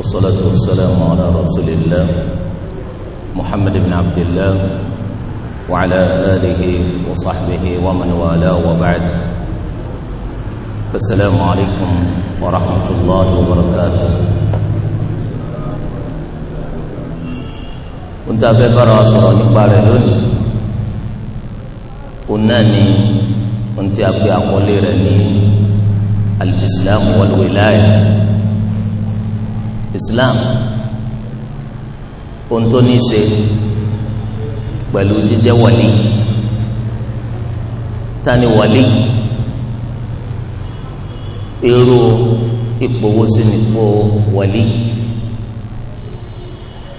والصلاة والسلام على رسول الله محمد بن عبد الله وعلى آله وصحبه ومن والاه وبعد السلام عليكم ورحمة الله وبركاته كنت أبي برا صلى الله عليه وسلم قلنا أنت أبي أقول لي الإسلام والولاية Islam ohun tó ní í ṣe pẹ̀lú jíjẹ́ wàlí tani wàlí irú ipò wo sí nípò wàlí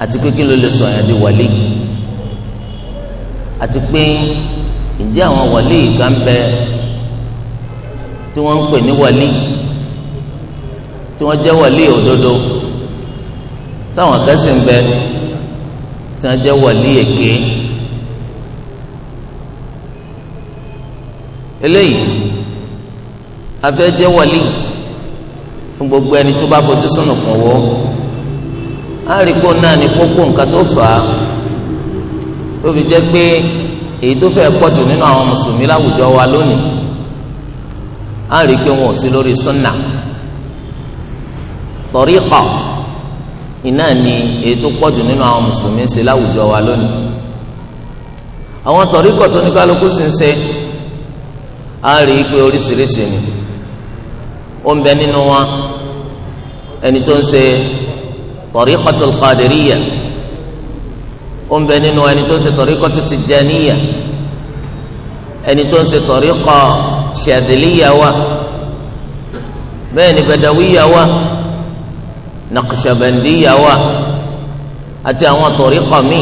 àti pé kí ló lè sọ àyàn di wàlí àti pé ǹjẹ́ àwọn wàlí ìka ń bẹ tí wọ́n ń pè ní wàlí tí wọ́n jẹ́ wàlí òdodo sáwọn kan sì ń bẹ tí wọn jẹ wọlé èké eléyìí abẹ jẹ wọlé fún gbogbo ẹni tó bá fojú sọnù kàn wọ àríkò náà ní kókó nǹkan tó fà á tó fi jẹ pé èyí tó fẹ́ pọ̀jù nínú àwọn mùsùlùmí láwùjọ wa lónìí àríkò wọn ò sí lórí sunna tariqa iná ni èyí tó pọ̀jù nínú àwọn mùsùlùmí ń ṣe láwùjọ wa lónìí àwọn tọ̀ríkọ̀ tó ní kálukú sì ń ṣe á rí i pé oríṣiríṣi ni ó ń bẹ nínú wọn ẹni tó ń ṣe tọ̀ríkọ̀tul qadiriyya ó ń bẹ nínú ẹni tó ń ṣe tọ̀ríkọ̀tul tijaniyya ẹni tó ń ṣe tọ̀ríkọ̀ ṣadiliyya wa bẹ́ẹ̀ ni badawiya wa. Naqshabandiya wà àti àwọn tọ̀ríkọ̀ míì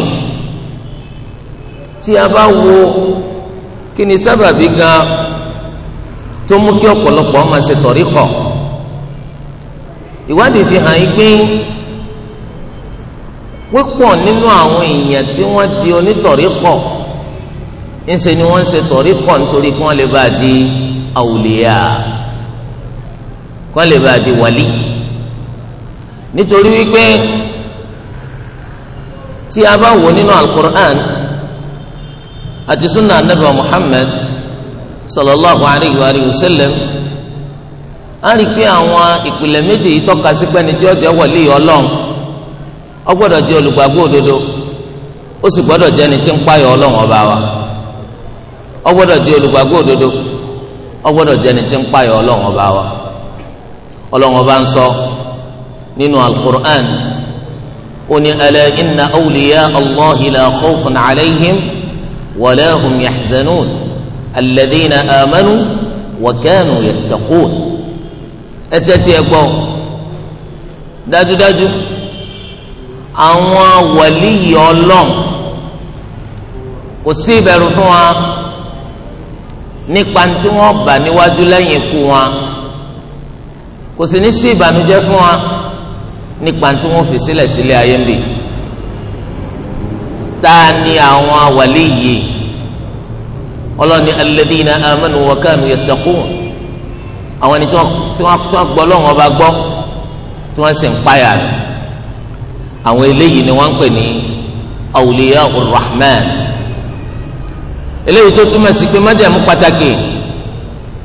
tí a bá wo kí ni sábàbí gan tó mú kí ọ̀pọ̀lọpọ̀ máa ṣe tọ̀ríkọ̀ ìwádìí fi hàn yín pé pípọ̀ nínú àwọn èèyàn tí wọ́n di onítọ̀ríkọ̀ ńṣe ni wọ́n ń ṣe tọ̀ríkọ̀ nítorí kí wọ́n lè bá di àwùlẹ̀yà kí wọ́n lè bá di wàlíì nítorí wípé tí a bá wò nínú alukur'an àti sunna anabi muhammed sallallahu alayhi wa sallam a rí i pé àwọn ìpìlẹ̀ méjì yìí tọ́ka sí pẹ́ni tí ó jẹ́ wọlé ọlọ́run ó gbọ́dọ̀ jẹ́ olùgbàgbọ́ òdodo ó sì gbọ́dọ̀ jẹ́ ẹni tí ń páyọ̀ ọlọ́run ọba wa ó gbọ́dọ̀ jẹ́ olùgbàgbọ́ òdodo ó gbọ́dọ̀ jẹ́ ẹni tí ń páyọ̀ ọlọ́run ọba wa ọlọ́run ọba ń sọ. So, nínú alukur'an oni ala inna awliya allahi la khawfun alayhim wala hum yaxzanun alladina amanu wa kanu yattaqun ẹtẹtí ẹ gbọ́ dájúdájú àwọn wàlíyìí Ọlọ́run kò sí ìbẹ̀rù fún wa nípa tí wọ́n bá níwájú lẹ́yìn ikú wa kò sì ní sí ìbànújẹ́ fún wa nípa tí wọ́n fi sílẹ̀ sílẹ̀ ayé ń bì tá a ní àwọn àwàlẹ́ yìí ọlọ́ni alladhina amanu wa kanu yattaqun àwọn ẹni tí wọ́n gbọ́ lọ́wọ́ ọba gbọ́ tí wọ́n sì ń páyà rẹ̀ àwọn eléyìí ni wọ́n ń pè ní awliya urrahman eléyìí tó túmọ̀ sí pé májẹ̀mú pàtàkì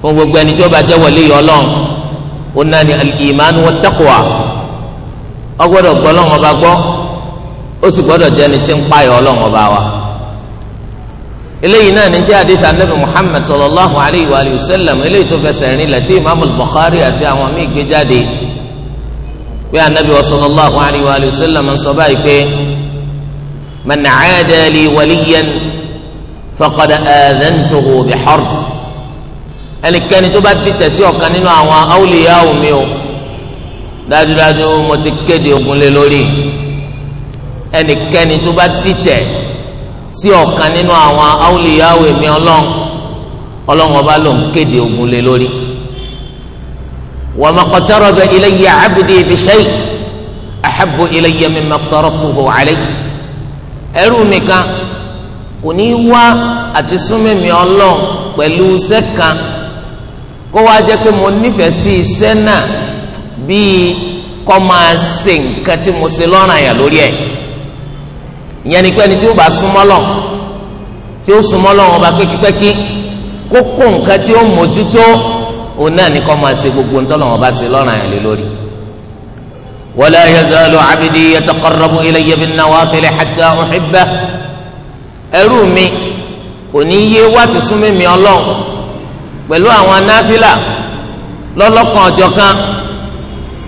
fún gbogbo ẹni tí ó bá jẹ́ wàlẹ́ yìí ọlọ́run ó náà ní al-imanu wat ọ gbọ́dọ̀ gbọ́ Ọlọ́run ọba gbọ́ ó sì gbọ́dọ̀ jẹ́ ẹni tí ń payọ̀ Ọlọ́run ọba wa eléyìí náà ní jẹ́ àdìtà nabi Muhammad sallallahu alayhi wa sallam eléyìí tó fẹsẹ̀ rìn lẹ́tí imaamu Bukhari àti àwọn míì gbé jáde pé anabi wa sallallahu alayhi wa sallam ń sọ báyìí pé man aada li waliyan faqad aadhantuhu bi harb ẹnikẹ́ni tó bá ti tẹ̀sí ọ̀kan nínú àwọn awliya omi o dájúdájú mo ti kéde ogun lé lórí ẹnikẹ́ni tó bá dìtẹ̀ sí ọ̀kan nínú àwọn awúlíyàwó èmi ọlọ́run ọlọ́run ọba ló ń kéde ogun lé lórí. wa ma qataraba ilayya abdi bi shay ahabbu ilayya mimma aftaratuhu alayhi. ẹrú mi kan kò ní wá àti súnmẹ́mi ọlọ́run pẹ̀lú iṣẹ́ kan kó wá jẹ́ pé mo nífẹ̀ẹ́ sí iṣẹ́ náà bíi kọ́ máa ṣe nǹkan tí mo ṣe lọ́ràn yà lórí ẹ̀ ìyẹn ni pé ẹni tí ó bá súnmọ́ lọ tí ó súnmọ́ lọ wọn bá pẹ́kípẹ́kí kókó nǹkan tí ó mójútó òun náà ni kọ́ máa ṣe gbogbo ń tọ́lọ̀ wọn bá ṣe lọ́ràn yà lé lórí. wala yazalu abdi yataqarrabu ilayya bin nawafil hatta uhibbahu ẹrú mi kò yé wá súnmí mi ọlọ́run pẹ̀lú àwọn anáfílà lọ́lọ́kan ọ̀jọ̀ kan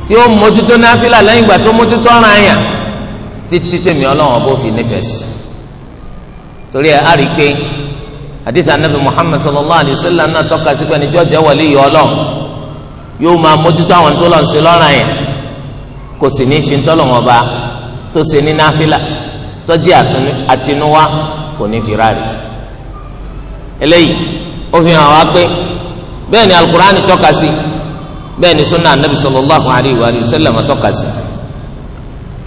tí ó mójútó náfìlà lẹ́yìn ìgbà tó mójútó ọ̀ràn àyàn títí tèmi ọlọ́run bó fi nífẹ̀ẹ́ sí torí ẹ̀ á pé àdìsá anábì Muhammad sallallahu alayhi wa sallam náà tọ́ka sí pé níjọ́ jẹ́ wọlé yìí ọlọ́run yóò máa mójútó àwọn tó lọ́n sí lọ́ràn àyàn kò sì ní í fi tọ́lọ́wọ́n ba tó ṣe ní náfìlà tọ́jú àtinúwá kò ní fi ráre eléyìí ó fi hàn wá pé bẹ́ẹ̀ ni alukur'ani tọ́ka sí i bẹ́ẹ̀ ni sunna anabi sallallahu alayhi wa sallam tọ́ka sí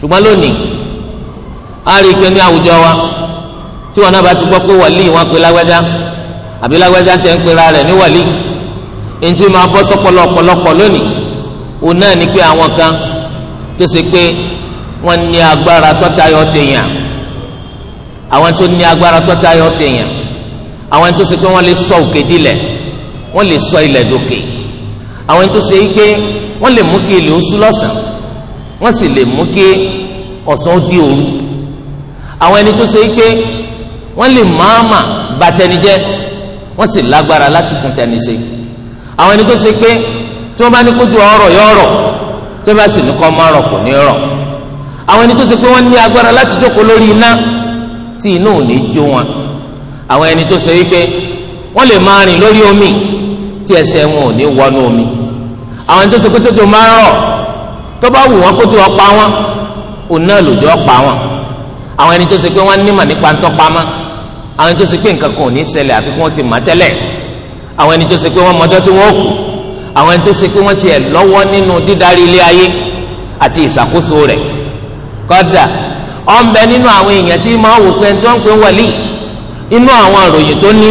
ṣùgbọ́n lónìí a rí i pé ní àwùjọ wa tí wọn náà bá ti gbọ́ pé wàlí wọn pe lágbájá àbí lágbájá tẹ̀ ń pera rẹ̀ ní wàlí èyí tí máa bọ́ sọ́pọ̀lọ́ ọ̀pọ̀lọpọ̀ lónìí òun náà ni pé àwọn kan tó ṣe pé wọ́n ní agbára tó tayọ tèèyàn àwọn tó ní agbára tó tayọ tèèyàn àwọn tó ṣe pé wọ́n lè sọ òkè dilẹ̀ wọ́n lè sọ ilẹ̀ dòkè. So àwọn ẹni tó ṣe pé wọ́n lè mú kí ilé oṣù lọ́sàn-án wọ́n sì lè mú kí ọ̀sán di òru àwọn ẹni tó ṣe pé wọ́n lè máàmà bà tẹni jẹ́ wọ́n sì lágbára láti tún tẹni ṣe àwọn ẹni tó ṣe pé tí wọ́n bá ní kójú ọ̀rọ̀ yọ ọ̀rọ̀ tó bá sì ní kọ́ máa rọ̀ kò ní rọ̀ àwọn ẹni tó ṣe pé wọ́n ní agbára láti jókòó lórí iná tí iná ò ní jó wọn àwọn ẹni tó ṣe wípé wọ́n lè máa rìn lórí omi tí ẹsẹ̀ wọn ò ní wọnú omi àwọn tó so kótó tó máa ń rọ̀ tó bá wù wọ́n kótó ọ̀pá wọn òun náà lòjó ọ̀pá wọn àwọn ẹni tó so pé wọ́n nímọ̀ nípa ntọ́pamọ́ àwọn ẹni tó so pé nǹkan kan ò ní ṣẹlẹ̀ àfi kí wọ́n ti mà tẹ́lẹ̀ àwọn ẹni tó so pé wọ́n mọjọ́ tí wọ́n kù àwọn ẹni tó so pé wọ́n tiẹ̀ lọ́wọ́ nínú dídarí ilé ayé àti ìṣàkóso rẹ̀ kọ́dà ọ̀nbẹ nínú àwọn èèyàn tí máa wò pé ẹni tó ń pè wọlé inú àwọn àròyìn tó ní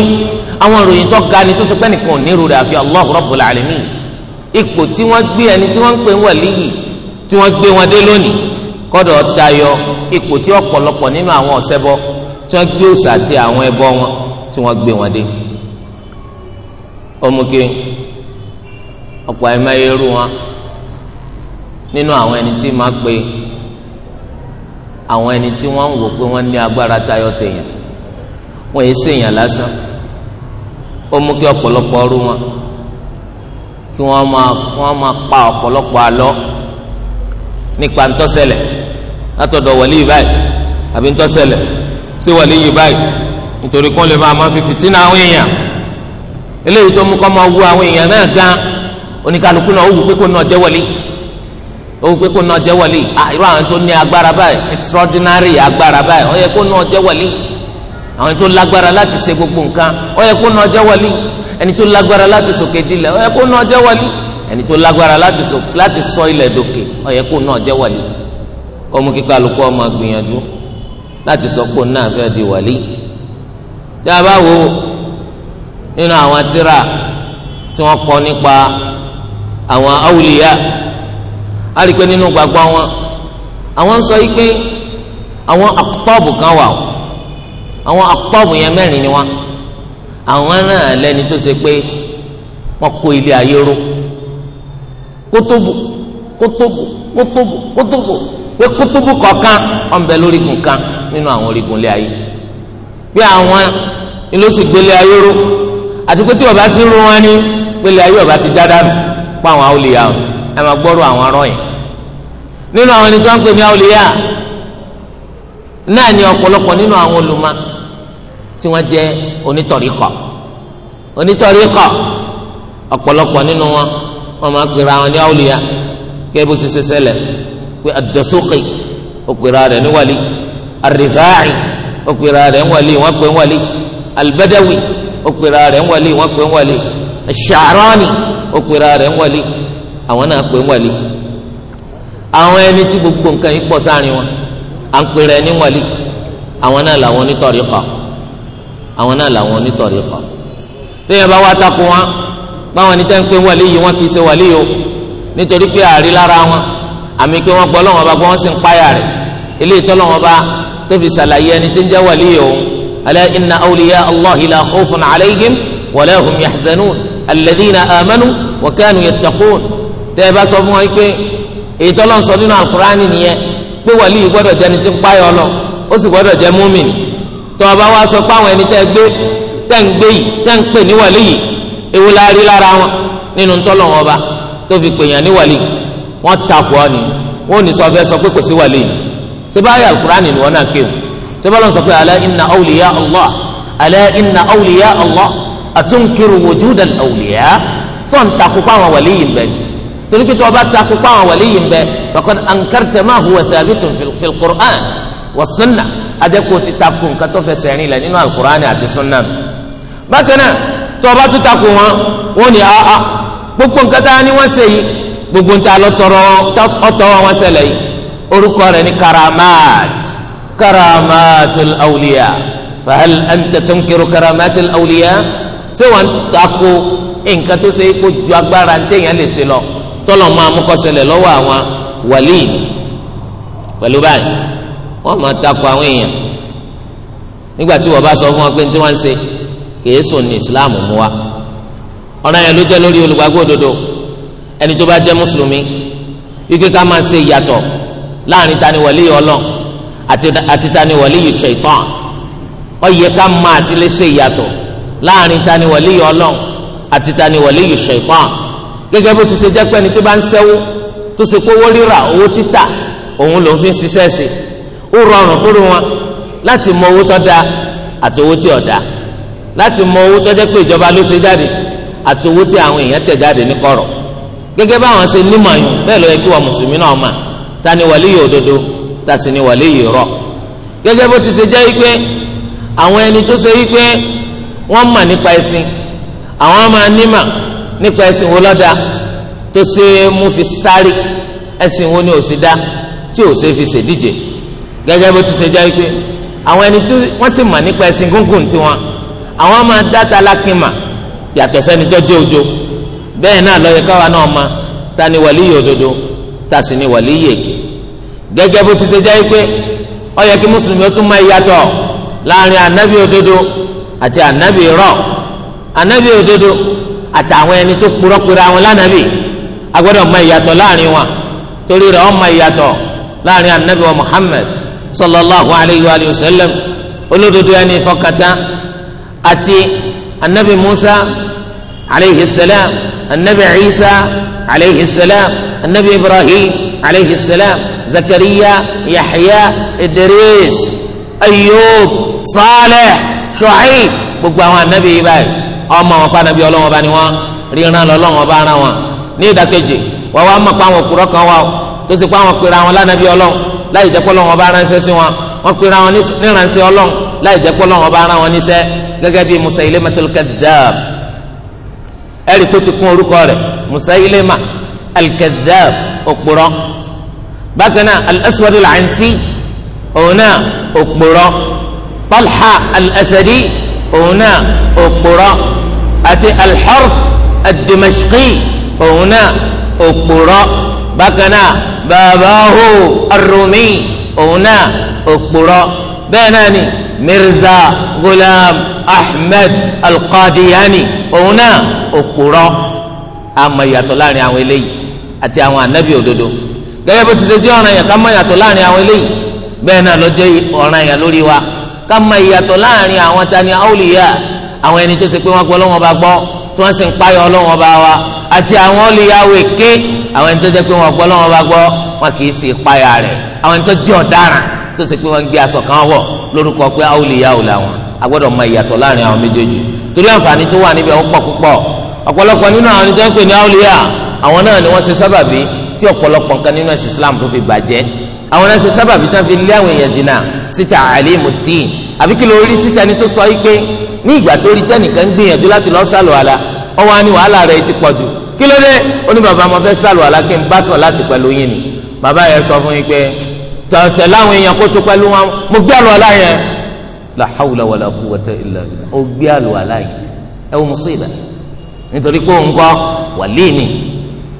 àwọn àròyìn tó ga ni tó so pé nìkan ò ní rúre àfi Allah Rabbul Alamin ipò tí wọ́n gbé ẹni tí wọ́n ń pè ń wàlí yìí tí wọ́n gbé wọn dé lónìí kọ́dọ̀ tayọ ipò tí ọ̀pọ̀lọpọ̀ nínú àwọn ọ̀sẹ́bọ tí wọ́n gbé òòṣà àti àwọn ẹbọ wọn tí wọ́n gbé wọn dé. ọmọge ọ̀pọ̀ àìmáyé wọn nínú àwọn ẹni tí máa pe àwọn ẹni tí wọ́n ń wò pé wọ́n ní agbára tayọ tèèyàn wọ́n yé ṣèèyàn lásán ó mú kí wọn kí wọ́n máa wọ́n máa pa ọ̀pọ̀lọpọ̀ àlọ́ nípa ntọ́sẹ̀lẹ̀ látọ̀dọ̀ wọlé yìí báyìí àbí ntọ́sẹ̀lẹ̀ sí wọlé yìí báyìí nítorí kó lè máa máa fi na àwọn èèyàn eléyìí tó mú kó máa wú àwọn èèyàn náà gan oníkàlùkù náà ó wù pé kó náà jẹ́ wọlé ó wù pé kó náà jẹ́ wọlé irú àwọn tó ní agbára báyìí extraordinary agbára báyìí ó yẹ kó náà jẹ́ wọlé àwọn tó lágbára láti ṣe gbogbo nǹkan ó yẹ kó náà jẹ́ wọlé ẹni tó lágbára láti sòkè dilẹ̀ ó yẹ kó náà jẹ́ wàlí ẹni tó lágbára láti sọ ilẹ̀ dòkè ó yẹ kó náà jẹ́ wàlí ó mú kíkọ́ alùpùpù ọmọ gbìyànjú láti sọ pé òun náà fẹ́ di wàlí tí a bá wo nínú àwọn tíra tí wọ́n kọ́ nípa àwọn awùlíyà a rí i pé nínú gbàgbọ́ wọn àwọn ń sọ yìí pé àwọn akutọ́ọ̀bù kan wà àwọn akutọ́ọ̀bù yẹn mẹ́rin ni wọ́n àwọn náà lẹni tó ṣe pé wọn kó ilé ayé ró kótóbù kótóbù kótóbù kótóbù pé kótóbù kọ̀ọ̀kan ọ̀nbẹ lórígun kan nínú àwọn orígun ilé ayé pé àwọn ìlọsì gbélé ayé ró àti pé tí ọba sí rú wọn ní gbélé ayé ọba ti já dànù pa àwọn àwòlíyà ẹ máa gbọ́rọ̀ àwọn arọ́ yẹn nínú àwọn ẹni tó ń pè ní àwòlíyà náà ni ọ̀pọ̀lọpọ̀ nínú àwọn olùmọ̀ tí wọ́n jẹ́ onítọ̀ríkọ̀ onítọ̀ríkọ̀ ọ̀pọ̀lọpọ̀ nínú wọn wọ́n máa pèrè àwọn ní àwòlíyà kẹ́ bó ti ṣe ṣẹlẹ̀ pé àdọ́sókè ó pèrè rẹ̀ ní wàlí àrífáàì ó pèrè rẹ̀ ń wàlí wọ́n pè ń wàlí albadawi ó pèrè rẹ̀ ń wàlí wọ́n pè ń wàlí ṣàránì ó pèrè àwọn náà pè ń àwọn ẹni tí gbogbo nǹkan yìí pọ̀ sáàrin wọn à ń pèrè ẹni àwọn náà làwọn onítọ̀ríkọ̀ àwọn náà làwọn onítọ̀rí kọ lẹ́yìn bá wá takò wọn báwọn ẹni tẹ́ ń pè wàlí yìí wọn kì í ṣe wàlí yìí o nítorí pé àárí lára wọn àmì kí wọ́n gbọ́ lọ́wọ́n bá gbọ́ wọ́n sì ń páyà rẹ̀ ilé ìtọ́lọ́wọ́n bá tóbi sàlàyé ẹni tí ń jẹ́ wàlí yìí o ala inna awliya allahi la khawfun alayhim wala hum yahzanun alladhina amanu wa kanu yattaqun bá sọ tó o bá wá sọ pé àwọn ẹni tẹ́ gbé tẹ́ ń gbé yìí tẹ́ ń pè ní wàlí yìí ewu la rí lára wọn nínú ntọ́lọ̀ wọn ọba tó fi pè yàn ní wàlí wọn takò ọ ni wọn ò ní sọ fẹ́ sọ pé kò sí wàlí yìí sibáyà alukurani ni wọn náà kéwù sibáyà lọ sọ pé ala inna awliya allah ala inna awliya allah atunkiru wujudan awliya sọ ń takò pa àwọn wàlí yìí bẹ́ẹ̀ torí tí wọn bá takò pa àwọn wàlí yìí bẹ́ẹ̀ faqad ankarta ma huwa thabitun fil sunnah adẹ́kọ̀ ti takò nǹkan tó fẹsẹ̀ rìn lẹ̀ nínú alukur'ani àti sunna bákan náà tó o bá tún takò wọn wọn ni aa ah, ah, gbogbo nǹkan tá a ní wọn ṣe yìí gbogbo nǹkan tá a lọ tọrọ ọtọwọ wọn ṣẹlẹ̀ yìí orúkọ rẹ̀ ni karamat karamatul awliya fahal anta tunkiru karamatul awliya ṣé wọn takò nǹkan tó ṣe kó ju agbára ntẹ̀yìn lè ṣe lọ tọ́lọ̀ máa mú kó ṣẹlẹ̀ lọ́wọ́ àwọn wàlíì pẹ̀lú báyìí wọ́n máa takò àwọn èèyàn nígbà tí wọ́n bá sọ fún wọn pé tí wọ́n ń ṣe kìí sùn ní islam mú wa ọ̀ràn yẹn ló jẹ́ lórí olùgbàgbọ́ òdodo ẹni tó bá jẹ́ mùsùlùmí wípé ká máa ṣe ìyàtọ̀ láàrin tani wàlíyìí ọlọ́n àti tani wàlíyìí ṣaitan ó yẹ ká máa àti lè ṣe ìyàtọ̀ láàrin tani ọlọ́n àti tani wàlíyìí ṣaitan gẹ́gẹ́ bó ti ṣe jẹ́ pé tó bá ń ṣẹ́wó tó ṣe pé rírà owó títà òun ló ń ṣiṣẹ́ sí ó rọrùn fún wọn láti mọ owó tó dáa àti owó tí ò dáa láti mọ owó tó jẹ́ pé ìjọba ló ṣe jáde àti owó tí àwọn èèyàn tẹ̀ jáde ní kọ̀rọ̀ gẹ́gẹ́ báwọn ṣe nímọ̀ yìí bẹ́ẹ̀ ló yẹ kí wọn mùsùlùmí náà mà ta ni wàlíyì òdodo ta sì ni wàlíyì rọ gẹ́gẹ́ bó ti ṣe jẹ́ wípé àwọn ẹni tó ṣe wípé wọ́n mà nípa ẹ̀sìn àwọn máa nímà nípa ẹ̀sìn wo lọ́dà tó ṣe mú fi sáré ẹ̀sìn wo ni ò sì dá tí ò ṣe fi ṣèdíje gẹ́gẹ́ bó ti ṣe jẹ́ pé àwọn ẹni tí wọ́n sì mà nípa ẹ̀sìn gúngùn tiwọn àwọn máa dáta lákìmà yàtọ̀ sẹ́ni tó jẹ́ òjò bẹ́ẹ̀ náà lọ́yẹ káwa náà ma ta ni wàlíyè òdodo ta sì ni wàlíyè èké gẹ́gẹ́ bó ti ṣe jẹ́ pé ó yẹ kí mùsùlùmí ó tún máa yàtọ̀ láàrin ànábì òdodo àti ànábì irọ́ ànábì òdodo àtàwọn ẹni tó kúrọ́kúrọ́ àwọn lánàbì agbọ́dọ̀ máa yàtọ̀ láàrin wọn torí rẹ̀ ó máa yàtọ̀ láàrin ànábì wa Muhammad sallallahu alayhi wa sallam olódodo ẹni ìfọkàtà àti anabi musa alayhi salam anabi isa alayhi salam anabi ibrahim alayhi salam zakariya yahya idris ayub saleh shuaib gbogbo àwọn anabi yìí báyìí ọmọ àwọn pa anabi ọlọ́wọ́n bá ni wọ́n ríran lọ́lọ́wọ́n bá ara wọn ní ìdàkejì wọ́n wá mọ̀ pa àwọn òkúrọ̀ kan wá o tó sì pa àwọn pèrè àwọn lánàbí ọlọ́wọ́ láì jẹ́ pọ́lọ́wọ́n bá ránṣẹ́ sí wọn wọ́n pera wọn níránṣẹ́ ọlọ́run láì jẹ́ pọ́lọ́wọ́n bá rán wọn níṣẹ́ gẹ́gẹ́ bíi Musaylimatul Kadhdhab ẹ̀rí tó ti kún orúkọ rẹ̀ Musaylima al-Kadhdhab òpùrọ́ bákan náà al-Aswad òun náà òpùrọ́ Talha al òun náà òpùrọ́ àti al-Harith òun náà òpùrọ́ bákan náà babahu arumi òun náà òpùrọ́ bẹ́ẹ̀ náà ni mirza gulam ahmed alqadiyani òun náà òpùrọ́ àmọ́ ìyàtọ̀ láàrin àwọn eléyìí àti àwọn anabi òdodo gẹ́gẹ́ bó ti ṣe jẹ́ ọ̀ràn yẹn ká mọ̀ ìyàtọ̀ láàrin àwọn eléyìí bẹ́ẹ̀ náà ló jẹ́ ọ̀ràn yẹn lórí wa ká mọ̀ ìyàtọ̀ láàrin àwọn tani awliya àwọn ẹni tó ṣe pé wọ́n gbọ́ lọ́wọ́ bá gbọ́ tí wọ́n sì ń payọ̀ ọlọ́wọ́ bá wa àti àwọn olùyàwó èké àwọn ẹni tó jẹ́ pé wọ́n gbọ́ lọ́wọ́ bá gbọ́ wọn kì í sì páyà rẹ̀ àwọn ẹni tó jẹ́ ọ̀daràn tó sì pé wọ́n gbé aṣọ kan wọ̀ lórúkọ pé awolìyàwó làwọn a gbọ́dọ̀ mọ ìyàtọ̀ láàrin àwọn méjèèjì torí àǹfààní tó wà níbẹ̀ ó pọ̀ púpọ̀ ọ̀pọ̀lọpọ̀ nínú àwọn tó ń pè ní awolìyà àwọn náà ni wọ́n ṣe sábàbí tí ọ̀pọ̀lọpọ̀ nǹkan nínú ẹ̀sìn Islam tó fi bàjẹ́ àwọn náà ṣe sábàbí tí wọ́n fi lé àwọn èèyàn jìnnà síta àlímù tíì àbí kí lóorí síta ni tó sọ yìí pé ní ìgbà tó rí tẹ́nìkan gbìyànjú láti lọ sálọ àlà ọwọ́ á ní wàhálà rẹ̀ ti pọ̀ jù kí ló dé ó ní bàbá mo fẹ́ sàlù aláké ń bá sọ láti pẹ̀lú yín ni bàbá yẹn sọ fún yín pé tẹ̀tẹ̀ láwọn èèyàn kó tó pẹ̀lú wọn mo gbé àlọ́ àlá yẹn la hawla wala quwwata illa billah ó gbé àlọ́ àlá yẹn ẹ wọ́n musiba nítorí pé òun kọ́ wàlíì ni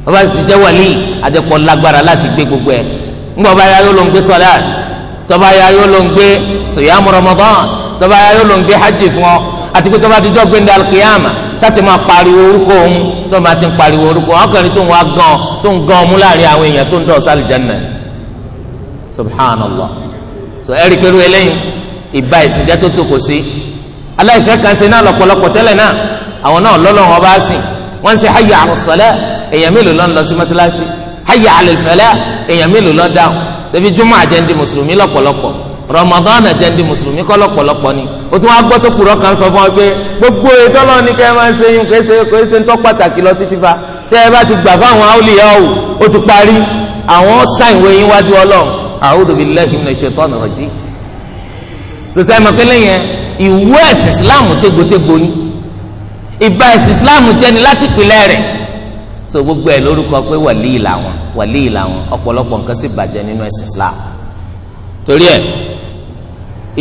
bàbá sì ti jẹ́ wàlíì àjẹpọ̀ lágbára láti gbé gbogbo ẹ̀ ńgbọ́ bá yá yóò ló ń gbé sọ́láàtì tọ́ba yá yóò ló ń gbé sòyàmù Ramadan tọ́ba yà yóò ló ń gbé hajj fún ọ àti pé tọ́ba dijọ́ gbé ní alkiyama sátì máa pariwo orúkọ òun tó máa ti ń pariwo orúkọ ọkùnrin tó ń wá gan tó ń gan ọmú láàrin àwọn èèyàn tó ń dọ̀ sálì jẹ́nà subhanallah so ẹ̀rí pẹ̀lú eléyìí ìbá ìsìnjẹ́ tó tó kò sí aláìfẹ́ kan ṣe náà lọ́pọ̀lọpọ̀ tẹ́lẹ̀ náà àwọn náà lọ́lọ́run ọba sìn wọ́n ń ṣe hayya àrùsọ̀lẹ́ èèyàn mélòó ló ń lọ sí mọ́ṣáláṣí hayya àlèfẹ́lẹ́ èèyàn mélòó ló dáhùn ṣebí júmọ́ àjẹ́ndì mùsùlùmí lọ́pọ̀lọpọ̀ Ramadan jẹ́ ndí mùsùlùmí kọ́ lọ́pọ̀lọpọ̀ ni o tún wá gbọ́ tó kúrọ́ kan sọ fún ọ pé gbogbo ètò ọlọ́run ní kẹ́ ẹ máa ṣe yín kẹ́ ṣe kẹ́ ṣe ń tọ́ pàtàkì lọ títí fa tẹ́ ẹ bá ti gbà fáwọn àwòlíyà o ó ti parí àwọn sáìwé yín wájú ọlọ́run a'udhu billahi minash shaitani rajim. sọsẹ́ ẹ̀ mọ̀kẹ́lẹ́ yẹn ìwé ẹ̀sìn Islam tégbòtégbò ni ìbá ẹ̀sìn Islam jẹni láti pìlẹ̀ rẹ̀ so gbogbo ẹ̀ lórúkọ pé wàlíì làwọn wàlíì làwọn ọ̀pọ̀lọpọ̀ nǹkan sì bàjẹ́ nínú ẹ̀sìn Islam torí ẹ̀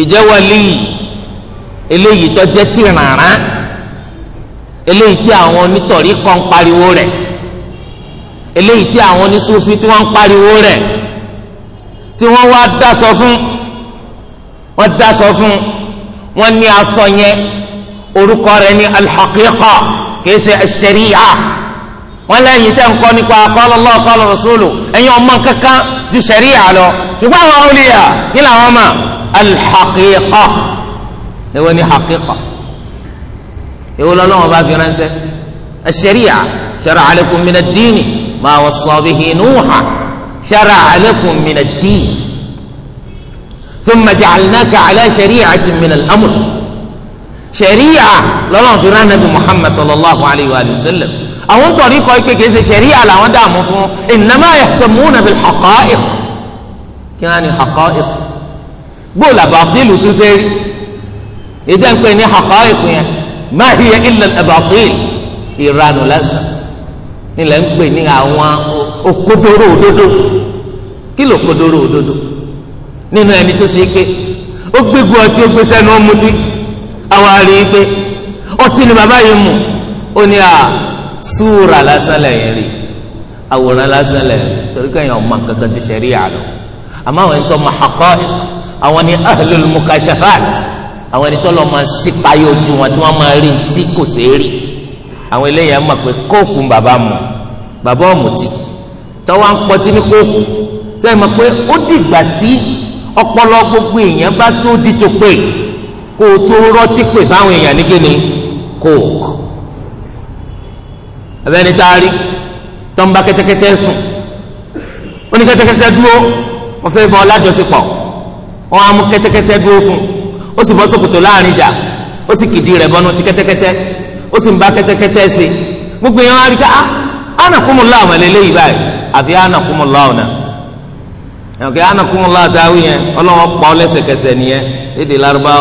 ìjẹ́wọ́lì eléyìí tó jẹ́ tí ràrá eléyìí tí àwọn onítọ̀rí kan pariwo rẹ̀ eléyìí tí àwọn onísúfi tí wọ́n ń pariwo rẹ̀ tí wọ́n wá dasọ fún wọ́n dasọ fún wọ́n ní aṣọ yẹn orúkọ rẹ̀ ní alḥaqiqa kìí ṣe ṣẹ̀ríyà wọ́n lẹ́yìn tẹ́ ń kọ́ nípa qala Allah qala ẹ̀yin ọmọ kankan ju ṣẹ̀ríyà lọ. ṣùgbọ́n àwọn awliya kí làwọn mà alḥaqiqa èwo ni haqiqa èwo lọ́lọ́wọ́n bá fi ránṣẹ́ ash-shari'a shara'a lakum min ad-dini ma wassa bihi nuha shara'a lakum min ad-dini thumma ja'alnaka ala shari'atin min al-amr ṣẹ̀ríà lọ́lọ́run fi rán nàbì muhammad sallallahu alayhi wa sallam àwọn tọ̀rí kọ́ ike kìí ṣe ṣẹ̀ríà làwọn dààmú fún innama yahtamuna bil haqa'iq kí wọ́n á ní haqa'iq gbọ́dọ̀ àbàtìlù tún ṣe rí ìdá ń pè ní haqa'iq yẹn ma hiya illa al-abatil ìranù lásán nílẹ̀ ń pè ní àwọn òkodoro òdodo kí ló kodoro òdodo nínú ẹni tó ṣe é pé ó gbégun ọtí ó gbé sẹ́nu ó mutí àwọn àrí pé ọtí ni bàbá yìí mú ó ní à súra lásán lẹ́yìn rí àwòrán lásán lẹ́yìn torí kẹ́yìn ọmọ kankan ti ṣẹ̀rí àlọ́ àmọ́ àwọn ẹni tó àwọn ni ahlul mukashafat àwọn ẹni tó lọ máa sípayé ojú wọn tí wọ́n máa rí tí kò ṣeé rí àwọn eléyìí á mọ̀ pé kóòkù bàbá mọ̀ bàbá ọ̀mùtí tọ́wọ́ à ń pọtí ní kóòkù sẹ́yìn mọ̀ pé ó dìgbà tí ọpọlọ gbogbo èèyàn bá tó dìtò pé kó o tó rọtí pè fáwọn èèyàn ní kíni kóòkù abẹ́ni tá a rí tọ́ǹba kẹ́tẹ́kẹ́tẹ́ sùn ó ní kẹ́tẹ́kẹ́tẹ́ dúró. wọ́n fẹ́ bọ́ lájọṣepọ̀ wọ́n á mú kẹ́tẹ́kẹ́tẹ́ dúró fún ó sì bọ́ ṣòkòtò láàrin jà ó sì kìdí rẹ̀ bọ́nú ti kẹ́tẹ́kẹ́tẹ́ ó sì ń bá kẹ́tẹ́kẹ́tẹ́ ṣe gbogbo yẹn wọ́n á rí ká ah, anakumula àwọn eléyìí báyìí àfi anakumula ọ̀nà ẹ̀kẹ́ anakumula àtàwí yẹn ọlọ́wọ́ pa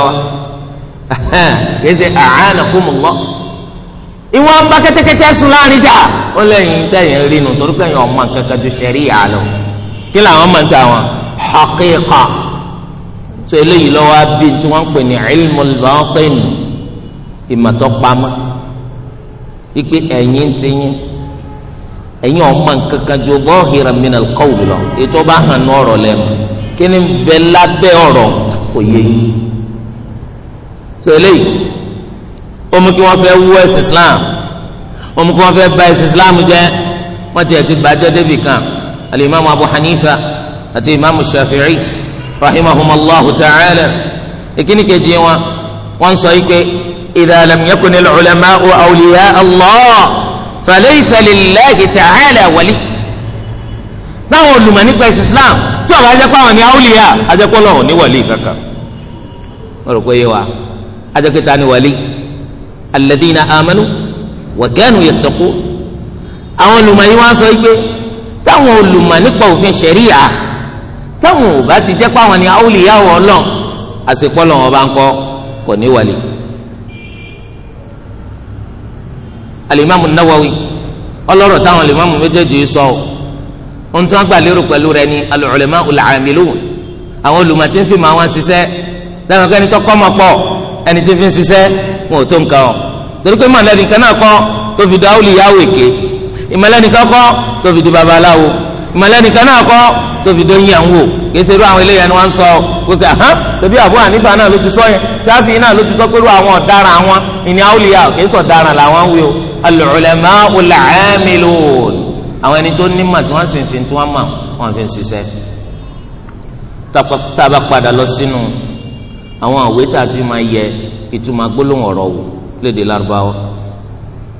ọ́ kí làwọn máa ń ta wọn haqiqa tó eléyìí lọ́wọ́ abí tí wọ́n ń pè ní ilmul batin ìmọ̀tọ́ pamọ́ ipe ẹ̀yin ti yín ẹ̀yin ọmọ nǹkan kan ju zahiran minal qawl lọ ètò bá hàn ní ọ̀rọ̀ lẹ́nu kí ni bẹ lábẹ́ ọ̀rọ̀ òye yìí tó eléyìí ó mú kí wọ́n fẹ́ wú ẹ̀sìn Islam ó mú kí wọ́n fẹ́ bà ẹ̀sìn Islam jẹ́ wọ́n ti ẹ̀ ti bàjẹ́ débì kan alimami abu hanifa àti imaamu shafi'i rahimahumallahu ta'ala ìkíni kejì wọn wọn sọ yìí pé idha lam yakuni al-ulama'u awliya allah falaysa lillahi ta'ala wali. báwọn olùmọ̀ nípa ẹ̀sìn islam tí ọba ajẹ́pọ̀ àwọn ní awliya ajẹ́pọ̀ lọ́wọ́ ní wali kankan. wọ́n rò pé yé wa ajẹ́pọ̀ ta ni wali alladhina amanu wa kanu yattaqu. àwọn olùmọ̀ yìí wọ́n sọ yìí pé táwọn olùmọ̀ nípa òfin ṣẹ̀ríyà táwọn ò bá ti jẹ́ páwọn ni awliya'u Ọlọ́run àsèpọ̀ lọ́wọ́ bá ń kọ́ kò ní wàlí. alimami Nawawi ọlọ́rọ̀ táwọn alimami méjèèjì sọ ọ́ ohun tí wọ́n gbà lérò pẹ̀lú rẹ̀ ni al-ulama'ul 'amilun àwọn olùmọ̀ tí ń fi máa wọn ṣiṣẹ́ dáhùn kẹ́ni tó kọ́ pọ̀ ẹni tí ń fi ṣiṣẹ́ wọn ò tó nǹkan ọ̀ torí pé mọ̀lẹ́bí ìmọ̀lẹ́ nìkan kọ́ tó fi di babaláwo ìmọ̀lẹ́ nìkan náà kọ́ tó fi dóyin à ń wò kése irú àwọn eléyàn ni wọ́n ń sọ wípé ahán ṣebí àbúrò àníbà náà ló ti sọ yẹn ṣáfì náà ló ti sọ pé irú àwọn ọ̀daràn àwọn ìní àwòlíyà kéésọ̀ daràn làwọn ń wí o alùlẹ̀mọ́ olàmìlò àwọn ẹni tó nímọ̀ tí wọ́n sì ń fi tí wọ́n mọ̀ wọ́n fi ń ṣiṣẹ́ tába padà lọ sínú àwọn àwé tá máa yẹ ìtumọ̀ gbólóhùn ọ̀rọ̀ wò lédè lárúbáwá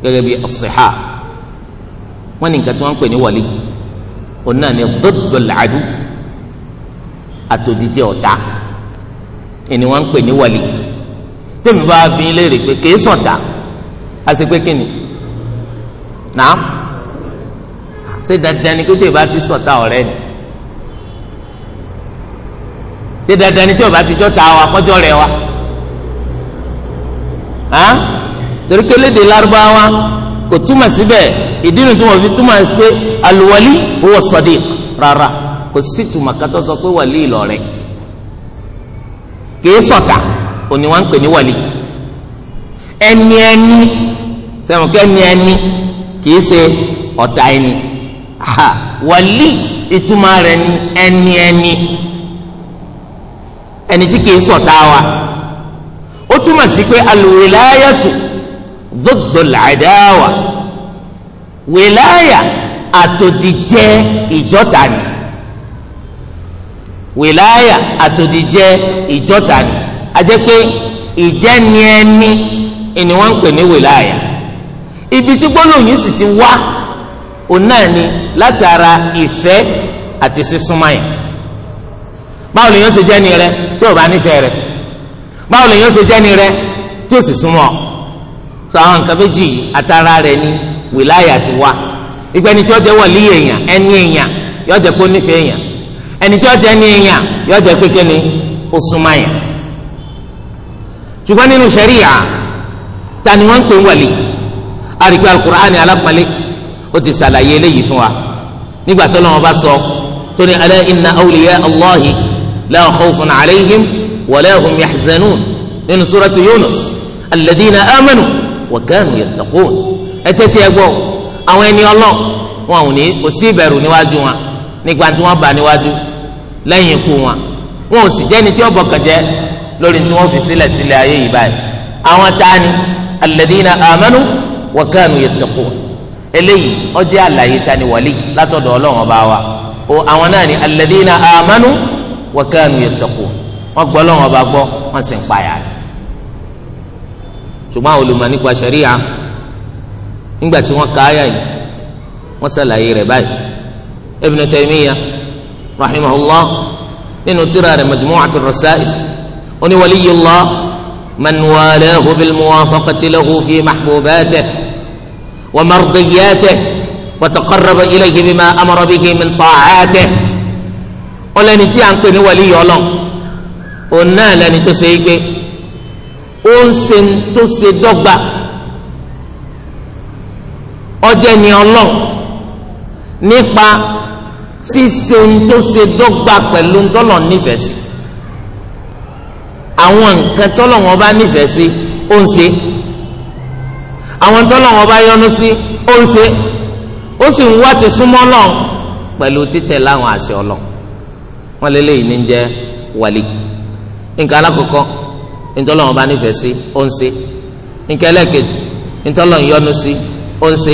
gẹ́gẹ́ bí as-sihah wọ́n ní nǹkan tí wọ́n ń pè ní wọlé òun náà ní dọdọ làádú àtòdìjẹ ọ̀tá ẹni wọ́n ń pè ní wọlé tèmi bá bí léèrè pé kìí sọ̀tá àti pé kíni náà ṣé dandan ni kí o bá ti sọ̀tá ọ̀rẹ́ ni ṣé dandan ni tí o bá ti jọ́ta wa kọjọ́ rẹ wa torí kéléde lárúbáwá kò túmọ̀ síbẹ̀ ìdí nu tí wọ́n fi túmọ̀ sí pé alwali huwa sadiq rárá kò sí tùmọ̀ kátó sọ pé wàlí ìlọrẹ kìí sọ̀tà òní wọ́n ń pè ní wàlí ẹni ẹni sẹ́wọ̀n kẹ́ni ẹni kìí ṣe ọ̀tá ẹni wàlí ìtumọ̀ rẹ̀ ni ẹni ẹni ẹni tí kìí sọ̀tá wa ó túmọ̀ sí pé alwilāyatu ḍiddu al-ʿadāwa wìláyà àtòdìjẹ ìjọta ni wìláyà àtòdìjẹ ìjọta ni àjẹ pé ìjẹni ẹni ni wọn ń pè ní wìláyà ibi tí gbólóhùn sì ti wá òun ni látara ìfẹ́ àti sísúnmọ́ yẹn báwo lèyàn ṣe jẹ́ ni rẹ tí o bá nífẹ̀ẹ́ rẹ báwo lèyàn ṣe jẹ́ ni rẹ tí o sì súnmọ́ sọ àwọn nǹkan méjì àtara rẹ ni wìláyà ti wá ìgbà ẹni tí ó jẹ́ wọlé èèyàn ẹni èèyàn yóò jẹ́ pé ó nífẹ̀ẹ́ èèyàn ẹni tí ó jẹ́ ẹni èèyàn yóò jẹ́ pé kíni ó súnmọ́ yẹn ṣùgbọ́n nínú sẹ́ríyà ta ni wọ́n ń pè wọlé àrígbé alukur'ani alápọ̀nlé ó ti ṣàlàyé eléyìí fún wa nígbà tó lọ́wọ́ bá sọ tó ní ala inna allahi la khawfun alayhim wa la hum yahzanun nínú suratu yunus alladhina amanu wa kanu ẹ tẹ́tí ẹ gbọ́ àwọn ẹni ọlọ́ wọn ò ní kò sí ìbẹ̀rù níwájú wọn nígbà tí wọ́n bá níwájú lẹ́yìn ikú wọn wọn ò sì jẹ́ni tí ó bọ̀kànjẹ́ lórí tí wọ́n fi sílẹ̀ sílẹ̀ ayé yìí báyìí àwọn tani alladina amanu wa kanu eléyìí ó àlàyé tani wàlí látọ̀dọ̀ ọlọ́run ọba wa o àwọn náà ni alladina amanu wa kanu yattaqun wọ́n gbọ́ ọba gbọ́ wọ́n sì ń payà rẹ̀ ṣùgbọ́n nípa ṣẹ̀ríyà nígbà tí wọ́n ka àyà yìí wọ́n ṣàlàyé rẹ̀ báyìí Ibn Taymiyyah rahimahullah nínú tírà rẹ̀ Majmu'atur Rasail ó ní waliyullah man walahu bil muwafaqati lahu fi mahbubatihi wa mardiyatihi wa taqarraba ilayhi bima amara bihi min ta'atihi ó lẹ́ni tí a ń pè ní waliyullah òun náà lẹ́ni tó ṣe é gbé ó ń ṣe tó ọjẹ́ ni ọlọ́n nípa ṣíṣe tó ṣe dọ́gba pẹ̀lú tọ́lọ̀ nífẹ̀ẹ́ sí àwọn nǹkan tọ́lọ̀ wọn bá nífẹ̀ẹ́ sí ó ń ṣe àwọn tọ́lọ̀ wọn bá yọ́nú sí ó ń ṣe ó sì ń wá ti súnmọ́ Ọlọ́run pẹ̀lú títẹ̀ láwọn àṣẹ Ọlọ́run wọn lé léyìí ní jẹ́ wàlí nǹkan alákọ̀ọ́kọ́ ntọ́lọ̀ wọn bá nífẹ̀ẹ́ sí ó ń ṣe nǹkan ẹlẹ́ẹ̀kejì ntọ́lọ̀ ń yọ́nú sí ó ń ṣe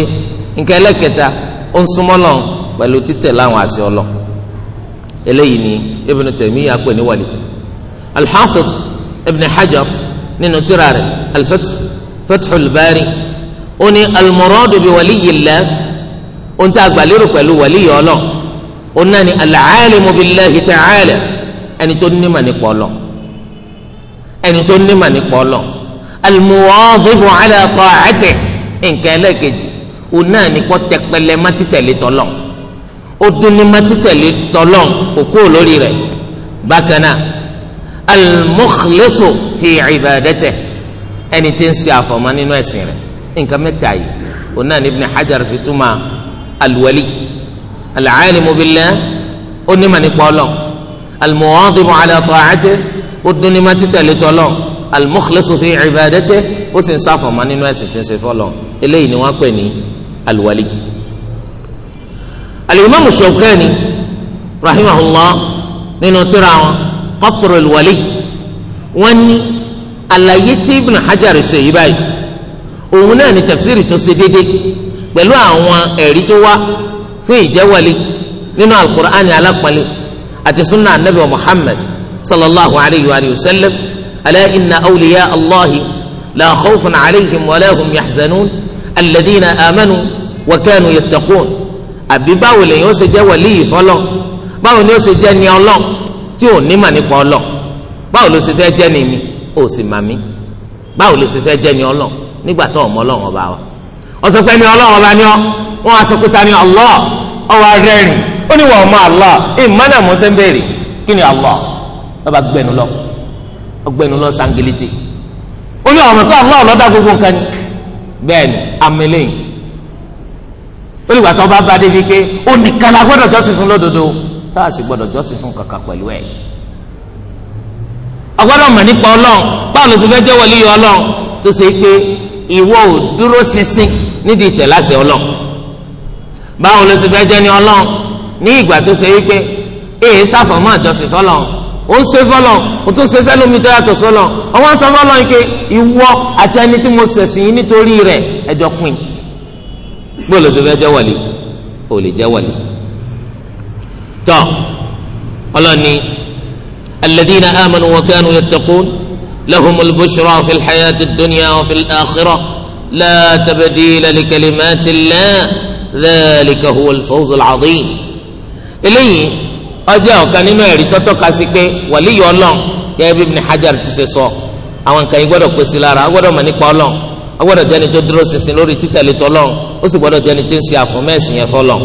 nǹkan ẹlẹ́kẹta ó ń súnmọ́ lọ́n pẹ̀lú títẹ̀ láwọn àṣẹ ọlọ́ eléyìí ni Ibn Taymiyyah pè ní wàlí al-Hafiz Ibn Hajar nínú tírà rẹ̀ al-Fath Fathul Bari ó ní al-muradu bi waliyillah ó ń tẹ́ àgbàlérò pẹ̀lú wàlíyì ọlọ́ ó náà ní al-alimu billahi ta'ala ẹni tó ní mà ẹni tó ní mà nípa ọlọ́ al-muwadhibu nǹkan ẹlẹ́ẹ̀kejì òun náà ní kó tẹpẹlẹ má títẹ̀lé tọ́lọ̀ ó dún ní má títẹ̀lé tọ́lọ̀ kò kúrò lórí rẹ̀ bákan náà al-mukhlisu fi ibadatihi ẹni tí ń ṣe àfọ̀mọ́ nínú ẹ̀sìn rẹ̀ nǹkan mẹ́ta yìí òun náà ní Ibn Hajar fi túmọ̀ al-wali al-alimu billah ó ní mà nípa ọlọ́ al-muwadibu ala ta'atihi ó dún ní má tọ́lọ̀ al-mukhlisu fi ibadatihi ó sì ń sáfọ̀mọ́ nínú ẹ̀sìn tí ń ṣe fọlọ́ eléyìí ni wọ́n pè ní al-wali. al-imam Shawkani rahimahullah nínú tírà wọn qatrul al-wali wọ́n ní àlàyé tí ibn hajar ṣe yí báyìí òun náà ni tafsiri tó ṣe déédéé pẹ̀lú àwọn ẹ̀rí tó wá fún ìjẹ́wọ́lé nínú al-Qur'ani àti sunna anabi wa muhammad sallallahu alayhi wa sallam ألا إن أولياء الله لا خوف عليهم ولا هم يحزنون الذين آمنوا وكانوا يتقون àbí báwo lèyìn ó ṣe jẹ́ wàlíì fọlọ́ báwo ni ó ṣe jẹ́ ní ọlọ́ tí ò ní mà nípa ọlọ́ báwo ló ṣe fẹ́ jẹ́ ní mi ò sì mà mí báwo ló ṣe fẹ́ jẹ́ ní ọlọ́ nígbà tó ọmọ ọlọ́run ọba wa ọ̀sẹ̀ pé ní ọlọ́run ọba ni ọ wọn á sọ pé ta ni Allah ọwọ́ arẹ́rìn ó ní wọ́n ọmọ Allah ìmọ̀nà mọ́sẹ́ ń bèrè kí ni Allah ọba gbẹnu lọ́kùn ọgbẹni lọ sangiliti ó ní ọmọ tó àwọn ọlọ́dà gbogbo nǹkan ni bẹ́ẹ̀ ni amílẹ̀ olùgbàtà ọba bá débi pé ó nìkan la gbọ́dọ̀ jọ́sìn fún lódodo tá a sì gbọ́dọ̀ jọ́sìn fún kàkà pẹ̀lú ẹ̀ ọgbọ́dọ̀ mọ̀ nípa ọlọ́run báwo ló ti fẹ́ jẹ́ wọlé ọlọ́run tó ṣe pé ìwọ ò dúró ṣinṣin nídìí ìtẹ̀láṣẹ ọlọ́run báwo ló ti fẹ́ jẹ́ ní ọlọ́run ní ìgbà tó ṣe wípé èyí sáfọ̀ mọ́ àjọsìn fọlọ́run ó ń ṣe fọlọ ó tún ṣe fẹlómi tó yàtọ̀ sọlọ ọwọ ń sọ fọlọ yìí pé ìwọ àti ẹni tí mo ṣẹ̀sìn yìí nítorí rẹ̀ ẹjọ pin gbọ́dọ̀ tó fẹ́ jẹ́ wàlí ò lè jẹ́ wàlí. tọ́ ọlọ́ni alladhina amanu wa kanu yattaqun lahumul bushra fil hayati dunya la tabdila li kalimatillah dhalika huwal fawzul azim. eléyìí ọjọ́ ọ̀kan nínú ẹ̀rí tọ́tọ́ ka sí pé wàlíyọ̀ ọlọ́n gẹ́gẹ́ bí Ibn Hajar ti ṣe sọ àwọn nǹkan yìí gbọ́dọ̀ pèsè lára agbọ́dọ̀ mọ̀ nípa ọlọ́n agbọ́dọ̀ jẹ́ni tó dúró ṣinṣin lórí títẹ̀lé tọ́lọ́n ó sì gbọ́dọ̀ jẹ́ni tí ń ṣe àfọ̀mẹ́sìn yẹn fọlọ́n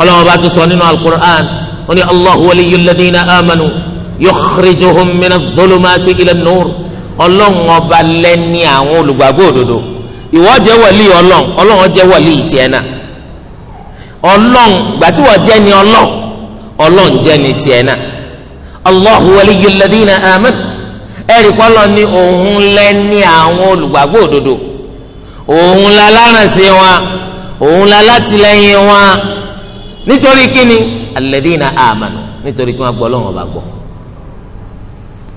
ọlọ́run bá tún sọ nínú al-Qur'an ó ní allahu waliyyul ladina amanu yukhrijuhum mina dhulumati ila nur ọlọ́run ọba lẹ́ni àwọn ọlọ́run jẹ́ ni tiẹ̀ náà allahu waliyul ladina amanu ẹ̀rí kọ́lọ́ ni òun lẹ́ni àwọn olùgbàgbọ́ òdodo òun la lárànṣẹ́ wọn òun la látìlẹ́yìn wọn nítorí kíni alladina amanu nítorí kí wọ́n gbọ́ lọ́wọ́ bá gbọ́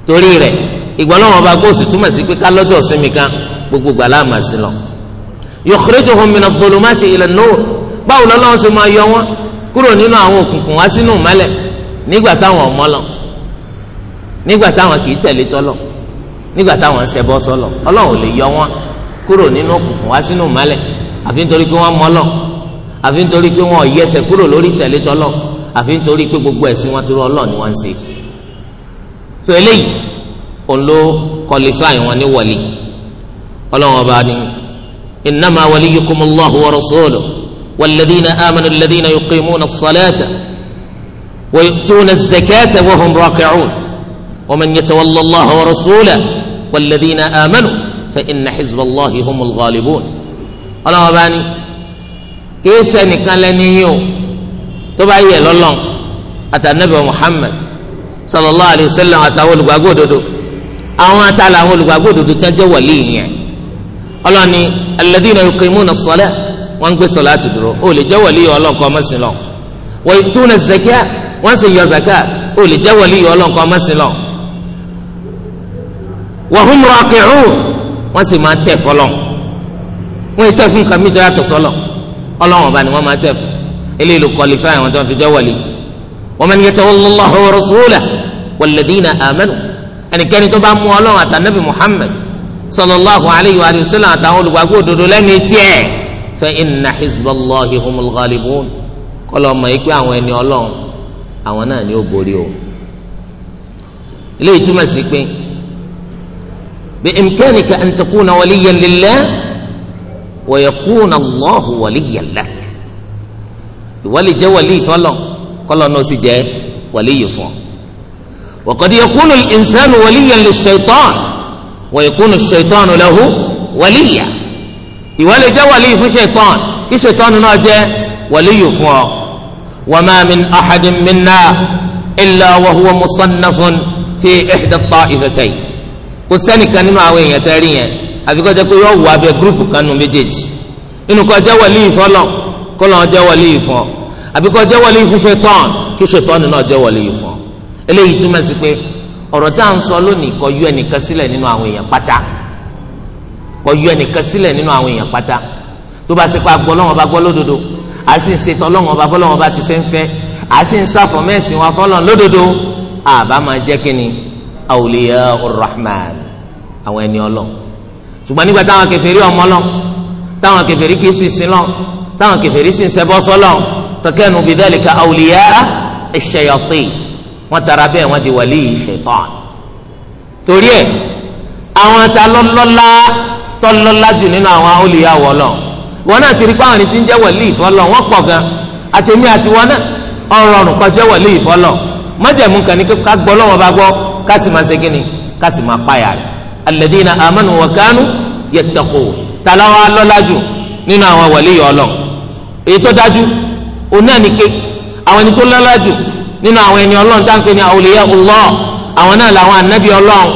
torí rẹ̀ ìgbọ́ lọ́wọ́ bá gbọ́ sì túmọ̀ sí pé kálọ́jọ́ sinmi kan gbogbo gbàlá màsí lọ yukhrijuhum minadh-dhulumati ilan-nur báwo lọ́lọ́run sì máa yọ wọn kúrò nínú àwọn òkùnkùn wá sínú ìmọ́lẹ̀ nígbà táwọn ọmọ lọ nígbà táwọn kì í tẹ̀lé tọ́lọ̀ nígbà táwọn ń ṣẹbọ sọ́lọ̀ ọlọ́run ò lè yọ wọn kúrò nínú òkùnkùn wá sínú ìmọ́lẹ̀ àfi nítorí pé wọ́n mọ́lọ̀ àfi nítorí pé wọ́n yẹsẹ̀ kúrò lórí tẹ̀lé tọ́lọ̀ àfi nítorí pé gbogbo ẹ̀sìn wọn torí ọlọ́run ni wọ́n ń ṣe. so eléyìí òun ló qualify wọn ní wọlé ọlọ́run ọba ni innama waliyukumullahu wa rasuluhu والذين آمنوا الذين يقيمون الصلاة ويؤتون الزكاة وهم راكعون ومن يتولى الله ورسوله والذين آمنوا فإن حزب الله هم الغالبون أنا أباني كيف كان لنيو تبعي لله أتى النبي محمد صلى الله عليه وسلم أتى أول قاقوددو أتى أول قاقوددو تجوى لي أني الذين يقيمون الصلاه wọ́n ń gbé sọ̀láàtì dúró ó lè jẹ́ wàlíyọ̀ ọlọ́nkọ́ ọmọsìn lọ wa yu'tuna zakat wọ́n sì yọ zakat ó lè jẹ́ wàlíyọ̀ ọlọ́nkọ́ ọmọsìn lọ wa hum raki'un wọ́n sì máa tẹ̀ fọlọ́ wọ́n yìí tẹ̀ fún nǹkan mi tó yàtọ̀ sọ́lọ̀ ọlọ́wọ́n ni wọ́n máa tẹ̀ fún eléyìí ló kọlifá àwọn tó ń fi jẹ́ wàlí wa man yatawalla Allaha wa rasulahu walladhina tó bá mú ọlọ́run àtànábì Muhammad sallallahu alayhi fa inna hizballahi humul ghalibun kọ́lọ́ mọ̀ yìí pé àwọn ẹni ọlọ́run àwọn náà ni ó borí o eléyìí túmọ̀ sí pé bi imkanika an takuna waliyan lillah wa yakuna Allahu waliyan lak ìwọ lè jẹ́ wàlí ìfọlọ́ kọ́lọ́ náà sì jẹ́ wàlí yìí fún ọ. wa qad yakunu al-insanu waliyan lish-shaytan wa ìwọ lè jẹ́ wàlíì fún ṣètọ́n kí ṣètọ́n náà jẹ́ wàlíì fún ọ. wa ma min ahadin minna illa wa huwa musannafun fi ihda ta'ifatayn kò sẹ́nìkan nínú àwọn èèyàn tẹ́ rí yẹn àfi kọjá pé yọ wà bẹ gúrùpù kan nù méjèèjì nínú kọjá wàlíì fún ọlọ kó lọ́n jẹ́ wàlíì fún ọ àfi kọjá wàlíì fún ṣètọ́n kí ṣètọ́n náà jẹ́ wàlíì fún ọ eléyìí túmọ̀ sí pé ọ̀rọ̀ tá à ń sọ lónìí kọ yọ ẹnìkan sílẹ̀ nínú àwọn èèyàn pátá kò yọ ẹnìkan sílẹ̀ nínú àwọn èèyàn pátá tó bá ṣe pa gbọ́ lọ́wọ́ bá gbọ́ lódodo à sì ń ṣètò lọ́wọ́ bá bọ́lọ́wọ́ bá ti ṣe ń fẹ́ à sì ń ṣàfọ̀ mẹ́sìn wa fọ́lọ́ lódodo àbá máa jẹ́ kínni awliya urrahman àwọn ẹni ọlọ́ ṣùgbọ́n nígbà táwọn kèfèrí ọmọ lọ táwọn kèfèrí kì í sì sin lọ táwọn kèfèrí sì ń ṣẹbọ sọ́lọ́ takanu bidhalika awliya ash-shayatin wọ́n tara bẹ́ẹ̀ wọ́n di wàlíì ṣaitan torí ẹ̀ àwọn ta lọ́lọ́lá tọ́lọ́lá jù nínú àwọn olùyàwó ọlọ́run wọn náà ti rí pé àwọn ẹni tí ń jẹ́ wọ̀lì ìfọlọ́ wọn pọ̀ gan àtẹ̀mí àti wọn náà ọ̀rọ̀ ọ̀rùn kan jẹ́ wọ̀lì ìfọlọ́ májẹ̀mú kan ní ká gbọ́ lọ́wọ́ bá gbọ́ ká sì máa ṣe ni ká sì máa páyà rẹ̀ alladhina amanu wa kanu yattaqu talawa nínú àwọn wọ̀lì ọlọ́run èyí tó dájú òun náà ni pé àwọn ẹni tó lọ́lá nínú àwọn ẹni ọlọ́run tá à ń pè àwọn náà làwọn ànábì ọlọ́run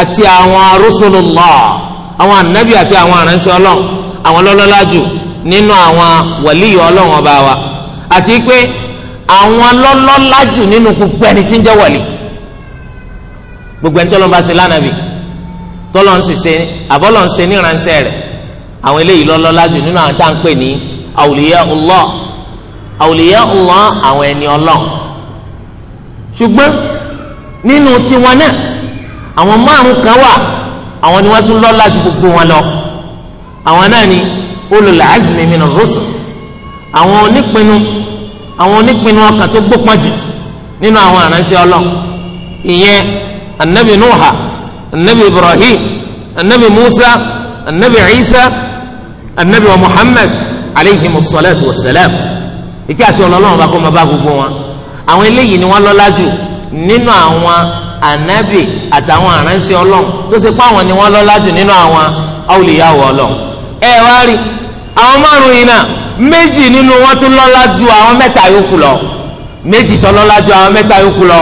àti àwọn rusulullah àwọn ànábì àti àwọn aránṣẹ́ Ọlọ́run àwọn lọ́lọ́lá jù nínú àwọn wàlíì Ọlọ́run ọba wa àti pé àwọn lọ́lọ́lá jù nínú gbogbo ẹni tí ń jẹ́ wàlíì gbogbo ẹni tọ́lọ́ ń bá ṣe lánàbì tọ́lọ́ ń ṣe àbọ́lọ́ ń ṣe níranṣẹ́ rẹ̀ àwọn eléyìí lọ́lọ́lá jù nínú àwọn tá à ń pè ní àwùlíyá Allah àwùlíyá Allah àwọn ẹni Ọlọ́run ṣùgbọ́n nínú tiwọn náà àwọn márùn kan wà àwọn ni wọ́n tún lọ́lá ju gbogbo wọn lọ àwọn náà ni ulul azmi minar rusul àwọn onípinnu àwọn onípinnu ọkàn tó gbópọn jù nínú àwọn àránṣẹ́ Ọlọ́run ìyẹn anabi nuha anabi ibrahim anabi musa anabi isa anabi wa muhammad aleyhi salatu wa salam ìkí àti ọlọ́lọ́run bá kó máa bá gbogbo wọn àwọn eléyìí ni wọ́n lọ́lá jù nínú àwọn ànábì àtàwọn àránṣẹ́ Ọlọ́run tó ṣe pé àwọn ni wọ́n lọ́lá jù nínú àwọn awòlíyàwó Ọlọ́run ẹ wá rí àwọn márùn yìí náà méjì nínú wọn tún lọ́lá ju àwọn mẹ́ta yòókù lọ méjì tó lọ́lá ju àwọn mẹ́ta yòókù lọ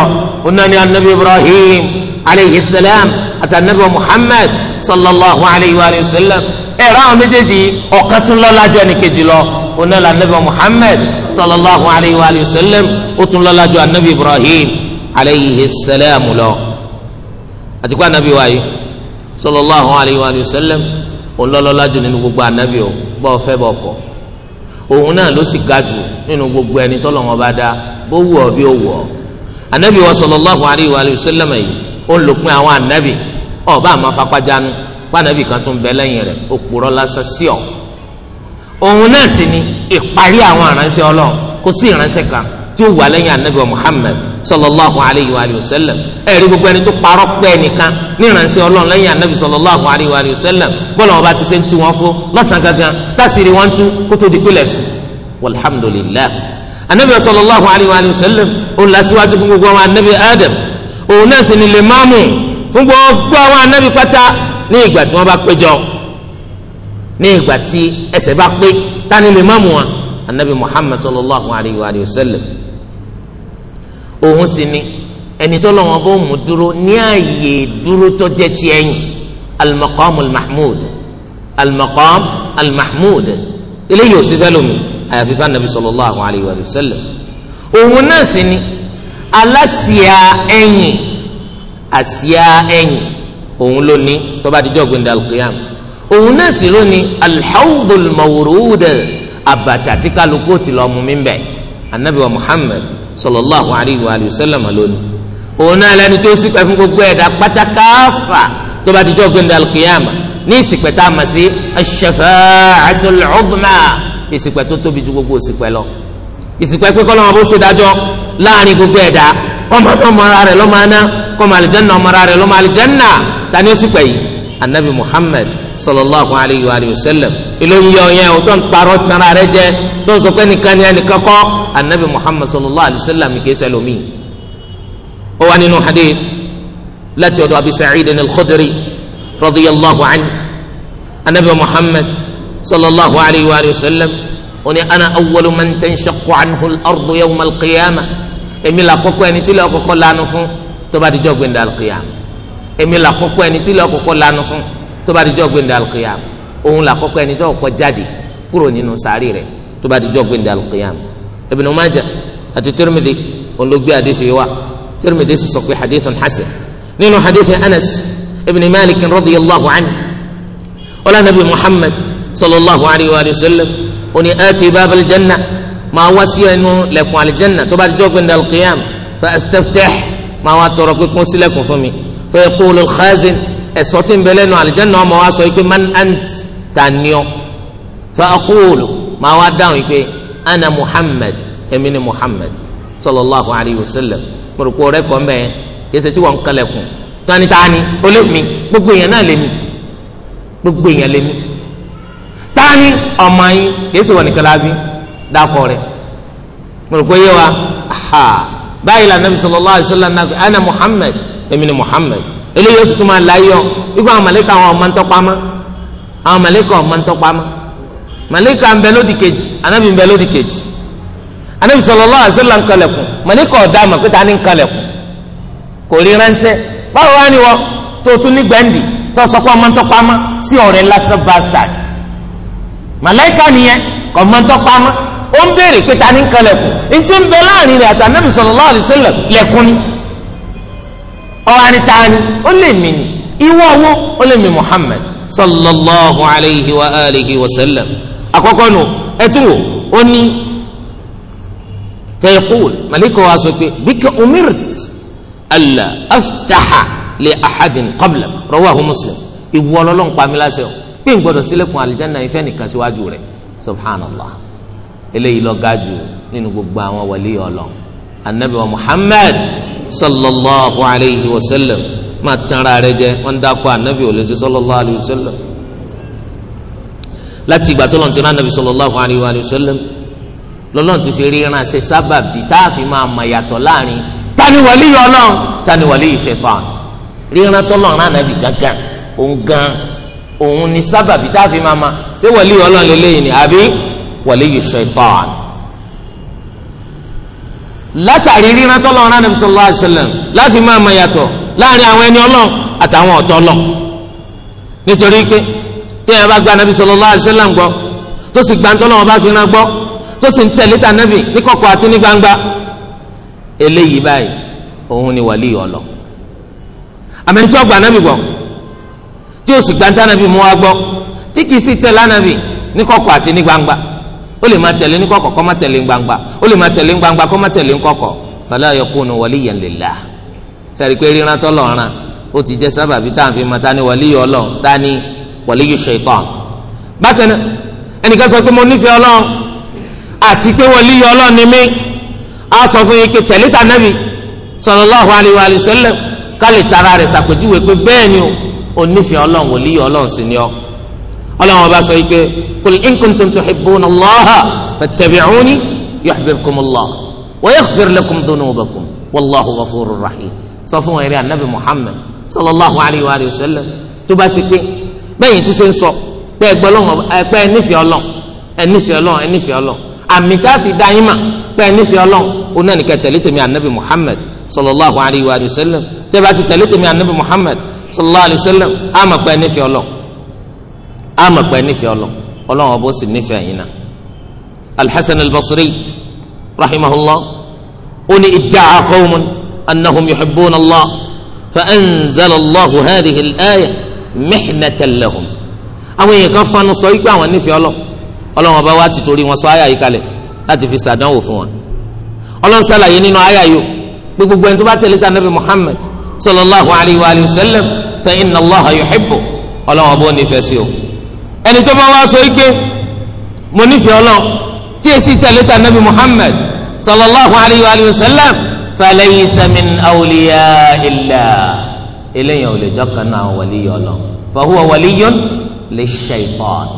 onani anabi Ibrahim alayhi salam àti anabi Muhammad sallallahu alayhi wa sallam ẹ rà àwọn méjèèjì ọ̀kan tún lọ́lá ju ẹnìkejì lọ onani anabi Muhammad sallallahu alayhi wa sallam ó tún lọ́lá ju anabi Ibrahim alayhi salam lọ àti pé anabi wa yìí sallallahu alayhi wa sallam olólọ́lá jù nínú gbogbo anabi o bọ́ fẹ́ bọ́ kọ̀ òun náà ló sì ga jù nínú gbogbo ẹni tọ́lọ̀ wọn bá dá bó wù ọ́ bí ó wù ọ́ anabi wa sallallahu alayhi wa sallam yìí ó ń lòpin àwọn anabi ọba àmọ́ fapadanu pànàbì kan tún bẹ lẹ́yìn rẹ̀ òpùrọ́ lásán sí ọ òun náà sì ni ìparí àwọn ìránṣẹ́ ọlọ́run kò sí ìránṣẹ́ kan tí ó wà lẹ́yìn anabi muhammed sallallahu alayhi wa sallam ẹ̀rí gbogbo ẹni tó parọ́ pẹ́ nìkan níranṣẹ́ ọlọ́run lẹ́yìn anabi sallallahu alayhi wa sallam bọ́lá wọn bá ti ṣe ń tu wọn fún lọ́sàn-án gangan tásìrì wọn tú kó tó di pílẹ̀ sùn walhamdulillah anabi sallallahu alayhi wa sallam òun lásìwájú fún gbogbo àwọn anabi adam òun náà sì ni lè máàmù fún gbogbo àwọn anabi pátá ní ìgbà tí wọ́n bá péjọ ní ìgbà tí ẹsẹ̀ bá pé tani lè máàmù wọn anabi muhammad sallallahu alayhi wa sallam òun sì ni ẹni tó lọ́wọ́ bó mú dúró ní ààyè dúró tó jẹ́ ti ẹ̀yìn al-maqam al-mahmud al-maqam al-mahmud eléyìí ò sí sẹ́lómi àyàfi fún anabi sallallahu alayhi wa sallam òun náà sì ni alásìá ẹ̀yìn àsìá ẹ̀yìn òun ló ní tó bá ti jọ́ gbẹ̀ndà al òun náà sì ló ní al-hawdul mawrud kálukú ti lọ́ọ́ mú mi bẹ̀ anabi wa muhammad sallallahu alayhi wa sallam lónìí òun náà lẹni tó ṣìpẹ̀ fún gbogbo ẹ̀dá pátákáfà tó bá dijọ́ gbẹndé alkiyama ní ìṣìpẹ̀ tá a mọ̀ sí ash-shafa'atul 'udma ìṣìpẹ̀ tó tóbi ju gbogbo ìṣìpẹ̀ lọ ìṣìpẹ̀ pé kọlọmọ bó so dájọ́ láàrin gbogbo ẹ̀dá kọmọ tó mọra rẹ̀ ló máa ná kọmọ alìjẹnà mọra rẹ̀ ló máa alìjẹnà tani ó ṣìpẹ̀ yìí anabi muhammad sallallahu alayhi wa sallam ìlú yìí ọ̀yẹ́ òtọ́ tó ń sọ pé nìkan ni ẹnìkan kọ́ anabi muhammad sallallahu alayhi wa sallam ní kéésà lómi ó wà nínú hadith láti ọ̀dọ̀ abi sa'id al-khudri radiyallahu anhu anabi muhammad sallallahu alayhi wa sallam ó ana awwalu man tanshaqqu anhu al-ardu yawma al-qiyamah èmi là kọ́kọ́ ẹni tí lọ́ọ́ kọ́kọ́ lanu fún tó bá di jọ́ gbẹ̀ndà al-qiyam èmi là kọ́kọ́ ẹni tí lọ́ọ́ kọ́kọ́ lanu fún tó bá di jọ́ gbẹ̀ndà al-qiyam òun là kọ́kọ́ ẹni tó kọ́kọ́ jáde kúrò nínú sàárì rẹ̀ tó bá ti jọ́ gbẹ̀ndẹ̀ alqiyam Ibn Majah àti Tirmidhi olùgbé hadith yìí wá Tirmidhi sì sọ pé hadithun hasan nínú hadith Anas ibn Malik radiyallahu anhu ọlá nabi Muhammad sallallahu alayhi wa sallam oní ati bab aljanna máa wá sí ẹnu lẹ̀kùn aljanna tó bá ti jọ́ gbẹ̀ndẹ̀ alqiyam fa astaftah máa wá tọrọ pé kún sílẹ̀kùn fún mi fa yaqulu al-khazin ẹ̀sọ́ tí ń bẹ lẹ́nu aljanna wa sọ pé man ant taniọ́ fa aqulu máa wá dáhùn yìí pé ana muhammad èmi ni muhammad sallallahu alayhi wa sallam mo rò pé ọ̀rẹ́ kan bẹ́ẹ̀ kẹsẹ̀ tí wọ́n ń kalẹ̀kùn tani tani olómi gbogbo èèyàn náà lèmi gbogbo èèyàn lèmi tani ọmọ yín kẹsẹ̀ wọ́n nìkan lábí dákọ̀ rẹ̀ mo rò wa ha báyìí la nabi sallallahu alayhi wa sallam náà ana muhammad èmi ni muhammad eléyìí ó sì tún máa ikú àwọn màlẹ́kà ọmọ ń àwọn màlẹ́kà ọmọ ń màlíkà ń bẹ lódì kejì anábì ń bẹ lódì kejì anábì sallallahu alaihi wasallam ń kalẹ̀kùn màlíkà ọ̀dà mà pé ta ni ń kalẹ̀kùn kò rí ránṣẹ́ báwo wá ni wọ́n tó tún ní gbẹ̀ǹdì tó sọ pé ọmọ ń tọpamọ́ sí ọ̀rẹ́ lásán bastard màlíkà nìyẹn kò mọ́ ń ń béèrè pé ta ni ntí ń láàrin rẹ̀ àti anábì sallallahu alaihi wasallam lẹ̀kùn ni ọ̀hánì tani ó lè mí ni ìwọ owó ó lè mí Muhammad sallallahu alaihi wa alihi wa sallam àkọ́kọ́ nù ẹ tún wò ó ní fẹ́ẹ́kùl màlíkà wa sọ pé bíkẹ́ umirt allah aftaha lè ahadin qablak rawahu muslim ìwọ ọlọ́run pa mí láṣẹ o pé n gbọ́dọ̀ sílẹ̀kùn alìjánná ìfẹ́ nìkan síwájú rẹ̀ subhanallah eléyìí lọ ga jù nínú gbogbo àwọn wàlí ọlọ́run anabi wa muhammad sallallahu alayhi wa sallam máa tán ara jẹ wọn dákọ anabi ò lè sallallahu alayhi wa sallam láti ìgbà tó lọ́n ti rán nàbì sallallahu alayhi wa sallam lọ́lọ́n ti fi ríran ṣe sábàbí tá a fi máa mọ̀ yàtọ̀ láàrin tani wàlíyù ọlọ́run tani wàlíyù ṣẹ̀fàn ríran tọ́lọ̀ rán nàbì gángan òun gan òun ni sábàbí tá a fi máa ma ṣé wàlíyù ọlọ́run lélẹ́yìn ni àbí wàlíyù ṣẹ̀fàn. látàrí ríran tọ́lọ̀ rán nàbì sallallahu alayhi wa tí yẹn bá gba anabi sallallahu alaihi wasallam gbọ́ tó sì gba ntọ́lọ́wọ́ bá fi ràn gbọ́ tó sì ń tẹ̀lé ta anabi ní kọ̀kọ̀ àti ní gbangba eléyìí báyìí òun ni wàlíì ọlọ àmẹ́ntí ọgbà anabi gbọ́ tí o sì gba ntọ́ anabi mú wa gbọ́ tí kìí sì tẹ̀lé anabi ní kọ̀kọ̀ àti ní gbangba ó lè máa tẹ̀lé ní kọ̀kọ̀ kó má tẹ̀lé gbangba ó lè máa tẹ̀lé gbangba kó má tẹ̀lé kọ̀kọ̀ fala ti jẹ́ sábàbí táwọn fi máa ta wàlíyù ṣaitan bákan náà ẹnìkan sọ pé mo nífẹ̀ẹ́ ọlọ́run àti pé wàlíyù ọlọ́run ni mí a sọ fún yín pé tẹ̀lé ta nábì sallallahu alayhi wa sallam ká lè tara rẹ̀ ṣàpèjúwe pé bẹ́ẹ̀ ni o nífẹ̀ẹ́ ọlọ́run wàlíyù ọlọ́run sì ni ọ ọlọ́run ọba sọ yìí pé qul in kuntum tuhibbuna Allaha fattabi'uni yuhbibkumullah wa yaghfir lakum dhunubakum wallahu ghafurur bẹ́yìn tí ṣe ń sọ pé ẹgbẹ́ ọlọ́run pé ẹnífẹ̀ẹ́ ọlọ́run ẹnífẹ̀ẹ́ ọlọ́run ẹnífẹ̀ẹ́ ọlọ́run àmì tá a fi dá yín mà pé ẹnífẹ̀ẹ́ ọlọ́run ó náà nìkan tẹ̀lé tèmi ànábì Muhammad sallallahu alayhi wa sallam tẹ́ bá ti tẹ̀lé tèmi ànábì Muhammad sallallahu alayhi wa sallam á mọ̀ pé ẹnífẹ̀ẹ́ ọlọ́run á mọ̀ pé ẹnífẹ̀ẹ́ ọlọ́run ọlọ́run ọbọ̀ mihnatallahum àwọn èèyàn kan fanu sọ wípé àwọn nífẹ̀ẹ́ ọlọ́ ọlọ́wọ́n bá wá ti torí wọn sọ àyà yìí kalẹ̀ láti fi sàdánwò fún wọn ọlọ́run sàlàyé nínú àyà yìí pé gbogbo ẹni tó bá tẹ̀lé ta nabi Muhammad sallallahu alayhi wa sallam fa inna Allaha yuhibbu ọlọ́wọ́n bó nífẹ̀ẹ́ sí o ẹni tó bá wá sọ wípé mo nífẹ̀ẹ́ ọlọ́run tí èsì tẹ̀lé ta nabi Muhammad sallallahu alayhi wa sallam fa laysa min awliya illah eléyàn ò lè jọkàn náà àwọn wàlíyọ lọ fahuwa wàlíyọ lè ṣaitan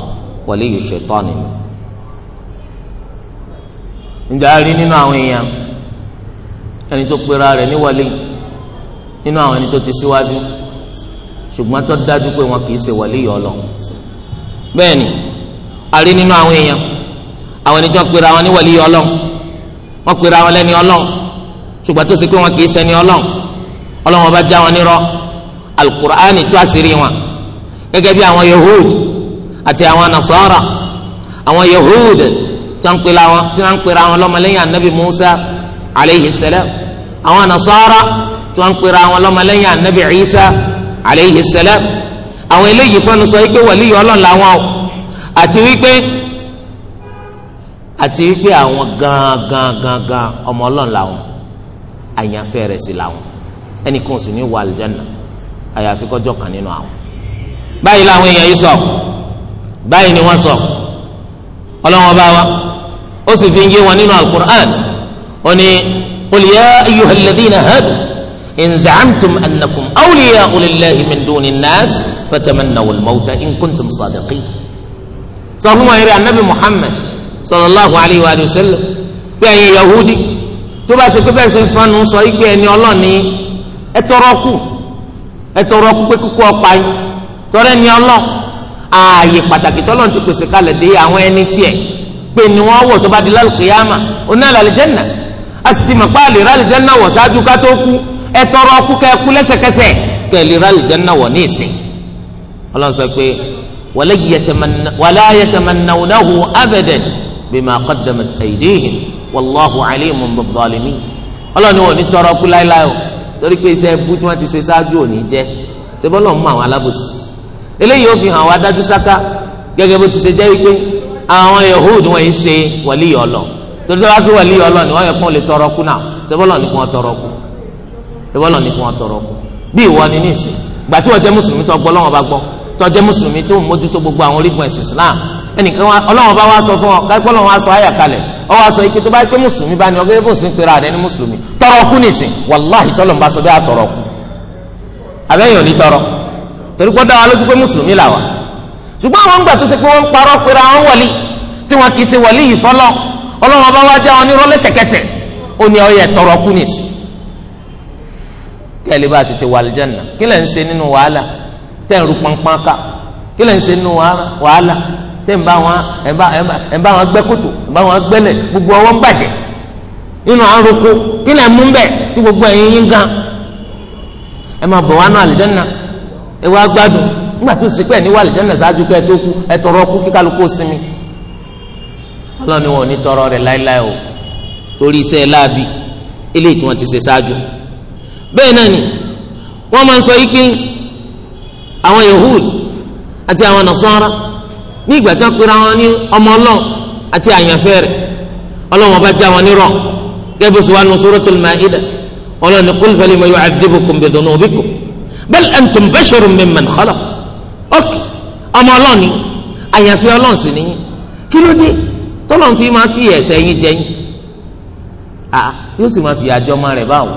wàlíyọ ṣaitan nínú. ǹjẹ́ a rí nínú àwọn èèyàn ẹni tó pera rẹ̀ ní wàlí nínú àwọn ẹni tó ti síwájú ṣùgbọ́n tó dájú pé wọn kì í ṣe wàlíyọ lọ. bẹ́ẹ̀ ni a rí nínú àwọn èèyàn àwọn ẹni pera wọn ní wàlíyọ lọ wọ́n pera wọn lẹ́ni ọlọ́run ṣùgbọ́n tó ṣe pé wọn kì í ṣẹni ọlọ́run ọlọ́run ọba já wọn nírọ́ alukur'ani tú àṣírí wọn gẹ́gẹ́ bí àwọn yahud àti àwọn nasara àwọn yahud tí wọ́n ń pera wọn lọ́mọlẹ́yìn anabi musa aleyhi salam àwọn nasara tí wọ́n ń pera wọn lọ́mọlẹ́yìn anabi isa aleyhi salam àwọn eléyìí fẹ́nu sọ wípé wàlíyìí ọlọ́run làwọn o àti wípé àti wípé àwọn gangan gangan ọmọ làwọn àyànfẹ́ rẹ̀ sí làwọn ẹnì kan sì ní wà àlùjánnà àyàfi kọjọ́ kan nínú àwọn. báyìí làwọn èèyàn yìí sọ báyìí ni wọ́n sọ ọlọ́wọ́n bá wa ó sì fi ń yé wọn nínú alukur'an ó ní qul ya ayyuhal ladhina hadu in za'amtum annakum awliya'u lillahi min duni nnas fatamannawu al-mawta in kuntum sadiqin. sọ fún wọn eré anabi muhammad sallallahu alayhi wa sallam pé ẹ̀yin yahudi tó bá ṣe pé bẹ́ẹ̀ ṣe ń fanu sọ igbe ẹni ọlọ́ni ẹ tọrọ kù ẹ tọrọ pípé kúkú ọpa yín tọrẹ ni ọlọ ààyè pàtàkì tọlọ ti pèsè kalẹ̀ dé àwọn ẹni tiẹ̀ pé ni wọn wọ tó bá di lálùkìyàmà onáàlà àlìjẹnà a sì ti mọ̀ pé àlè rálìjẹnà wọ ṣáájú ká tó kú ẹ tọrọ kú ká kú lẹ́sẹ̀kẹsẹ̀ ká ẹ wọ ní ìsìn Ọlọ́run sọ pé wàlá yẹtẹmẹnàwónáwó abẹdẹn bímọ akọdẹmẹtẹ ìdíhìn wàlláhu alimun bọbọlìmí Ọlọ́run ni wọn ò ní tọrọ kú láéláé o torí pé iṣẹ́ ẹbú tí wọ́n ti ṣe ṣáájú òní jẹ́ ṣé bọ́lọ̀ mú àwọn alábòsí eléyìí ó fi hàn wá dájú sáká gẹ́gẹ́ bó ti ṣe jẹ́ wípé àwọn yahood wọ́n yìí ṣe wàlí ọlọ torí wọ́n fi wàlí ọlọ ni wọ́n yẹ kó lè tọrọ kú náà ṣé bọ́lọ̀ ní kí wọ́n tọrọ kú ṣé bọ́lọ̀ ní kí wọ́n tọrọ kú bí ìwọ ni níṣẹ́ gbàtí wọ́n jẹ́ mùsùlùmí tó gbọ́ lọ́wọ́ bá gbọ́ tó jẹ́ mùsùlùmí tó ń mójútó gbogbo àwọn orígun ẹ̀sìn islam ẹnìkan wa ọlọ́run bá wa sọ fún ọ káyipọ́ ọlọ́run wa sọ ayà kalẹ̀ ọ wa sọ ike tó bá yẹ pé mùsùlùmí bá ní ọ gẹ́gẹ́ bó sì ń pera rẹ ní mùsùlùmí tọrọ kú nìsín wàláhì tọ́lọ̀ ń bá sọ bẹ́ẹ̀ àtọrọ kú abẹ́yẹn ò ní tọrọ torí kó dá wa lójú pé mùsùlùmí là wa ṣùgbọ́n àwọn gbà tó ṣe pé wọ́n ń parọ́ pera wọn wọlé tí wọn kì í ṣe wọlé yìí já wọn ní rọ́lẹ́sẹ̀kẹsẹ̀ ó ní ọ yẹ tọrọ kú nìsín kẹ́lẹ́ bá tètè wà lìjánà kí lẹ́ ń tẹ̀rù pọnpọn ká kí lè ń ṣe nínú wàhálà tẹ̀ ń bá wọn ń bá wọn gbogbo ọwọ́ bàjẹ́ nínú àrùkù kí lè mú bẹ́ẹ̀ tí gbogbo ẹ̀yin yín gan ẹ máa bọ̀ wá àlìjẹ́nà ẹ wá gbádùn nígbà tó sì pé ẹ̀ àlìjẹ́nà ṣáájú kẹ́ ẹ tọrọ kú kí kálukú o torí iṣẹ́ ti ṣe ṣáájú àwọn yahud àti àwọn nasara ní ìgbà tí wọ́n pera wọn ní ọmọ Ọlọ́run àti àyànfẹ́ rẹ̀ Ọlọ́run ọba já wọn nírọ́ gẹ́gẹ́ bó ṣe wà ní suratul Maida Ọlọ́run ní qul falima yu'adhibukum bidunubikum bal antum basharun mimman khalaq ok ọmọ Ọlọ́run ni àyànfẹ́ Ọlọ́run sì ni kí ló dé tọ́lọ́run fi máa fi ẹ̀ṣẹ̀ yín jẹ yín ah yóò sì máa fi àjọ ọmọ rẹ̀ báwo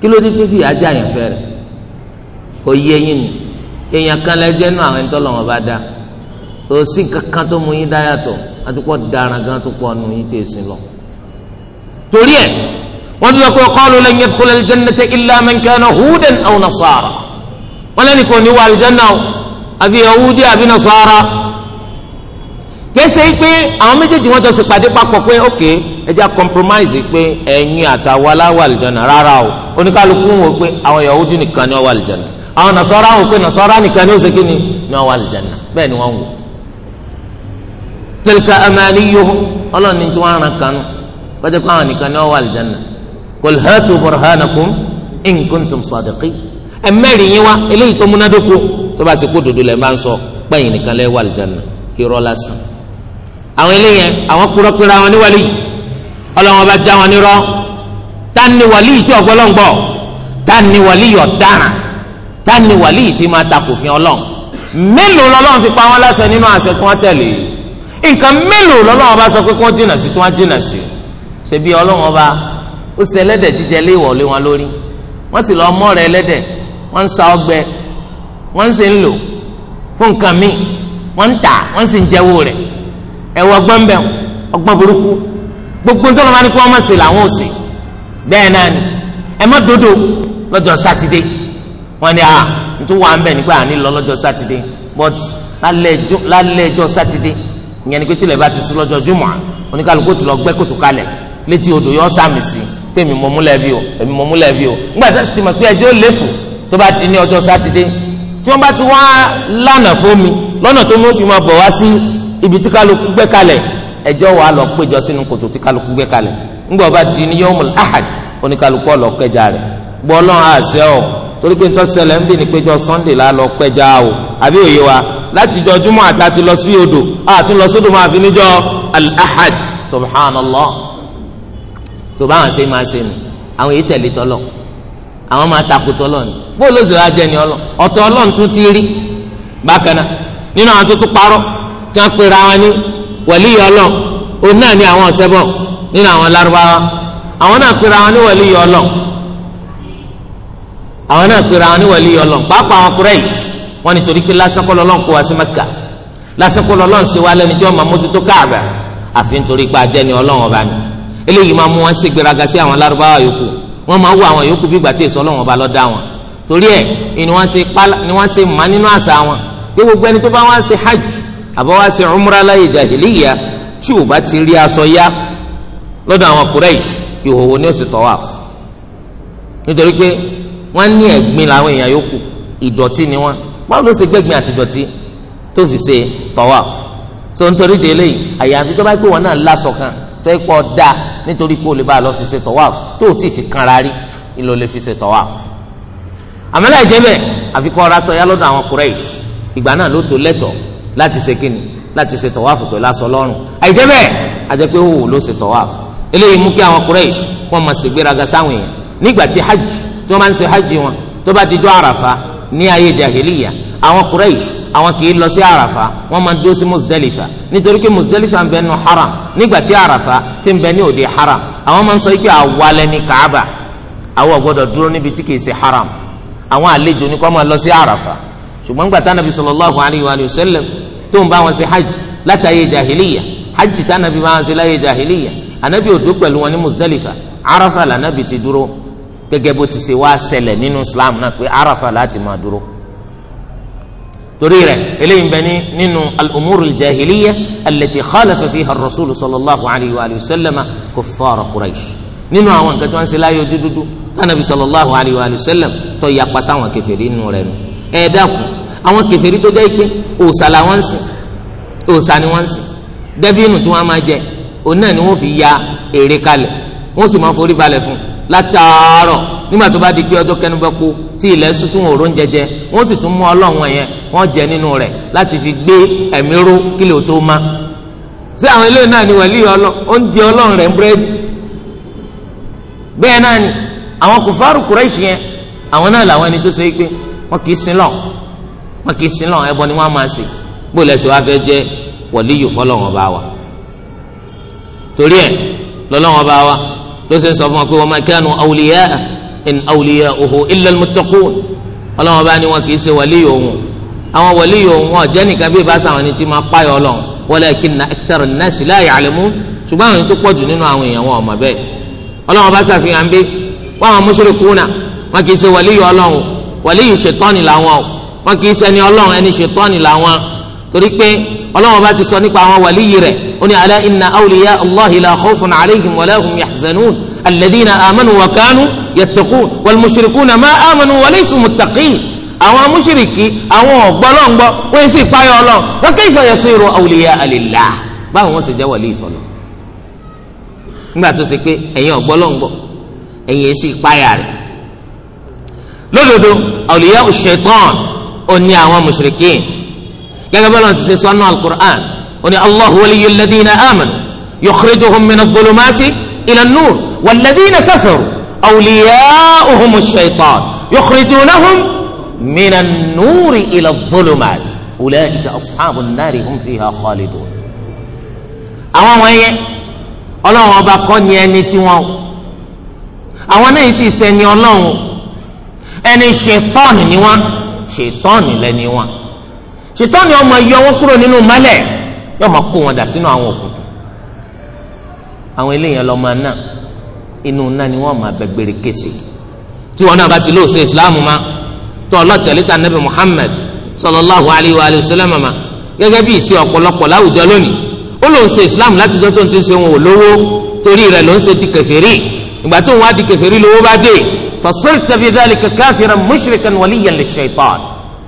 kí ló dé tí fi àjọ àyànfẹ́ rẹ̀ kò yé yín ni èèyàn kan lẹ́jẹ́ nù àwọn ẹ̀ńtọ́ lọ́wọ́ bá dá òsì kankan tó mú yín dáyàtọ̀ àtúpọ̀ daran gan tó pọ̀ nù yín tí èsì lọ. torí ẹ wọn ti sọ pé qalu lan yadkhula al-jannata illa man kana hudan aw nasara wọn lẹ́nu kò ní wà aljanna àbí yahudi àbí nasara kẹsẹ̀ pé àwọn méjèèjì wọn jọ sì pàdé papọ̀ pé ok ẹ jẹ́ compromise pé ẹ̀yin àtàwọn aláwọ̀ aljanna rárá o oníkálukú wò pé àwọn Yahudi nìkan ni wọ́n wà lìjànà àwọn Nasara wò pé Nasara nìkan ni ó ṣe kíni ni wọ́n wà lìjànà bẹ́ẹ̀ ni wọ́n wò. tilka amaniyuhum ọlọ́ọ̀ni tí wọ́n ran kanu kọjá pé àwọn nìkan ni wọ́n wà lìjànà qul hatu burhanakum in kuntum sadiqin ẹ̀mẹ́rin yín wá eléyìí tó múnádóko tó bá ṣe kó dodo lẹ́ bá ń sọ pẹ́yìn nìkan lẹ́ wà lìjànà irọ́ lásán àwọn eléyẹn àwọn kúrọ́kúrọ́ àwọn níwáyé ọlọ́wọ́n bá já wọn nírọ́ tani wali tí ọgbọlọgbọ tani wàlíì ọ̀daràn tani wali tí máa ta kòfin Ọlọ́run mélòó lọ́lọ́run fi pa wọn láṣẹ nínú àṣẹ tí wọn tẹ̀lé nǹkan mélòó lọ́lọ́run bá sọ pé kí wọn jìnnà sí tí wọn jìnnà sí ṣebí Ọlọ́run ọba ó ṣe ẹlẹ́dẹ̀ jíjẹ lé ìwọlé wọn lórí wọn sì lọ mọrẹ ẹlẹ́dẹ̀ wọn ń sa ọgbẹ́ wọn ń ṣe ń lò fún nǹkan míì wọn ń tà wọn sì ń jẹwọ rẹ ẹwọ ọgbọ́n bẹ ọgbọ́n burúkú gbogbo nítorí wọn ni kí wọn má ṣe làwọn ò ṣe bẹ́ẹ̀ náà ni ẹ má dodo lọ́jọ́ sátidé wọ́n ní a nítorí wà ń bẹ̀ nípa àní lọ lọ́jọ́ sátidé but lálẹ́ ẹjọ́ sátidé ìyẹn ni pé tílẹ̀ bá ti sùn lọ́jọ́ jùmọ̀ oníkàlùkù tó lọ gbẹ́ kòtò kalẹ̀ létí odò yọ sàmì sí pé èmi mọ̀ múlẹ̀ bí o èmi mọ̀ múlẹ̀ bí o nígbà tó ti mọ̀ pé ẹjọ́ lẹ́fù tó bá di ní ọjọ́ sátidé tí wọ́n bá ti wá lánàá fómi lọ́nà tó mú fi máa bọ̀ wá sí ibi tí kálukú gbẹ́ kalẹ̀ ẹjọ́ wa lọ péjọ sínú kòtò tí kálukú gbẹ́ kalẹ̀ ńgbà bá di ní yọmùl ahad oníkàlùkù ọlọ pẹja rẹ gbọ́ ọlọ́run àṣẹ ọ torí pé ntọ́sẹ̀lẹ̀ ń bì ní péjọ sunday la lọ pẹja o àbí òye wa láti jọ júmọ́ àti àti lọ sí odò àti lọ sódò máa fi níjọ al-ahad subhanallah tó báwọn ṣe máa ṣe nù àwọn èyí tẹ̀lé tọ́lọ̀ àwọn máa takò tọ́lọ̀ ni bó ló zèrè ajẹ́ ni ọlọ́ ọ̀tọ̀ tún ti rí bákan náà nínú àwọn tó tún parọ́ tí wọ́n pera wọn ní wàlíì ọlọ́run òun náà ni àwọn ọ̀sẹ́ bọ̀ nínú àwọn Lárúbáwá àwọn náà pera wọn ní wàlí ọlọ àwọn náà pera wọn ní wàlí ọlọ pàápàá àwọn Quraysh wọn nítorí pé lásán kọ́ lọ́lọ́n kó wá sí Mẹ́kà lásán kọ́ lọ́lọ́n sí wa lẹ́ni tí wọ́n máa mójútó Káàbà àfi nítorí pé ajẹ́ni Ọlọ́run ọba ni eléyìí máa mú wọn ṣe gbéraga sí àwọn Lárúbáwá yòókù wọn máa wọ àwọn yòókù bí gbàtẹ́ ìsọ ọba ló ni wọ́n ṣe má nínú àṣà wọn pé gbogbo ẹni umra láyé jahiliya tí ò bá ti rí lọ́dọ̀ àwọn Quraysh ìhòòhò ni ó sì tawaf nítorí pé wọ́n ní ẹ̀gbin làwọn èèyàn yòókù ìdọ̀tí ni wọ́n báwo ló ṣe gbẹ̀gbin àti ìdọ̀tí tó sì ṣe tawaf so nítorí délé yìí àyàfi tó bá pé wọn náà lásọ kan tó ẹ pọ̀ dáa nítorí kó o lè bá a lọ fi ṣe tawaf tó o ti fi kanra rí ìlò lè fi ṣe tawaf àmàlà ìjẹ́bẹ̀ àfikún ọ̀rá sọ yálọ́dọ̀ àwọn Quraysh ìgbà náà ló tó lẹ́tọ̀ láti ṣe kíni láti ṣe tawaf pẹ̀lú aṣọ lọ́rùn àìjẹ́bẹ̀ àjẹpẹ́ òwò ló ṣe tawaf eléyìí mú kí àwọn Quraysh wọn máa ṣègbéraga sáwọn èèyàn nígbà tí hajj tí wọn máa ń ṣe hajj wọn tó bá dijọ́ àràfà ní ayé jahiliya àwọn Quraysh àwọn kì í lọ sí àràfà wọn máa dúró sí Muzdalifa nítorí pé Muzdalifa ń bẹ nù haram nígbà tí àràfà ti ń bẹ ní òde haram àwọn máa ń sọ pé àwalẹ ní Kaaba àwọn gbọ́dọ̀ dúró níbi tí kìí ṣe haram àwọn àlejò ní kó lọ sí àràfà ṣùgbọ́n gbàtà nàbì sallallahu alayhi wa tó ń bá wọn ṣe hajj látàyè jahiliya hajj tí anabi máa ń ṣe láyé jahiliya anabi ò dó pẹ̀lú wọn ní musdalifa arafa lànàbì ti dúró gẹ́gẹ́ bó ti ṣe wá ṣẹlẹ̀ nínú islam náà pé arafa láti máa dúró torí rẹ̀ eléyìí bẹ ní nínú al-umur al-jahiliya allati khalafa fiha ar-rasul sallallahu alayhi wa sallam kuffar quraish nínú àwọn nǹkan tó ń ṣe láyé ojú dúdú anabi sallallahu alayhi wa sallam tó yapa sáwọn kẹfẹ́rí nínú rẹ̀ nù ẹ̀ẹ́dàkùn àwọn kẹfẹ́rí tó jẹ́ pé òòṣà làwọn ń sìn òòṣà ni wọ́n ń sìn dẹ́bínù tí wọ́n máa jẹ òun náà ni wọ́n fi ya èrè kalẹ̀ wọ́n sì máa forí balẹ̀ fún látàárọ̀ nígbà tó bá di pé ọjọ́ kẹnu bá kú tí ilẹ̀ sùn tún òórùn jẹjẹ wọ́n sì tún mú ọlọ́run yẹn wọ́n jẹ nínú rẹ̀ láti fi gbé ẹ̀mí ró kílẹ̀ tó má sí àwọn eléyìí náà ni wẹ̀lí oúnjẹ ọlọ́run rẹ̀ ń búrẹ́dì bẹ́ẹ̀ náà ni àwọn kòfàrù kùrẹ́ṣì yẹn àwọn náà làwọn ẹni tó ṣe é pé wọ́n kì í sin lọ wọ́n kì í sin lọ ẹbọ ni wọ́n máa sè gbọ́dọ̀ lẹ́sìn wá fẹ́ jẹ́ wọlíyù fọlọ́wọ́n bá wa torí ẹ lọ́lọ́wọ́n bá wa ló ṣe ń sọ fún wa pé wa ma kanu awliya in awliya oho illa almuttaqun ọlọ́wọ́n bá ní wọn kì í ṣe wọlíyù òun àwọn wọlíyù òun ọ̀jẹ́ nìkan bí ìbáṣà àwọn ẹni tí máa páyọ̀ ọlọ́run walakinna akthara an-nasi la ya'lamun ṣùgbọ́n àwọn tó pọ̀jù nínú àwọn èèyàn wọn ọ̀mọ̀ bẹ́ẹ̀ ọlọ́run bá ṣàfihàn bí wọ́n àwọn mushrikuna wọn kì í ṣe wàlíyù ọlọ́run wàlíyù ṣètọ́ni làwọn wọn kì í ṣe ẹni ọlọ́run ẹni ṣètọ́ni làwọn torí pé ọlọ́wọ́n bá ti sọ nípa àwọn wàlíyì rẹ̀ ó ní ala inna awliya allahi la khawfun alayhim wa lahum yahzanun alladhina amanu wa kanu yattaqun wal mushrikuna ma amanu wa laysu muttaqin àwọn mushriki àwọn ọ̀gbọ́lọ́ngbọ́ wọ́n sì payọ̀ ọlọ́ fa kayfa yasiru awliya lillah báwo wọ́n sì jẹ́ wàlíyì fọlọ́ nígbà tó ṣe pé ẹ̀yin ọ̀gbọ́lọ́ngbọ́ ẹ̀yin gẹ́gẹ́ bọ́lá ti ṣe sọ́nù alukur'an ó ní allahu waliyu ladina amanu yukhrijuhum min adh-dhulumati ila an-nur walladina kafaru awliya'uhum ash-shaytan yukhrijunahum min an-nuri ila adh-dhulumati ulaika ashabu an-nari hum fiha khalidun. àwọn wọ̀nyẹn ọlọ́run ọba kọ́ ni ẹni tí wọ́n àwọn náà sì sẹ́ni ọlọ́run ẹni ṣètọ́ọ̀nì ni wọ́n ṣètọ́ọ̀nì lẹ́ni wọ́n ṣètọ́ni ọmọ yọ wọn kúrò nínú mọ́lẹ̀ yóò máa kó wọn dà sínú àwọn òkùnkùn àwọn eléyàn lọ́mọ náà inú náà ni wọ́n máa bẹ gbére kése tí wọn náà bá ti lóòsè ìsìláàmù ma tó ọlọ́tẹ̀lẹ́ta nabi Muhammad sallallahu alayhi wa sallam ma gẹ́gẹ́ bí ìṣe ọ̀pọ̀lọpọ̀ láwùjọ lónìí ó lóun ṣe islam láti jọ́ tó ń ti ṣe wọn ò lówó torí rẹ̀ ló ń ṣe di kèfèrí ìgbà tó ń wá di kèfèrí lówó bá dé mushrikan waliyan lish-shaytan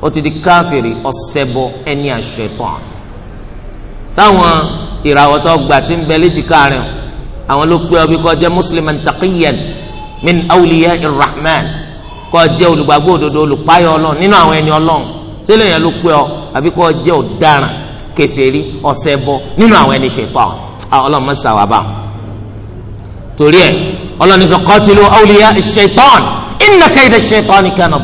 ó ti di káfìrí ọ̀sẹ̀bọ ẹni àṣetàn táwọn ìràwọ̀ tó gbà tí ń bẹ léjìká rẹ̀ àwọn ló pé ọbí kó jẹ́ musliman taqiyan min awliya irrahman kó jẹ́ olùgbàgbọ́ òdodo olùpáyọ̀ ọlọ́run nínú àwọn ẹni ọlọ́run tí lèèyàn ló pé ọ àbí kó jẹ́ ọ̀daràn kèfèrí ọ̀sẹ̀bọ nínú àwọn ẹni ṣetàn ọlọ́run mọ̀ sàwábà torí ẹ ọlọ́run ní kó qatilu awliya ash-shaytan inna kayda ash-shaytani kana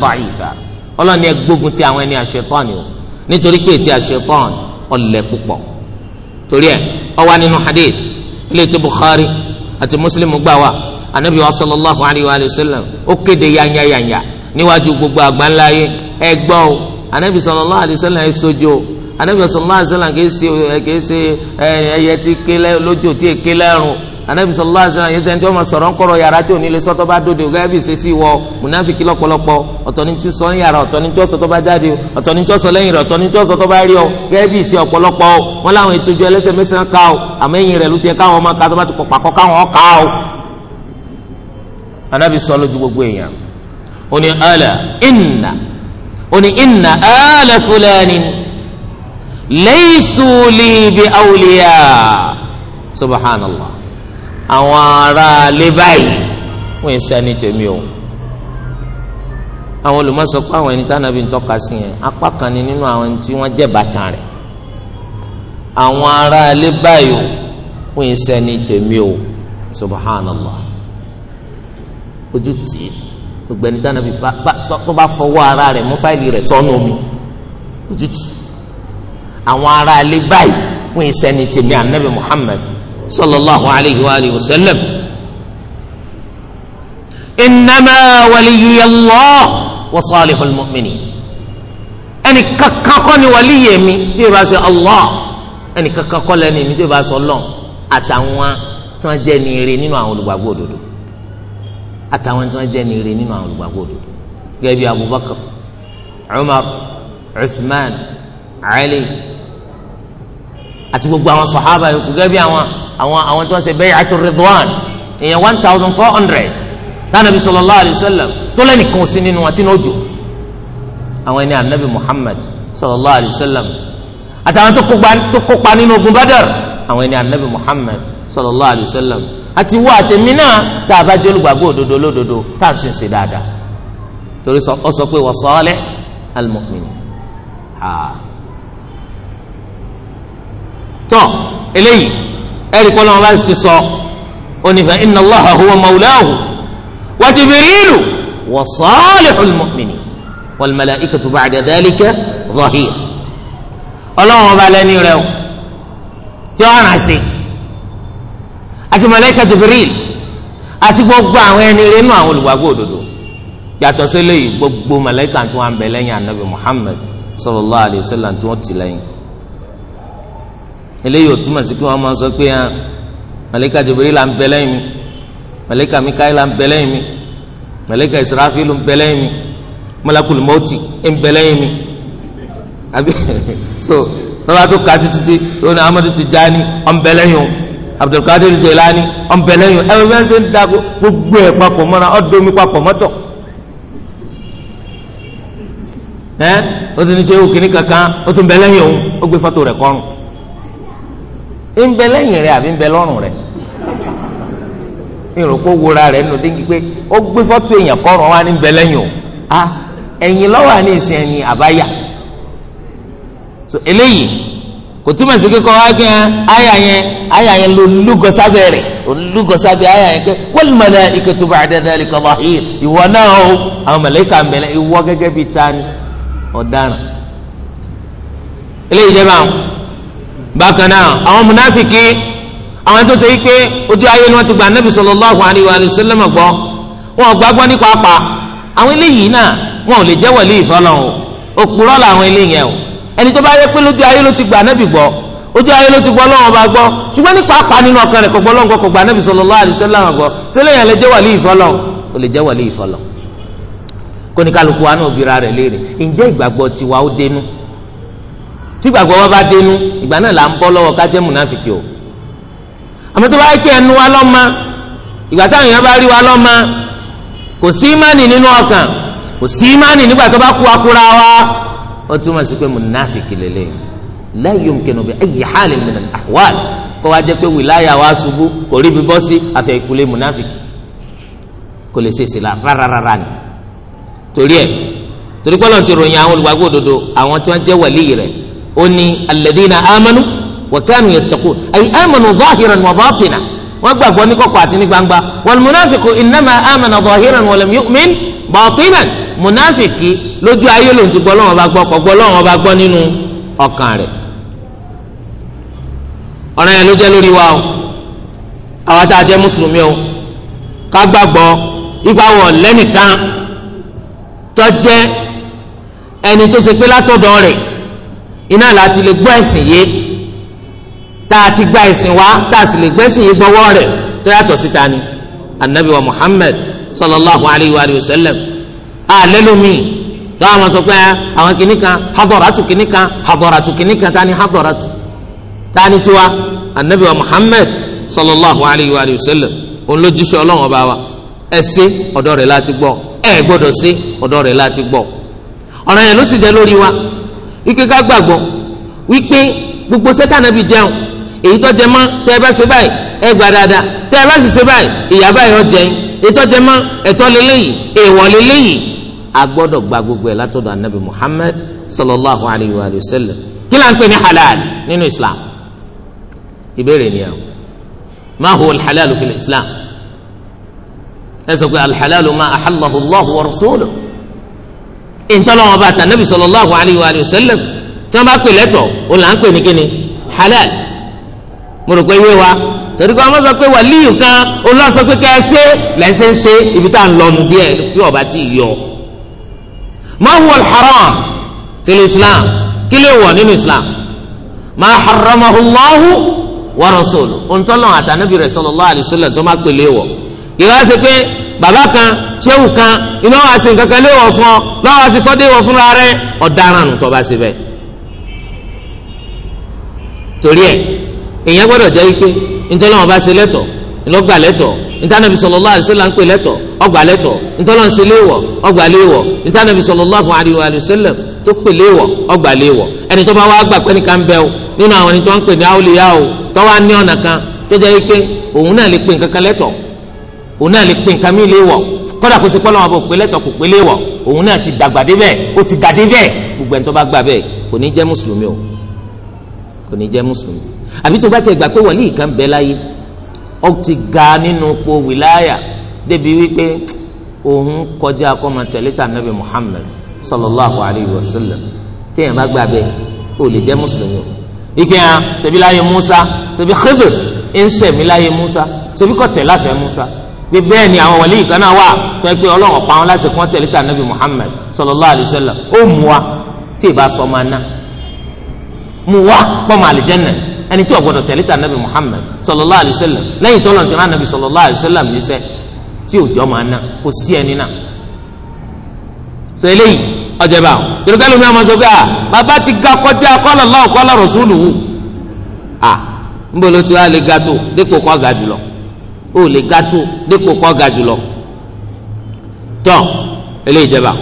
ọlọ́run ni ẹ gbógun ti àwọn ẹni àṣetán o nítorí pé ètí àṣetán ọ̀lẹ púpọ̀ torí ẹ ó wà nínú hadith ilé tí Bukhari àti Muslim gbà wá anabi wa sallallahu alayhi wa sallam ó kéde yanyayanya níwájú gbogbo àgbáńlá ẹ gbọ́ o anabi sallallahu alayhi wa sallam ẹ sojú o anabi sallallahu alayhi wa sallam kìí ṣe ẹyẹ tí ké lójú tí èké lẹ́rùn anabi sallallahu alaihi wasallam yẹn sẹ́ni tí wọ́n máa sọ̀rọ̀ ńkọ̀rọ̀ yàrá tí ò ní lè sọ tó bá dòde o gẹ́gẹ́ bí ìṣesí wọ munafiki lọ́pọ̀lọpọ̀ ọ̀tọ̀ ní tí sọ ń yàrá ọ̀tọ̀ ní tí ọ̀sọ̀ tó bá jáde o ọ̀tọ̀ ní tí ọ̀sọ̀ lẹ́yìn rẹ̀ ọ̀tọ̀ ní tí ọ̀sọ̀ tó bá rí o gẹ́gẹ́ bí ìṣe ọ̀pọ̀lọpọ̀ o wọ́n láwọn ètò ìjọ ẹlẹ́sẹ̀ mẹ́sàn ká o àmọ́ ẹ̀yìn rẹ̀ ló káwọn ọmọ ká tó bá káwọn ọ̀ká o. anabi subhanallah àwọn ará alẹ́ báyìí wọ́n ń tèmi o àwọn olùmọ̀ pé àwọn ẹni tí ń tọ́ka sí yẹn apá kan ni nínú àwọn tí wọ́n jẹ́ bàtàn rẹ̀ àwọn ará alẹ́ báyìí wọ́n ń tèmi o subhanallah ojú tì í gbogbo ẹni tó bá fọwọ́ ara rẹ̀ mú fáìlì rẹ̀ sọ́nù omi ojú tì í àwọn ará alẹ́ báyìí wọ́n ń sallallahu alayhi wa alihi wa sallam innama waliyullah wa salihul mu'minin ẹni kankan kọ́ ni wàlíyé mi tí ì bá ṣe allah ẹni kankan kọ́ lẹ́ni mi tí ì bá ṣe allah àtàwọn tí wọ́n jẹ́ ní ire nínú àwọn olùgbàgbọ́ òdodo àtàwọn tí wọ́n jẹ́ ní ire nínú àwọn olùgbàgbọ́ òdodo gẹ́gẹ́ bí abubakar umar uthman ali àti gbogbo àwọn sọ̀hábà yòókù gẹ́gẹ́ bí àwọn àwọn àwọn tí wọ́n ṣe bay'atu ridwan èèyàn one thousand four hundred tánàbí sallallahu alayhi wa sallam tó lẹ́nìkan sí nínú àti n'ojú àwọn ẹni anabi muhammad sallallahu alayhi wa sallam àtàwọn tó kópa nínú ogun badar àwọn ẹni anabi muhammad sallallahu alayhi wa sallam àti wọ àtẹmí náà tá a bá jẹ́ olùgbàgbọ́ òdodo lódodo tá a sì ń ṣe dáadáa torí ọ sọ pé wa salih al-mu'minin eléyìí ẹ̀rí kọ́ lọ́wọ́ bá ti sọ onífẹ́ inna Allaha huwa mawlahu wa Jibrilu wa salihul mu'minin wal malaikatu ba'da dhalika zahir ọlọ́wọ́ bá lẹ́ni rẹ̀ o tí ó hàn sí àti màláíkà Jibril àti gbogbo àwọn ẹni rẹ̀ nù àwọn olùgbàgbọ́ òdodo yàtọ̀ sí eléyìí gbogbo màláíkà tí wọ́n ń lẹ́yìn anabi Muhammad sallallahu alayhi wa sallam tí wọ́n ti lẹ́yìn eléyìí ò túmọ̀ sí pé wọ́n máa sọ pé hàn ah, màlẹ́kà jìbìrì là ń bẹ lẹ́yìn mi màlẹ́kà mikaí là ń bẹ lẹ́yìn mi màlẹ́kà ìsirafílù ń bẹ lẹ́yìn mi mọ́lákùlù mọ́tì ń bẹ lẹ́yìn mi àbí so lọ́wọ́ àti ká títí lónìí amadu tijani ń bẹ lẹ́yìn o abdulkadir jelani ń bẹ lẹ́yìn o ẹ̀rọ bí wọ́n ṣe ń da gbogbo ẹ̀ papọ̀ mọ́ra ọ̀dọ́mi papọ̀ mọ́tọ̀ ẹ́ o ti ní ṣe òkìní kankan o ti ń bẹ lẹ́yìn o ó gbé fọ́tò rẹ̀ kọ́rùn ń bẹ lẹ́yìn rẹ̀ àbí ń bẹ lọ́rùn wura rẹ̀ nù dínkì pé ó gbé èèyàn wa ní o a ẹ̀yìn lọ́wọ́ àní ìsìn àbáyà so eléyìí kò túmọ̀ sí kíkọ́ wá gbé àyà yẹn àyà yẹn ló lúgọ sábẹ́ rẹ̀ olùlúgọ sábẹ́ àyà yẹn ìwọ náà o àwọn ìwọ gẹ́gẹ́ bíi tani ọ̀daràn eléyìí jẹ́ báwọn. bákan náà àwọn munafiki àwọn tó ṣe wípé ojú ayé ni wọ́n ti gba anabi sallallahu alayhi wa sallam gbọ́ wọn gbàgbọ́ nípa apá àwọn eléyìí náà wọn ò lè jẹ́ wọlé ìfọlọ́ o òpùrọ́ làwọn eléyìí o ẹni tó bá yẹ pé lójú ayé ló ti gba anabi gbọ́ ojú ayé ló ti gbọ́ lọ́wọ́ bá gbọ́ ṣùgbọ́n nípa apá nínú ọkàn rẹ̀ kò gbọ́ lọ́wọ́ kò gba anabi sallallahu alayhi wa sallam gbọ́ yẹn lè jẹ́ wọlé ìfọlọ́ o lè jẹ́ wọlé ìfọlọ́ kóníkàlùkù wa náà obìnrin rẹ̀ léèrè ǹjẹ́ ìgbàgbọ́ tiwa ó dénú tí gbàgbọ́ wa bá dénú ìgbà náà là ń bọ́ lọ́wọ́ kájẹ́ múnásìkì o àmọ́ tó bá yẹ pé ẹnu wa lọ́mọ ìgbà táwọn èèyàn bá rí wa lọ́mọ kò sí ìmánì nínú ọkàn kò sí ìmánì nígbà tó bá kú akura wa ó túmọ̀ sí pé múnásìkì lélẹ̀ la yumkinu bi ayyi halin min al kó wá jẹ́ pé wìláyà wa ṣubú kò rí ibi bọ́ sí àfi ìkúlé múnásìkì kò lè ṣèṣe la rárára ni torí ẹ torí pé Ọlọ́run ti ròyìn àwọn olùgbàgbọ́ òdodo àwọn tí wọ́n jẹ́ wàlíì rẹ̀ ó ní alladhina amanu wa kanu yattaqun ay amanu zahiran wa batina wọ́n gbàgbọ́ ní kọ̀kọ̀ àti ní gbangba wal munafiqu innama amana zahiran wa lam yu'min batinan munafiki lójú ayé ló ń ti gbọ́ bá gbọ́ kọ́ gbọ́ bá gbọ́ nínú ọkàn rẹ̀ ọ̀ràn yẹn ló jẹ́ lórí wa o àwa tá a jẹ́ mùsùlùmí o ká gbàgbọ́ ipa wọ̀ lẹ́nìkan tó ẹni tó ṣe pé látọ̀dọ̀ rẹ̀ iná láti lè gbọ́ ẹ̀sìn yé tá a ti gba ẹ̀sìn wá tá a sì lè gbẹ́sìn yé gbọ́wọ́ rẹ̀ tó yàtọ̀ síta ni anabi wa muhammed sallallahu alayhi wa sallam alẹ́lómi tó àwọn sọ pé àwọn kìnnì kan hadoratu kìnnì kan hadoratu kìnnì kan tani hadoratu tani tiwa anabi wa muhammed sallallahu alayhi wa sallam òun ló jíṣẹ́ ọlọ́run ọba wa ẹ ṣe rẹ̀ láti gbọ́ ẹ gbọ́dọ̀ ṣe ọ̀dọ̀ rẹ̀ láti gbọ́ ọ̀ràn yẹn ló sì jẹ́ lórí wa wípé ká gbàgbọ́ wípé gbogbo sẹ́tànàbì jẹun èyí tó jẹ mọ́ tẹ́ ẹ bá ṣe báyìí ẹ gbà dáadáa tẹ́ ẹ bá ṣe ṣe báyìí ìyá báyìí ọjẹ èyí tó jẹ mọ́ ẹ̀tọ́ lélẹ́yìí èèwọ̀ lélẹ́yìí a gbọ́dọ̀ gba gbogbo ẹ̀ látọ̀dọ̀ anabi Muhammad sallallahu alayhi wa sallam kí ló ń pè ní halal nínú Islam ìbéèrè ni àwọn ma huwa alhalal fi Islam ẹ sọ pé alhalal ma ahallahu Allah wa rasuluhu ìtọ́lọ́wọ́n bá tànàbì sallallahu alayhi wa sallam tí wọ́n bá pè lẹ́tọ̀ ó là ń pè ní halal mo rò pé wé wa torí pé wọ́n sọ pé wàlíyù kan olóò sọ pé kẹ́ẹ́sẹ́ lẹ́sẹ̀ ń ṣe ibi tá à ń lọnu díẹ̀ tí ọba ti yọ. ma huwa al-haram fil islam kí lè wọ̀ nínú islam ma harramahu Allahu wa rasuluhu òǹtọ́lọ́wọ́n àtànàbì rẹ̀ sallallahu alayhi wa sallam tó má pè lé wọ̀ kí wọ́n sọ pé bàbá kan ṣéwù kan iná wàá nkakalewo kankan léwọ̀ fún ọ lọ́wọ́ àti sọ́dẹ̀ wọ̀ fúnra rẹ ọ̀daràn nù tó bá bẹ́ẹ̀. torí ẹ èèyàn gbọ́dọ̀ jẹ́ wípé ntọ́lọ́wọ́n bá ṣe lẹ́tọ̀ ńlọ́gbà lẹ́tọ̀ ntánàbí sallallahu alaihi ń pè lẹ́tọ̀ ọgbà lẹ́tọ̀ ṣe ọgbà ẹni tó bá wá wá ní ọ̀nà kan tó jẹ́ wípé òun náà lè pè nǹkan kan òun náà lè pe nǹkan mi lè wọ̀ kọ́dà kó ṣe pé ọlọ́wọ́n bò pé lẹ́tọ̀ kò pé lè wọ̀ òun náà ti dàgbà dé bẹ́ẹ̀ ó ti gà dé bẹ́ẹ̀ gbogbo ẹni tó bá gbà bẹ́ẹ̀ kò ní jẹ́ mùsùlùmí o kò ní jẹ́ mùsùlùmí àbí tó bá ti gbà pé wàlíì kan bẹ láyé ó ti ga nínú po wìláyà débi wípé òun kọjá akọ́mọ tẹ̀lé tà nàbì Muhammad sallallahu alayhi wa sallam téèyàn bá gbà bẹ́ẹ̀ ó lè jẹ́ mùsùlùmí o ìpín hàn ah, ṣebí láyé Musa ṣebí Khidir pé bẹ́ẹ̀ ni àwọn wàlíì kan náà wà tó ẹ pé ọlọ́run wọn láti Muhammad sallallahu alayhi ó mú wa tí ì sọ ọmọ aná mú wa pọ́ mọ ẹni tí ọ̀gbọ́dọ̀ tẹ̀lé Muhammad sallallahu alayhi lẹ́yìn tó lọ́n ti rán sallallahu alayhi wa sallam tí ò jẹ́ ọmọ kò sí ẹni náà. bá àwọn ó lè ga tó dípò kọ́ ga jùlọ tán eléyìí jẹba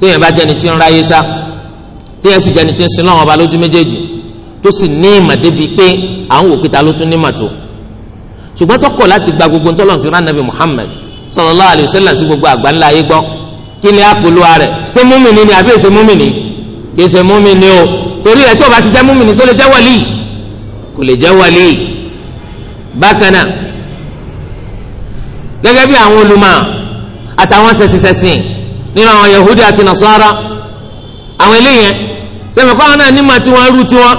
téèyàn bá jẹni tí ń ráyé sá téèyàn sì jẹni tí ń sin lọ́wọ́ ọba lójú méjèèjì tó sì ní ìmọ̀ débi pé à ń wò pé ta ló tún ní ìmọ̀ tó ṣùgbọ́n tó kọ̀ láti gba gbogbo ntọ́lọ́n fi rán nàbì Muhammad sallallahu alaihi wasallam sí gbogbo àgbà ńlá ayé gbọ́ kí ni àpòlùwà rẹ̀ ṣé múmìnì ni àbí èsè múmìnì èsè múmìnì o torí rẹ̀ tí ó bá ti jẹ́ múmìnì só lè jẹ́ wàlíì kò lè jẹ́ wàlíì bákan náà gẹ́gẹ́ bí àwọn olùmọ̀ àtàwọn sẹ̀sìnsẹ̀sìn nínú àwọn yahudi àti nasara àwọn eléyẹn sẹ́mi kọ́ àwọn náà ní ma tiwọn rú tiwọn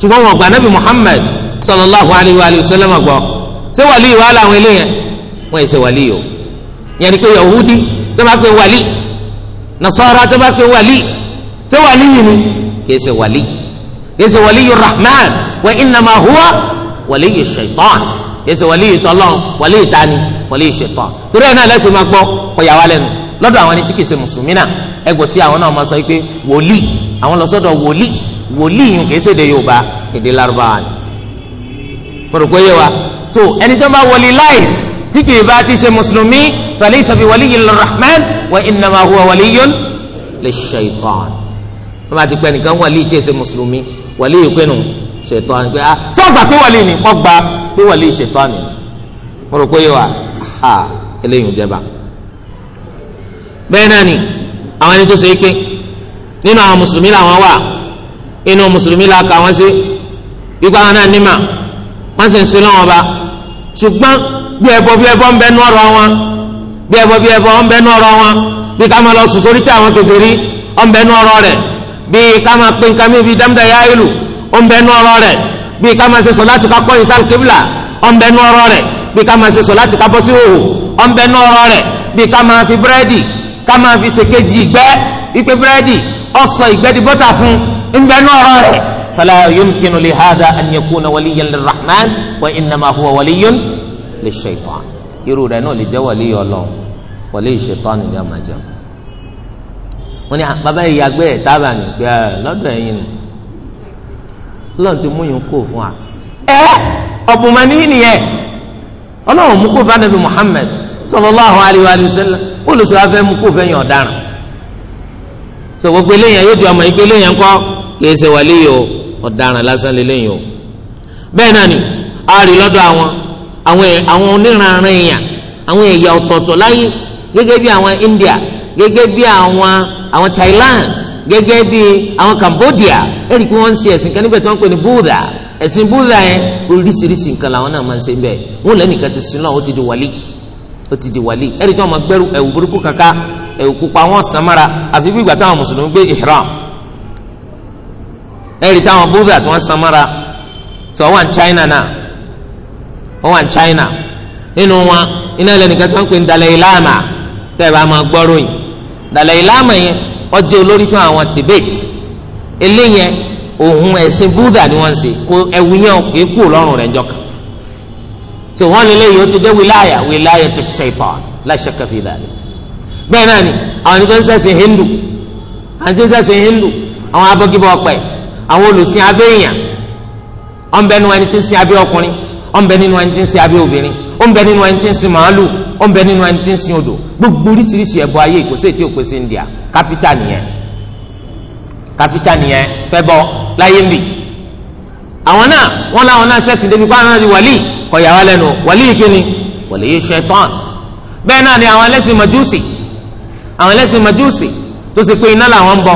ṣùgbọ́n wọn gba nabi muhammed sallallahu alayhi wa sallam gbọ́ ṣé wàlí ìwà la eléyẹn wọ́n ṣe wàlí o yẹn ni pé yahudi tó pé wàlí nasara tó pé wàlí ṣé wàlí ni kì í ṣe wàlí kì í ṣe wàlí rahman wa innama huwa wàlíyì ṣètọ́n yẹsẹ wàlíyì tọ́lọ́n wàlíyì tani wàlíyì ṣètọ́n torí ẹ̀ náà lẹ́sìn máa gbọ́ kọ̀yà wa lẹ́nu lọ́dọ̀ àwọn ẹni tí kìí ṣe mùsùlùmí náà ẹgbẹ́ tí àwọn náà máa sọ pé wòlíì àwọn lọ sọ́dọ̀ wòlíì wòlíì yìí kìí ṣèdè Yorùbá èdè Lárúbáwá ni. pọ̀rọ̀kọ́ yé wa tó ẹni tó bá wọlé láìsí tí kìí bá ti ṣe mùsùlùmí falaysa bi waliyyin lirrahman wa innama huwa waliyyun lishaytan. wọ́n bá ti pẹ́ nìkan wàlíì tí ì ṣètọ́ni pé ah sọ́gbà pé wọlé ni wọ́n gba pé wọlé ṣètọ́ni mo rò pé wà á eléyìí ò jẹba. bẹ́ẹ̀ náà ni àwọn ẹni tó ṣe é pé nínú àwọn mùsùlùmí làwọn wà inú mùsùlùmí la kà wọ́n sí ipá wọn náà nímà wọ́n sì ń sin lọ́wọ́ ba ṣùgbọ́n bí ẹbọ bí ẹbọ ń bẹ nú ọ̀rọ̀ wọn bí ẹbọ bí ẹbọ ń bẹ nú ọ̀rọ̀ wọn bí ká máa lọ sùn sórí tí àwọn kẹfẹ́ rí ọ̀ ń bẹ nú ọ̀rọ̀ rẹ̀ bí ká máa pín nǹkan bí dámdá yá ìlú ó ń bẹ nú ọ̀rọ̀ rẹ̀ bí ká máa ṣe sọ̀láàtì ká kọ̀yìn sáà kébìlà ó ń bẹ nú ọ̀rọ̀ rẹ̀ bí ká máa ṣe sọ̀láàtì ká bọ́ sí òhò ó ń bẹ nú ọ̀rọ̀ rẹ̀ bí ká máa fi búrẹ́dì ká máa fi ṣèkejì ìgbẹ́ ipe búrẹ́dì ọ̀sọ̀ ìgbẹ́ di bọ́tà fún ń bẹ nú ọ̀rọ̀ rẹ̀ fala yumkinu li hada an yakuna waliyan lirrahman wa innama huwa waliyun lishaitan irú rẹ̀ náà lè jẹ́ wàlíyì Ọlọ́run wàlíyì ṣaitan nìyà máa jẹun wọ́n ní bàbá ìyàgbẹ́ ẹ̀ tábà ní gbẹ́ lọ́dọ̀ ẹ̀yìn nù ọlọ́run ti mú yín kó fún wa. ẹ ọ̀bùnmọ̀ni nìyẹn ọlọ́run mú kó fún anabi olùsọ̀rọ̀ afẹ́ mú kó fẹ́yìn ọ̀daràn. sọ gbogbo eléyàn yóò di ọmọ eléyàn kọ́ kì í ṣe wà léyìn o ọ̀daràn lásán o. bẹ́ẹ̀ náà ni a rí lọ́dọ̀ àwọn àwọn oníranran èèyàn àwọn ọ̀tọ̀ọ̀tọ̀ láyé gẹ́gẹ́ bí àwọn India gẹ́gẹ́ bí àwọn àwọn Thailand gẹ́gẹ́ bí àwọn Cambodia ẹ̀rí pé wọ́n ń ṣe ẹ̀sìn kan níbẹ̀ tí wọ́n pè ní Buddha ẹ̀sìn Buddha yẹn oríṣiríṣi nǹkan làwọn náà máa ń ṣe ń bẹ̀ wọ́n lẹ́nìkan ti sin náà ó ti di wàlí ó ti di wàlí ẹ̀rí tí wọ́n máa gbẹ́rù ẹ̀wù burúkú kàkà ẹ̀wù pupa wọn sàn mára àfi bí ìgbà táwọn mùsùlùmí gbé ihram ẹ̀rí táwọn Buddha tí wọ́n sàn tí wọ́n wà ní China náà wọ́n wà ní China nínú wọn iná lẹ́nìkan tí wọ́n pè ní Dalai Lama tẹ́ẹ̀ bá máa Dalai Lama yẹn ọjọ́ olórí fún àwọn Tibet eléyẹn òun ẹ̀sìn Buddha ni wọ́n ń ṣe kó ẹ̀wù yẹn kò kú lọ́rùn rẹ̀ njọ́ka tó wọ́n lélẹ̀ yìí ó ti dé wíláyà wíláyà tó ṣèpà láṣẹ kẹfì dàlẹ́ bẹ́ẹ̀ náà ni àwọn ẹni tó Hindu àwọn tó ń Hindu àwọn abọ́gibọ̀ ọ̀pẹ àwọn olùsìn abẹ́yàn ọ̀nbẹ́ni wọn ti ń sin abẹ́ ọkùnrin ọ̀nbẹ́ni wọn ti ń sin abẹ́ obìnrin ọ̀nbẹ́ni wọn ti ń sin màálù ọ̀nbẹ́ni wọn ti ń sin odò gbogbo oríṣiríṣi ẹ̀bọ ayé ìkòsí ètí òpèsè India kápítà nìyẹn kápítà nìyẹn fẹ́ bọ́ láyé ń bì àwọn náà wọn làwọn náà sẹ́sìn débi pa àwọn wàlí kọ̀yàwá lẹ́nu wàlí kíni wàlí ṣẹ̀tán bẹ́ẹ̀ náà ni àwọn ẹlẹ́sìn màjúsì àwọn ẹlẹ́sìn màjúsì tó sì pé iná làwọn ń bọ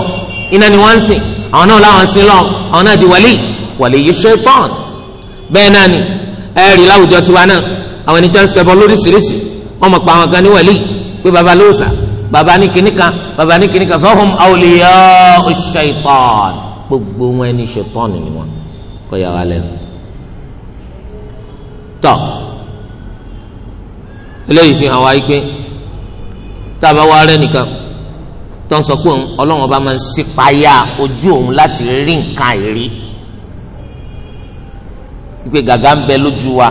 iná ni wọ́n ń sìn àwọn náà làwọn ń sin lọ àwọn náà di wàlí wàlí ṣẹ̀tán bẹ́ẹ̀ náà ni ẹ̀rí láwùjọ tiwa náà àwọn ènìjọ́ ń sọ ẹbọ lóríṣiríṣi wọ́n mọ̀ pa àwọn kan ní wàlí pé babalóòsà bàbá ní kinní kan bàbá ní kinní kan fahum awliya'u shaitan gbogbo wọn ẹni ṣaitan ni wọn kọ́ yà wá lẹ́nu. tọ́ eléyìí fi hàn wá yí pé tá a bá wá rẹ́ nìkan tó ń sọ pé ọlọ́run ọba máa ń sípayá ojú òun láti rí nǹkan ìrí wípé gàgà ń bẹ lójú wa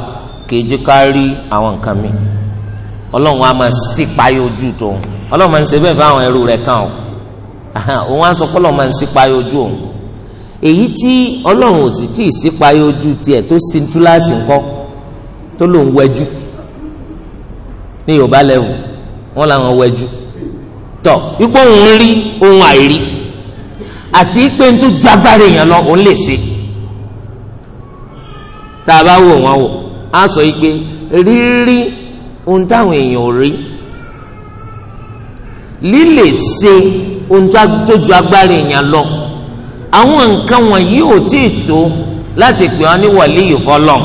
kì í jẹ́ ká rí àwọn nǹkan mìíràn ọlọ́run a máa sì payé ojú tó ọlọ́run máa ń ṣe bẹ́ẹ̀ fáwọn ẹrú rẹ̀ kàn ó òun á sọ pé ọlọ́run máa ń sì payé ojú òun èyí tí ọlọ́run ò sì tí ì sí payé ojú tiẹ̀ tó sin túláàsì ńkọ́ tó lòún wẹjú ní yorùbá lẹ́wù wọ́n làwọn wẹjú tọ̀ ipò òun rí òun àìrí àti pé n tó ju èèyàn lọ òun lè ṣe tá a bá wò wọ́n wò á sọ yìí pé rírí ohun táwọn èèyàn ò rí lílè ṣe ohun tó ju agbára èèyàn lọ àwọn nǹkan wọ̀nyí ò tí ì tó láti pè ọ́ ní wàlíyù fọlọ́n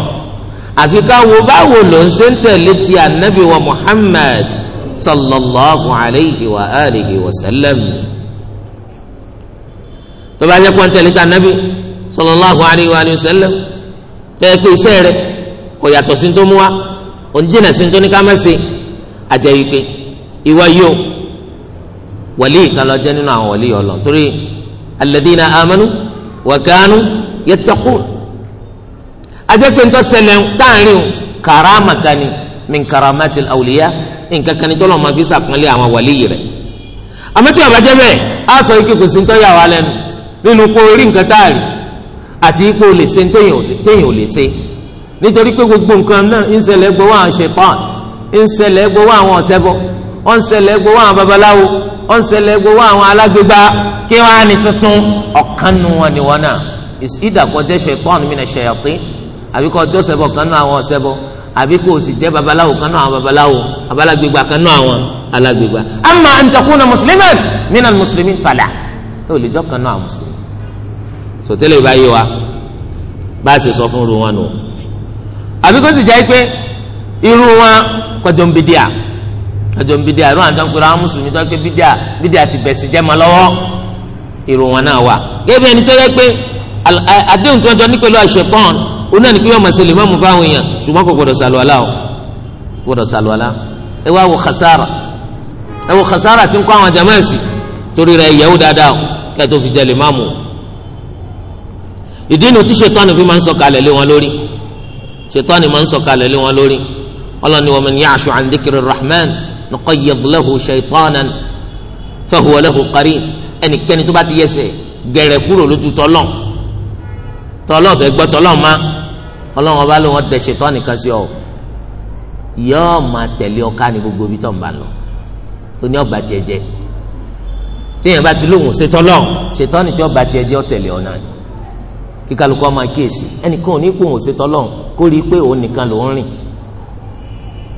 àfi ká báwo ló ń ṣe ń tẹ̀lé ti ànábì wa Muhammad sallallahu alayhi wa alihi wa sallam tó bá jẹ́ pé ń tẹ̀lé ti ànábì sallallahu alayhi wa alihi wa sallam tẹ́ ẹ pé iṣẹ́ rẹ kò yàtọ̀ sí tó mú wa òun jìnnà sí nítorí ká má ṣe àjẹ́ ìpè ìwà yóò wàlí ìkàlọ́ jẹ́ nínú àwọn wàlí ọlọ́ torí alladhina amanu wa kanu yattaqun ajẹ́ pé ntọ́ ṣẹlẹ̀ táàrin karama kani min karamati awliya nǹkan kan ní tọ́lọ́ máa fi sàpọ́nlé àwọn wàlí yìí rẹ̀ àmọ́tí àbájẹ́ bẹ́ẹ̀ sọ ike kò sí ntọ́ yà wá lẹ́nu nínú kó orí nǹkan táàrin àti ipò lè ṣe téèyàn ò lè ṣe nítorí pé gbogbo nǹkan náà ń ṣẹlẹ̀ gbowó àwọn ṣẹ̀tán ń ṣẹlẹ̀ gbowó àwọn ọ̀ṣẹ́bọ ó ń ṣẹlẹ̀ gbowó àwọn babaláwo ó ń ṣẹlẹ̀ gbowó àwọn alágbègbà kí wọ́n á ní tuntun ọ̀kan nu wọn ni wọn náà ìdàkọ̀jẹ́ ṣẹ̀tán mi nà ṣẹ̀yàpín àbí kò jọ́ ṣẹbọ kan náà àwọn ọ̀ṣẹ́bọ àbí kò sì jẹ́ babaláwo kan náà àwọn babaláwo abalágbègbà kan náà àwọn alágbègbà amma an takuna musliman muslimin fala ó lè jọ́ bá a ṣe sọ fún ru wọn nù àbí kó sì jẹ́ pé irú wọn kọjọ ń bídíà kọjọ ń bídíà irú àwọn àjọpọ̀ àwọn mùsùlùmí tó ké bídíà bídíà ti bẹ̀sì jẹ́ mọ́ lọ́wọ́ irú wọn náà wà. gẹ́gẹ́ ẹni tó yẹ pé àdéhùn tí wọ́n jọ ní pẹ̀lú àṣepọ́n òun náà ní pé yóò máa ṣe lè má mú fáwọn èèyàn ṣùgbọ́n kò gbọdọ̀ sàlùwàlà o gbọdọ̀ sàlùwàlà ẹ wá wo khasara ẹ wo khasara tí ń kọ́ àwọn jamaasi torí rẹ̀ yẹ̀wò dáadáa o kẹ́ẹ̀ fi jẹ lè má mú o ìdí inú tíṣe tánù fi máa ń sọ kalẹ̀ lé wọn lórí ṣètánì máa ń sọ̀kalẹ̀ lé wọn lórí ọlọ́ni wa man ya'shu an dhikri rahman nuqayyid lahu shaytanan fahuwa lahu qarin ẹnikẹ́ni tó bá ti yẹsẹ̀ gẹ̀rẹ̀ kúrò lójú tọ́lọ́n tọ́lọ́n fẹ́ gbọ́ tọ́lọ́n ma ọlọ́run ọba ló wọn tẹ̀ ṣètánì kan sí ọ yọ́ọ́ máa tẹ̀lé ọká ní gbogbo ibi tó ń bá lọ ó ní ọgbà tiẹ̀ jẹ téèyàn bá ti lóhùn ṣètọ́lọ́n ṣètánì tí ọgbà tiẹ̀ jẹ́ ọ tẹ̀lé ọ náà ni kí máa kíyèsí ẹnìkan ò ní kó òun ṣètò ọlọ́run kó rí i pé òun nìkan ló ń rìn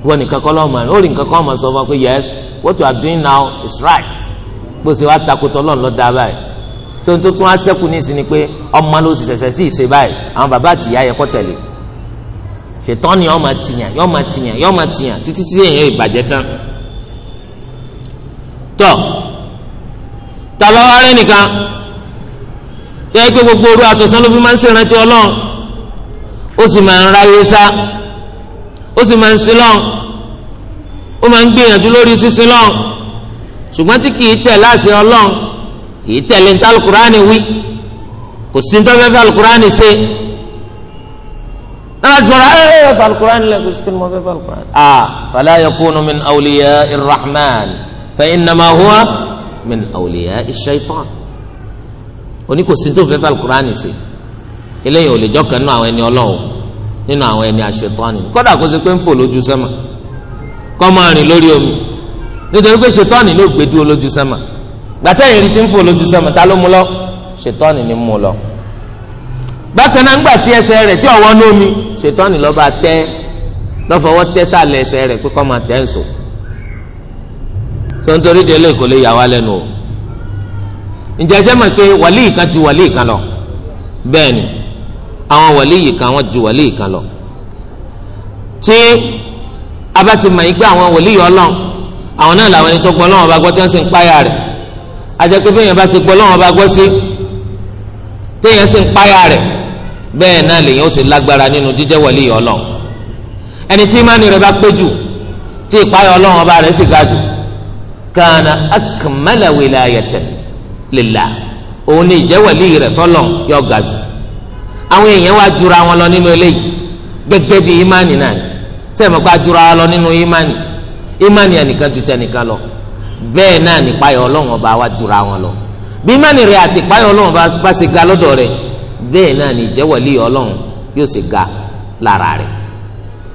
wọn nìkan kọ́ lọ́wọ́ màá ó rìn nǹkan kọ́ máa sọ fún ọ pé yes what you are doing now is right bó ṣe wá takotọ́ ọlọ́run ló dá báyìí tó ń tó tún á sẹ́kù ní ìsinmi pé ọmọ ló sì ṣẹ̀ṣẹ̀ sí ìṣe báyìí àwọn bàbá àtìyá yẹ kọ́ tẹ̀lé ṣètọ́ ni ọmọ tìyàn yọ ọmọ tìyàn yọ ọmọ tìyàn títí tí èèyàn ìbàjẹ́ tán tọ́ tàbá nìkan tó yẹ pé gbogbo òru àtọ̀sán ló fi máa ń ṣèrántí ọlọ́run ó sì máa ń ráyé sá ó sì máa ń sin lọ́n ó máa ń gbìyànjú lórí sísin lọ́n ṣùgbọ́n tí kìí tẹ̀ láṣẹ ọlọ́run kìí tẹ̀lé ní alukurani wí kò sí nítorí fẹ́ alukurani ṣe náà ti sọ̀rọ̀ ẹ̀ ẹ̀ alukurani lẹ́kọ̀ọ́ sí kí mo fẹ́ alukurani. a fala yakunu min awliya irrahman fa innama huwa min awliya ishaitan oní kò sí tó fẹ́ fẹ́ alukur'ani ṣe eléyìí ò lè jọ́kàn nínú àwọn ẹni ọlọ́wọ́ nínú àwọn ẹni àṣetọ́ni kódà kó ṣe pé ń fò lójú sẹ́mà kọ́ máa rìn lórí omi nítorí pé ṣetọ́ni ló gbé dúró lójú sẹ́mà gbàtẹ́yìn rí ti ń fò lójú sẹ́mà ta ló mú lọ ṣetọ́ni ni mú lọ. bákan náà ńgbà tí ẹsẹ̀ rẹ̀ tí ọ̀wọ́ lómi ṣetọ́ni lọ́ba tẹ́ lọ́fọwọ́ tẹ́ sálẹ̀ ẹsẹ̀ rẹ̀ pé kọ́ máa tẹ́ ń sùn. sọ lè yà wá lẹ́nu o ǹjẹ́ ẹjẹ́ mọ̀ pé wàlíì kan ju wàlíì kan lọ bẹ́ẹ̀ ni àwọn wàlíì kan wọ́n ju wàlíì kan lọ tí a bá ti mọ̀ yín pé àwọn wàlíì ọlọ́run àwọn náà làwọn ẹni tó gbọ́ lọ́wọ́ bá gbọ́ tí wọ́n sì ń páyà rẹ̀ ajẹ́ pé bẹ́ẹ̀ yẹn bá ṣe gbọ́ lọ́wọ́ bá sí téèyàn sì ń páyà rẹ̀ bẹ́ẹ̀ náà lèyìn ó sì lágbára nínú jíjẹ́ wàlíì ọlọ́run ẹni tí ìmánì rẹ̀ bá pé jù tí ìpáyà ọlọ́run ọba rẹ̀ sì ga jù kana akmala wilayatan lillah òun ni ìjẹ́wẹ̀lì rẹ̀ sọ́lọ̀ yọ ga jù àwọn èèyàn wá jura wọn lọ nínú eléyìí gẹ́gẹ́ bí ìmánì náà ni sẹ́mi pa jura wọn lọ nínú ìmánì ìmánì ẹnìkan ju tẹnìkan lọ bẹ́ẹ̀ náà nípayọ̀ ọlọ́run ọba wá jura wọn lọ bí ìmánì rẹ̀ àti ìpayọ̀ ọlọ́run bá ṣe ga lọ́dọ̀ rẹ̀ bẹ́ẹ̀ náà ni ìjẹ́wẹ̀lì ọlọ́run yóò ṣe ga lára rẹ̀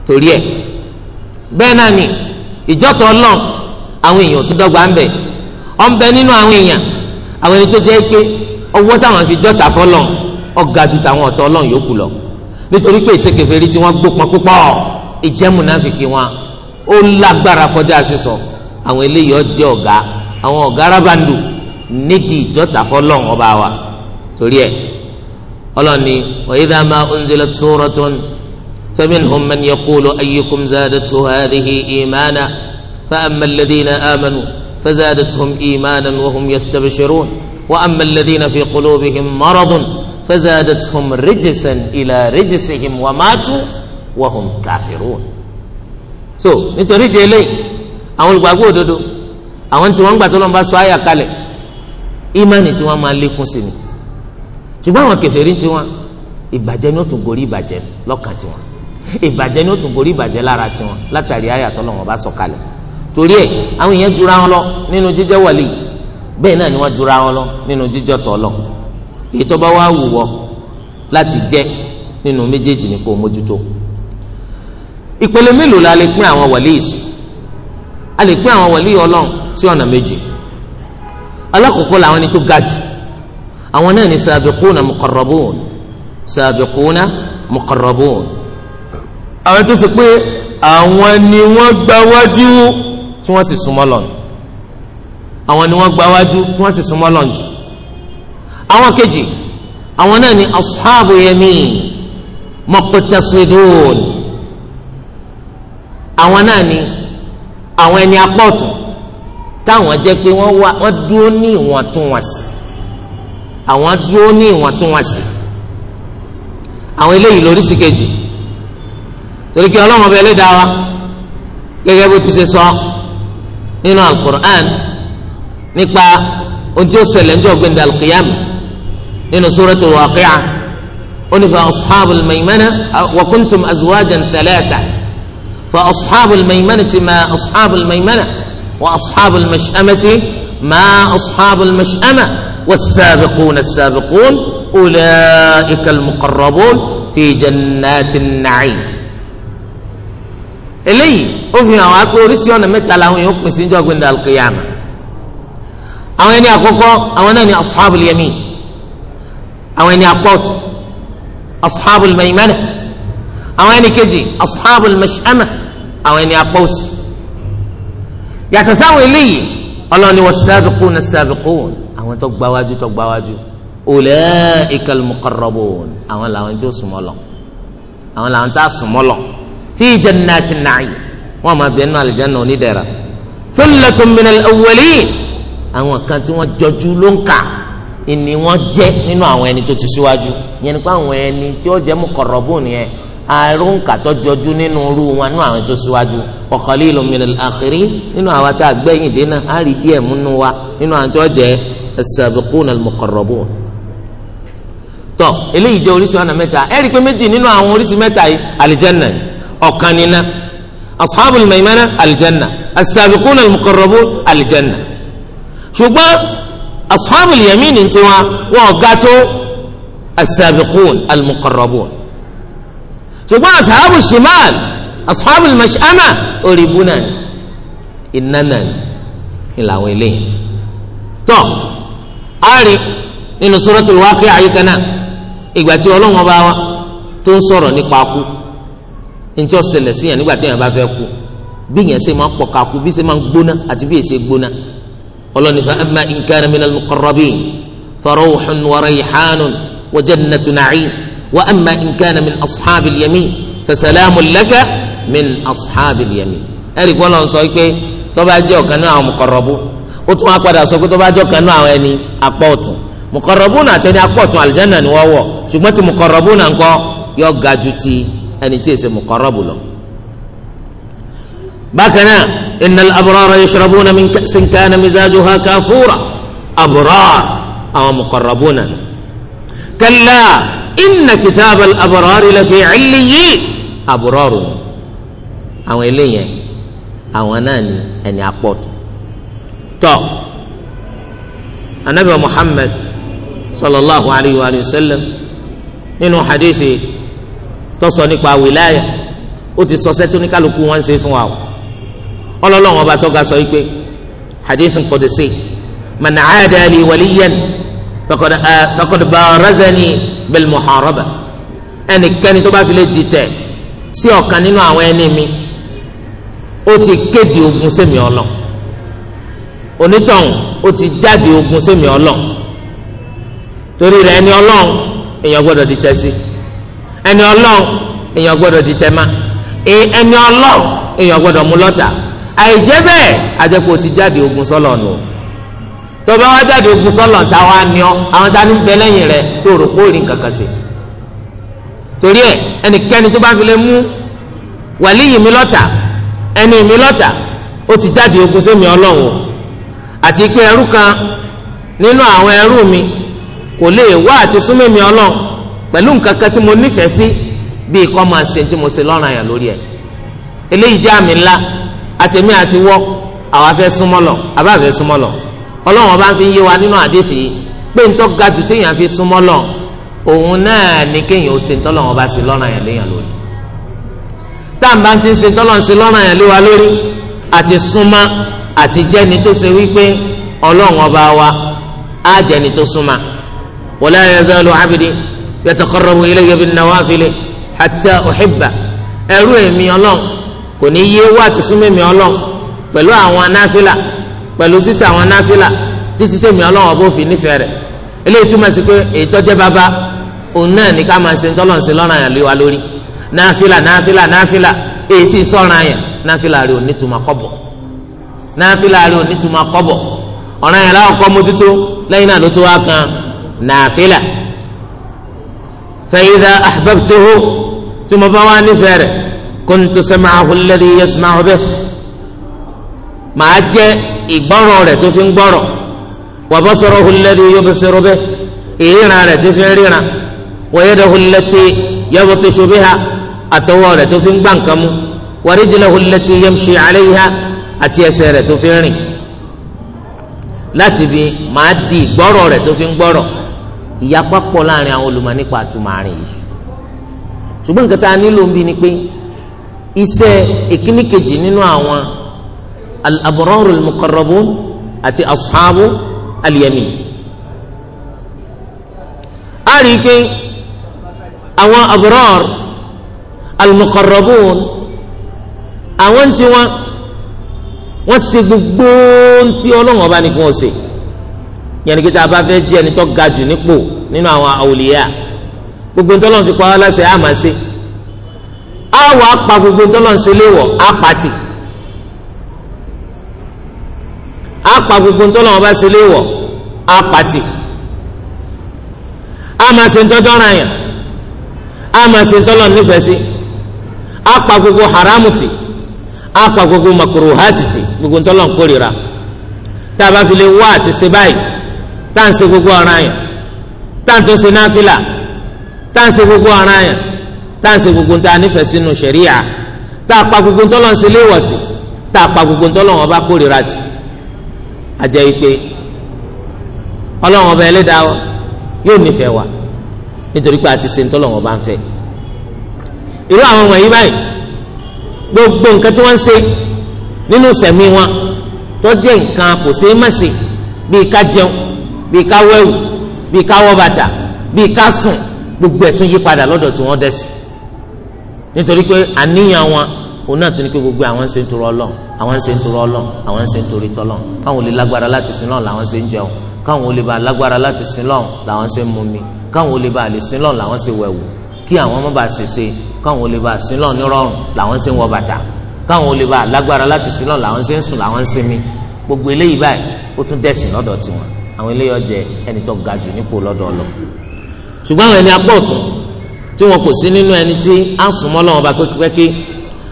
torí ẹ̀ bẹ́ẹ̀ náà ni ìjọ́tọ̀ ọlọ́run àwọn èèyàn tó dọ́gba ń bẹ ọ̀ ń bẹ nínú àwọn èèyàn àwọn ẹni tó jẹ́ pé ọwọ́ táwọn fi jọ́ta fọlọ́ ọ̀gá ju tàwọn ọ̀tọ̀ ọlọ́run yòókù lọ nítorí pé ìṣèkèfèrí tí wọ́n gbópọn púpọ̀ ìjẹ́múnáfìkì wọn ó lágbára kọjá sísọ àwọn eléyìí ọjọ́ ọ̀gá àwọn ọ̀gá arábàndù nídìí ìjọ́ta fọlọ́run ọba wa torí ẹ̀ ọlọ́ni wa idha ma unzilat suratun faminhum man yaqulu ayyukum zadatu hadhihi imana fa amma alladhina amanu فزادتهم إيمانا وهم يستبشرون وأما الذين في قلوبهم مرض فزادتهم رجسا إلى رجسهم وماتوا وهم كافرون so nítorí di eléyìí àwọn olùgbàgbọ́ òdodo àwọn tí wọ́n ń gbà tó lọ́n bá sọ àyà kalẹ̀ ìmánì tí wọ́n máa lékún sí ni ṣùgbọ́n àwọn kèfèrí tí wọ́n ìbàjẹ́ ni ó tún gorí ìbàjẹ́ lọ́kàn tiwọn ìbàjẹ́ ni ó tún gorí ìbàjẹ́ lára tiwọn látàrí àyà tó lọ́n bá sọ kalẹ̀ torí ẹ àwọn èèyàn jura wọn lọ nínú jíjẹ wàlí bẹ́ẹ̀ náà ni wọn jura wọn lọ nínú jíjọ tọ lọ èyí tó bá wà wù wọ láti jẹ nínú méjèèjì ni kò mójútó ìpele mélòó la lè pín àwọn wàlí yìí sí a lè pín àwọn wàlí yìí Ọlọ́run sí ọ̀nà méjì alákòókò làwọn ẹni tó ga jù àwọn náà ni sàbẹ̀kúnà muqarrabun sàbẹ̀kúnà muqarrabun àwọn tó sọ pé àwọn ni wọ́n gbáwájú tí wọ́n sì súnmọ́ lọ́nù àwọn ni wọ́n gba wájú tí wọ́n sì súnmọ́ lọ́nù jù àwọn kejì àwọn náà ni ashabu yamin muqtasidun àwọn náà ni àwọn ẹni apá ọ̀tún táwọn jẹ́ pé wọ́n wá wọ́n dúró ní ìwọ̀ntúnwọ̀nsì àwọn dúró ní ìwọ̀ntúnwọ̀nsì àwọn eléyìí lórí sí kejì torí kí ọlọ́run ọba ẹlẹ́dàá wa gẹ́gẹ́ bó ti ṣe sọ. So, nínú alukur'an nípa ojú sẹlẹ̀ ńjọ́ gbẹ̀ndẹ̀ alukiyam nínú suratu waqiya onífa fa asxaabul wakuntum azuwajan kuntum fa asxaabul maymana ti ma asxaabul maymana wa asxaabul mash'ama ti ma asxaabul mash'ama والسابقون السابقون أولئك المقربون fi jannatin النعيم eléyìí ó fi hàn wá pé oríṣi ọ̀nà mẹ́ta làwọn èèyàn pín sí ìjọba ní alukiyama àwọn ẹni àkọ́kọ́ àwọn náà ni ashabul yamin àwọn ẹni àpọ̀tù ashabul maimana àwọn ẹni kejì ashabul mash'ama àwọn ẹni àpọ̀sì yàtọ̀ sáwọn eléyìí ọlọ́ni wọ́n sábìkún náà sábìkún àwọn tó gbáwájú tó gbáwájú ulaikal muqarrabun àwọn làwọn tó súnmọ́ lọ àwọn làwọn tá a lọ fi jannati na'im wọn máa bẹ nínú aljanna onídẹ̀ra thullatun minal awwalin àwọn kan tí wọ́n jọjú ló ń kà ìní wọn jẹ́ nínú àwọn ẹni tó ti síwájú yẹn nípa àwọn ẹni tí ó jẹ́ muqarrabun nìyẹn àrùnkà tó jọjú nínú irú wọn nínú àwọn tó síwájú wa qalilun minal akhirin nínú àwọn tá a gbẹ̀yìn dé náà á rí díẹ̀ múnú wa nínú àwọn tó jẹ́ as-sabiqunal muqarrabun tọ eléyìí jẹ́ oríṣi ọ̀nà mẹ́ta ẹ rí i pé méjì nínú àwọn oríṣi mẹ́ta yìí àlìjẹ́nà yìí ọ̀kan níná ashabul maimana aljanna as-sabiqun al-muqarrabun aljanna ṣùgbọ́n ashabul yamini tiwa wọn ọ̀gá tó as-sabiqun al-muqarrabun ṣùgbọ́n ashabul shimal ashabul mash'ama òrìbù náà iná náà ni làwọn eléyìí tọ́ a rí nínú suratul waqi'a àyíká ìgbà tí ọlọ́run ọba wa tó ń sọ̀rọ̀ nípa kú njẹ́ ọ̀sẹ̀lẹ̀ sí yẹn nígbà tí yẹn bá fẹ́ kú bí yẹn ṣe máa pọ̀ kakú bí ṣe máa gbóná àti bí yẹn ṣe gbóná ọlọ́ni fa amma in kana minal muqarrabin fa rawhun wa rayhanun wa jannatu na'im wa amma in kana min ashabil yamin fa salamun laka min ashabil yamin ẹ̀rì kọ́ lọ́n sọ pé tó bá jẹ́ ọ̀kan náà àwọn muqarrabu ó tún wá sọ pé tó jẹ́ ọ̀kan náà àwọn ẹni apá ọ̀tún muqarrabuna àtẹni apá ọ̀tún aljanna ni wọ́n ṣùgbọ́n ti muqarrabuna ńkọ́ yọ gaju ti ẹni tí èsè bù lọ. bákan náà innal abrara yashrabuna mi záàjú ha ká fúra abrar àwọn kàlá mùkọ́rọ́bùnà. kalla inna kitabal abrar lafi illiyin abrar àwọn eléyẹn àwọn náà ni ẹni àpọ̀tù. tọ́ anabi muhammad sallallahu alayhi wa sallam nínú hadithi. tó sọ nípa wìláyà ó ti sọ sẹ́tún ní kálukú wọn ń ṣe fún wa o ọlọ́lọ́wọ́n ọba tó ga sọ wípé hadithun qudsi man aada li waliyan faqad faqad barazani bil muharaba ẹnikẹ́ni tó bá fi lè dìtẹ̀ sí ọ̀kan nínú àwọn ẹni mi ó ti kéde ogun sẹ́mi ọlọ́ onítọ̀hún ó ti jáde ogun sẹ́mi ọlọ́ torí rẹ̀ ẹni ọlọ́run èèyàn gbọ́dọ̀ dìtẹ̀ sí i ẹni ọlọ́run èèyàn gbọ́dọ̀ di tẹ́má e, ẹni ọlọ́run èèyàn gbọ́dọ̀ mú lọ́tà àìjẹ́ bẹ́ẹ̀ àjẹpọ̀ ti jáde ogun sọ́lọ̀ nù tó bá wá ogun sọ́lọ̀ ta wá ní ọ àwọn tá re bẹ lẹ́yìn rẹ tó rò kó rí nǹkan torí ẹ ẹnikẹ́ni tó bá fi lè mú mi lọ́tà ẹni mi lọ́tà ó ti jáde ogun sómi ọlọ́run àti pé ẹrú kan nínú àwọn ẹrú mi kò lè wá àti súnmẹ́mi ọlọ́run pẹ̀lú nǹkan kan tí mo nífẹ̀ẹ́ sí bíi kọ́ máa ṣe tí mo ṣe lọ́rùn àyàn lórí ẹ̀ eléyìí jẹ́ àmì ńlá àtẹ̀mí àti wọ́ àwa fẹ́ súnmọ́ lọ àbá fẹ́ súnmọ́ lọ ọlọ́run ọba fi ń yé wa nínú àdéfì pé ń tọ́ ga jù téèyàn fi súnmọ́ lọ òun náà ní kéèyàn ó ṣe tọ́lọ́run ọba ṣe lọ́rùn àyàn léèyàn lórí táǹbà ti ń ṣe tọ́lọ́run ṣe lọ́rùn àyàn lé wa lórí àti súnmọ́ àti jẹ́ni tó ṣe wípé ọlọ́run ọba wa á jẹ́ni tó súnmọ́ wala yazalu abdi yataqarrabu ilayya bin nawafili hatta uhibba ẹrú èmi ọlọ́run kò ní yé wá àtúnṣúmọ́ èmi ọlọ́run pẹ̀lú àwọn anáfílà pẹ̀lú sísè àwọn anáfílà títí tèmi ọlọ́run ọbọ̀ òfin nífẹ̀ẹ́ rẹ̀ eléyìí túmọ̀ sí pé èyí tọ́jẹ́ bàbá òun náà ní ká máa ṣe tọ́lọ̀ ń ṣe lọ́rùn àyàn lé wa lórí náfílà náfílà náfílà èyí sì sọ̀rọ̀ àyàn náfílà rẹ̀ ò nítumọ̀ kọ́bọ̀ náfílà rẹ̀ ò nítumọ̀ kọ́bọ̀ ọ̀ràn yẹn láwọn kọ́ mójútó lẹ́yìn náà ló tó wá kan náfílà فإذا أحببته ثم بواني فارق كنت سمعه الذي يسمع به màá jẹ́ ìgbọ́rọ̀ rẹ̀ tó fi ń gbọ́rọ̀ وبصره الذي يبصر به ìríran rẹ̀ tó fi ń ríran ويده التي يبطش بها àtọwọ́ rẹ̀ tó fi ń gbà nǹkan mú ورجله التي يمشي عليها àti ẹsẹ̀ rẹ̀ tó fi ń rìn láti bí màá di ìgbọ́rọ̀ rẹ̀ tó fi ń gbọ́rọ̀ ìyapa pọ̀ láàrin àwọn olùmọ̀ nípa àtùmọ̀rin yìí ṣùgbọ́n nǹkan tá a nílò ń bi ni pé iṣẹ́ ìkíní kejì nínú àwọn al-abrarul muqarrabun àti ashabu al-yamin a rí i pé àwọn abrar al àwọn tí wọn ṣe gbogbo ohun tí Ọlọ́hun bá ní kí yẹn ni pé tá a bá fẹ́ jẹ́ ẹni tó ga jù nípò nínú àwọn àwòlíyà gbogbo ntọ́lọ́n ti kọ́ ọ lọ́sẹ̀ á máa ṣe àwọ̀ apá gbogbo ntọ́lọ́n ṣe léwọ̀ á pàtì apá gbogbo ntọ́lọ́n ọba ṣe léwọ̀ á pàtì á máa ṣe ntọ́jọ́ ra yàn á máa ṣe ntọ́lọ́n nífẹ̀ẹ́ sí apá gbogbo haramu ti apá gbogbo makuruhati ti gbogbo ntọ́lọ́n kórira tá a bá fi lè wá àti ṣe báyìí tá à ń ṣe gbogbo ọ̀ràn yẹn tá à ń tó ṣe náfìlà tá à ń ṣe gbogbo ọ̀ràn yẹn tá à ń ṣe gbogbo tá a nífẹ̀ẹ́ sínú ṣẹ̀ríyà tá a pa gbogbo ntọ́lọ́ ń ṣe léwọ̀tì tá a pa gbogbo ntọ́lọ́ wọn bá kórìíra tì àjẹ́ ìpè ọlọ́wọ́n ọba ẹlẹ́dàá yóò nífẹ̀ẹ́ wa nítorí pé a ti ṣe ntọ́lọ́ wọn bá ń fẹ́ irú àwọn wọ̀nyí báyìí gbogbo nǹkan tí wọ́n ń ṣe nínú sẹ̀mí wọn tó nǹkan kò ṣeé má bíi ká jẹun bíi káwọ́ ẹ̀wù bíi káwọ́ bàtà bíi kásùn gbogbo ẹ̀ tún yí padà lọ́dọ̀ tí wọ́n dẹ́sí nítorí pé àníyàn wọn òun náà tún ní pé gbogbo àwọn ń ṣe ń turọ Ọlọ́run àwọn ń ṣe ń turọ Ọlọ́run àwọn ń ṣe ń torí tọlọ́run káwọn ò lè lágbára láti sin lọ́run làwọn ṣe ń jẹun káwọn ò lè bá lágbára láti sin lọ́run làwọn ṣe ń mumi káwọn ò lè bá lè sin lọ́run làwọn ṣe wẹ̀wù kí àwọn má bàa ṣèṣe káwọn ò lè bá sin lọ́run nírọ̀rùn làwọn ṣe ń wọ bàtà káwọn ò lè bá lágbára láti sin lọ́run làwọn ṣe ń sùn làwọn ṣe mi gbogbo eléyìí báyìí ó tún dẹ̀sìn lọ́dọ̀ tiwọn àwọn eléyọ jẹ ẹni tó ga jù nípò lọ́dọ̀ ọlọ ṣùgbọ́n àwọn ẹni apọ̀ ọ̀tún tí wọn kò sí nínú ẹni tí a sùn mọ́ lọ́wọ́ bá pẹ́kípẹ́kí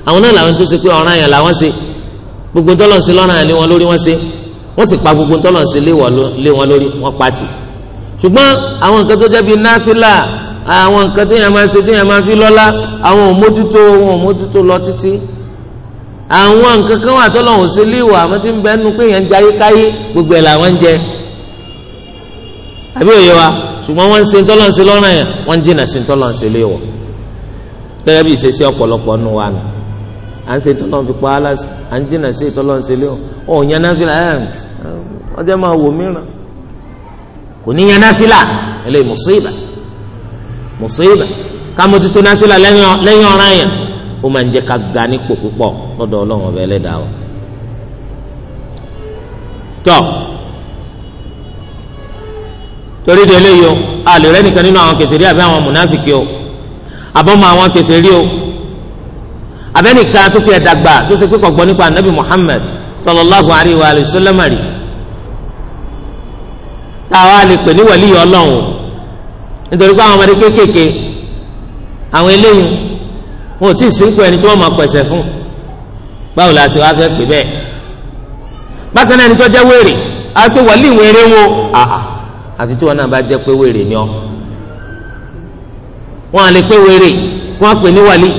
àwọn náà làwọn tó ṣe pé ọ̀ràn yẹn làwọn ṣe gbogbo tọ́lọ̀ ń ṣe lọ́ràn yẹn lé wọn lórí wọ́n ṣe wọ́n sì pa gbogbo tọ́lọ̀ ń ṣe lé wọn lórí wọ́n pa tì ṣùgbọ́n àwọn nǹkan tó jẹ́ bíi náfìlà àwọn nǹkan tí yẹn máa ṣe tí yẹn máa fi lọ́lá àwọn ò wọn ò lọ títí àwọn nǹkan kan wà tọ́lọ̀ ń ṣe léwọ̀ àmọ́ tí ń bẹ́ẹ̀ nu pé yẹn ń jayé káyé gbogbo ẹ̀ làwọn ń jẹ àbí òye wa ṣùgbọ́n wọ́n ń ṣe ntọ́lọ́nṣe lọ́rùn yẹn wọ́n ń jìnnà sí ntọ́lọ́nṣe léwọ̀ gẹ́gẹ́ bí ìṣesí ọ̀pọ̀lọpọ̀ nù wa nù à ń ṣe ntọ́lọ́n fi pa aláṣẹ à ń jìnnà sí ntọ́lọ́nṣe léwọ̀ ó yan náfìlà ẹ̀ ọjọ́ máa wò mìíràn kò ní yan náfìlà ẹlẹ́yìn mùsíbà mùsíbà kámọ́tútù náfìlà lẹ́yìn ọ̀ràn yẹn ó máa ń jẹ́ ká ga nípò púpọ̀ lọ́dọ̀ ọlọ́run ọ̀bẹ torí de eléyìí o a lè rẹ́ nìkan nínú àwọn kèfèrí àbí àwọn mùnásìkì o àbọ̀mọ àwọn kèfèrí o abẹ́nìkan tó ti ẹ̀ tó ṣe pé kò nípa anabi Muhammad sallallahu alayhi wa sallam rí táwa lè pè ní wàlíì ọlọ́run o nítorí pé àwọn ọmọdé kéékèèké àwọn eléyìí wọn ò tí ì sínkú ẹni tí wọ́n máa pẹ̀sẹ̀ fún báwo la ti wá fẹ́ pè bẹ́ẹ̀ bákan náà ẹni tó jẹ́ wèrè á pé wo àhà àfi tí wọn náà bá jẹ́ pé wèrè ni ọ wọn à lè pé wèrè kí wọn pè ní wàlí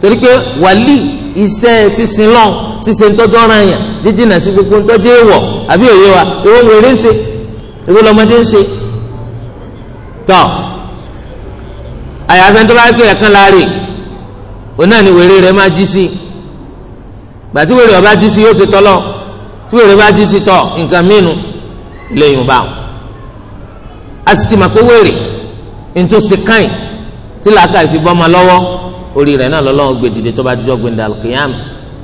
torí pé wàlí iṣẹ́ sísin lọ sísin tọjọ ọ̀ràn yẹn jíjìnà sí gbogbo ntọjọ èèwọ̀ àbí òye wa èwo wèrè ń ṣe èwo lọmọdé ń ṣe tọ àyàfẹ́ tó bá pè ẹ̀kan láàrè òun náà ni wèrè rẹ̀ máa jí sí gbàtí wèrè ọba jí sí yóò ṣe tọ́lọ́ tí wèrè bá jí sí tọ́ nǹkan mìíràn lè yùn báwọn. a sì ti mà pé wéèrè tí làákà ìfi bọ́mọ lọ́wọ́ náà lọ́lọ́wọ́ gbé tó bá dijọ́ gbé ndàlù kìyàm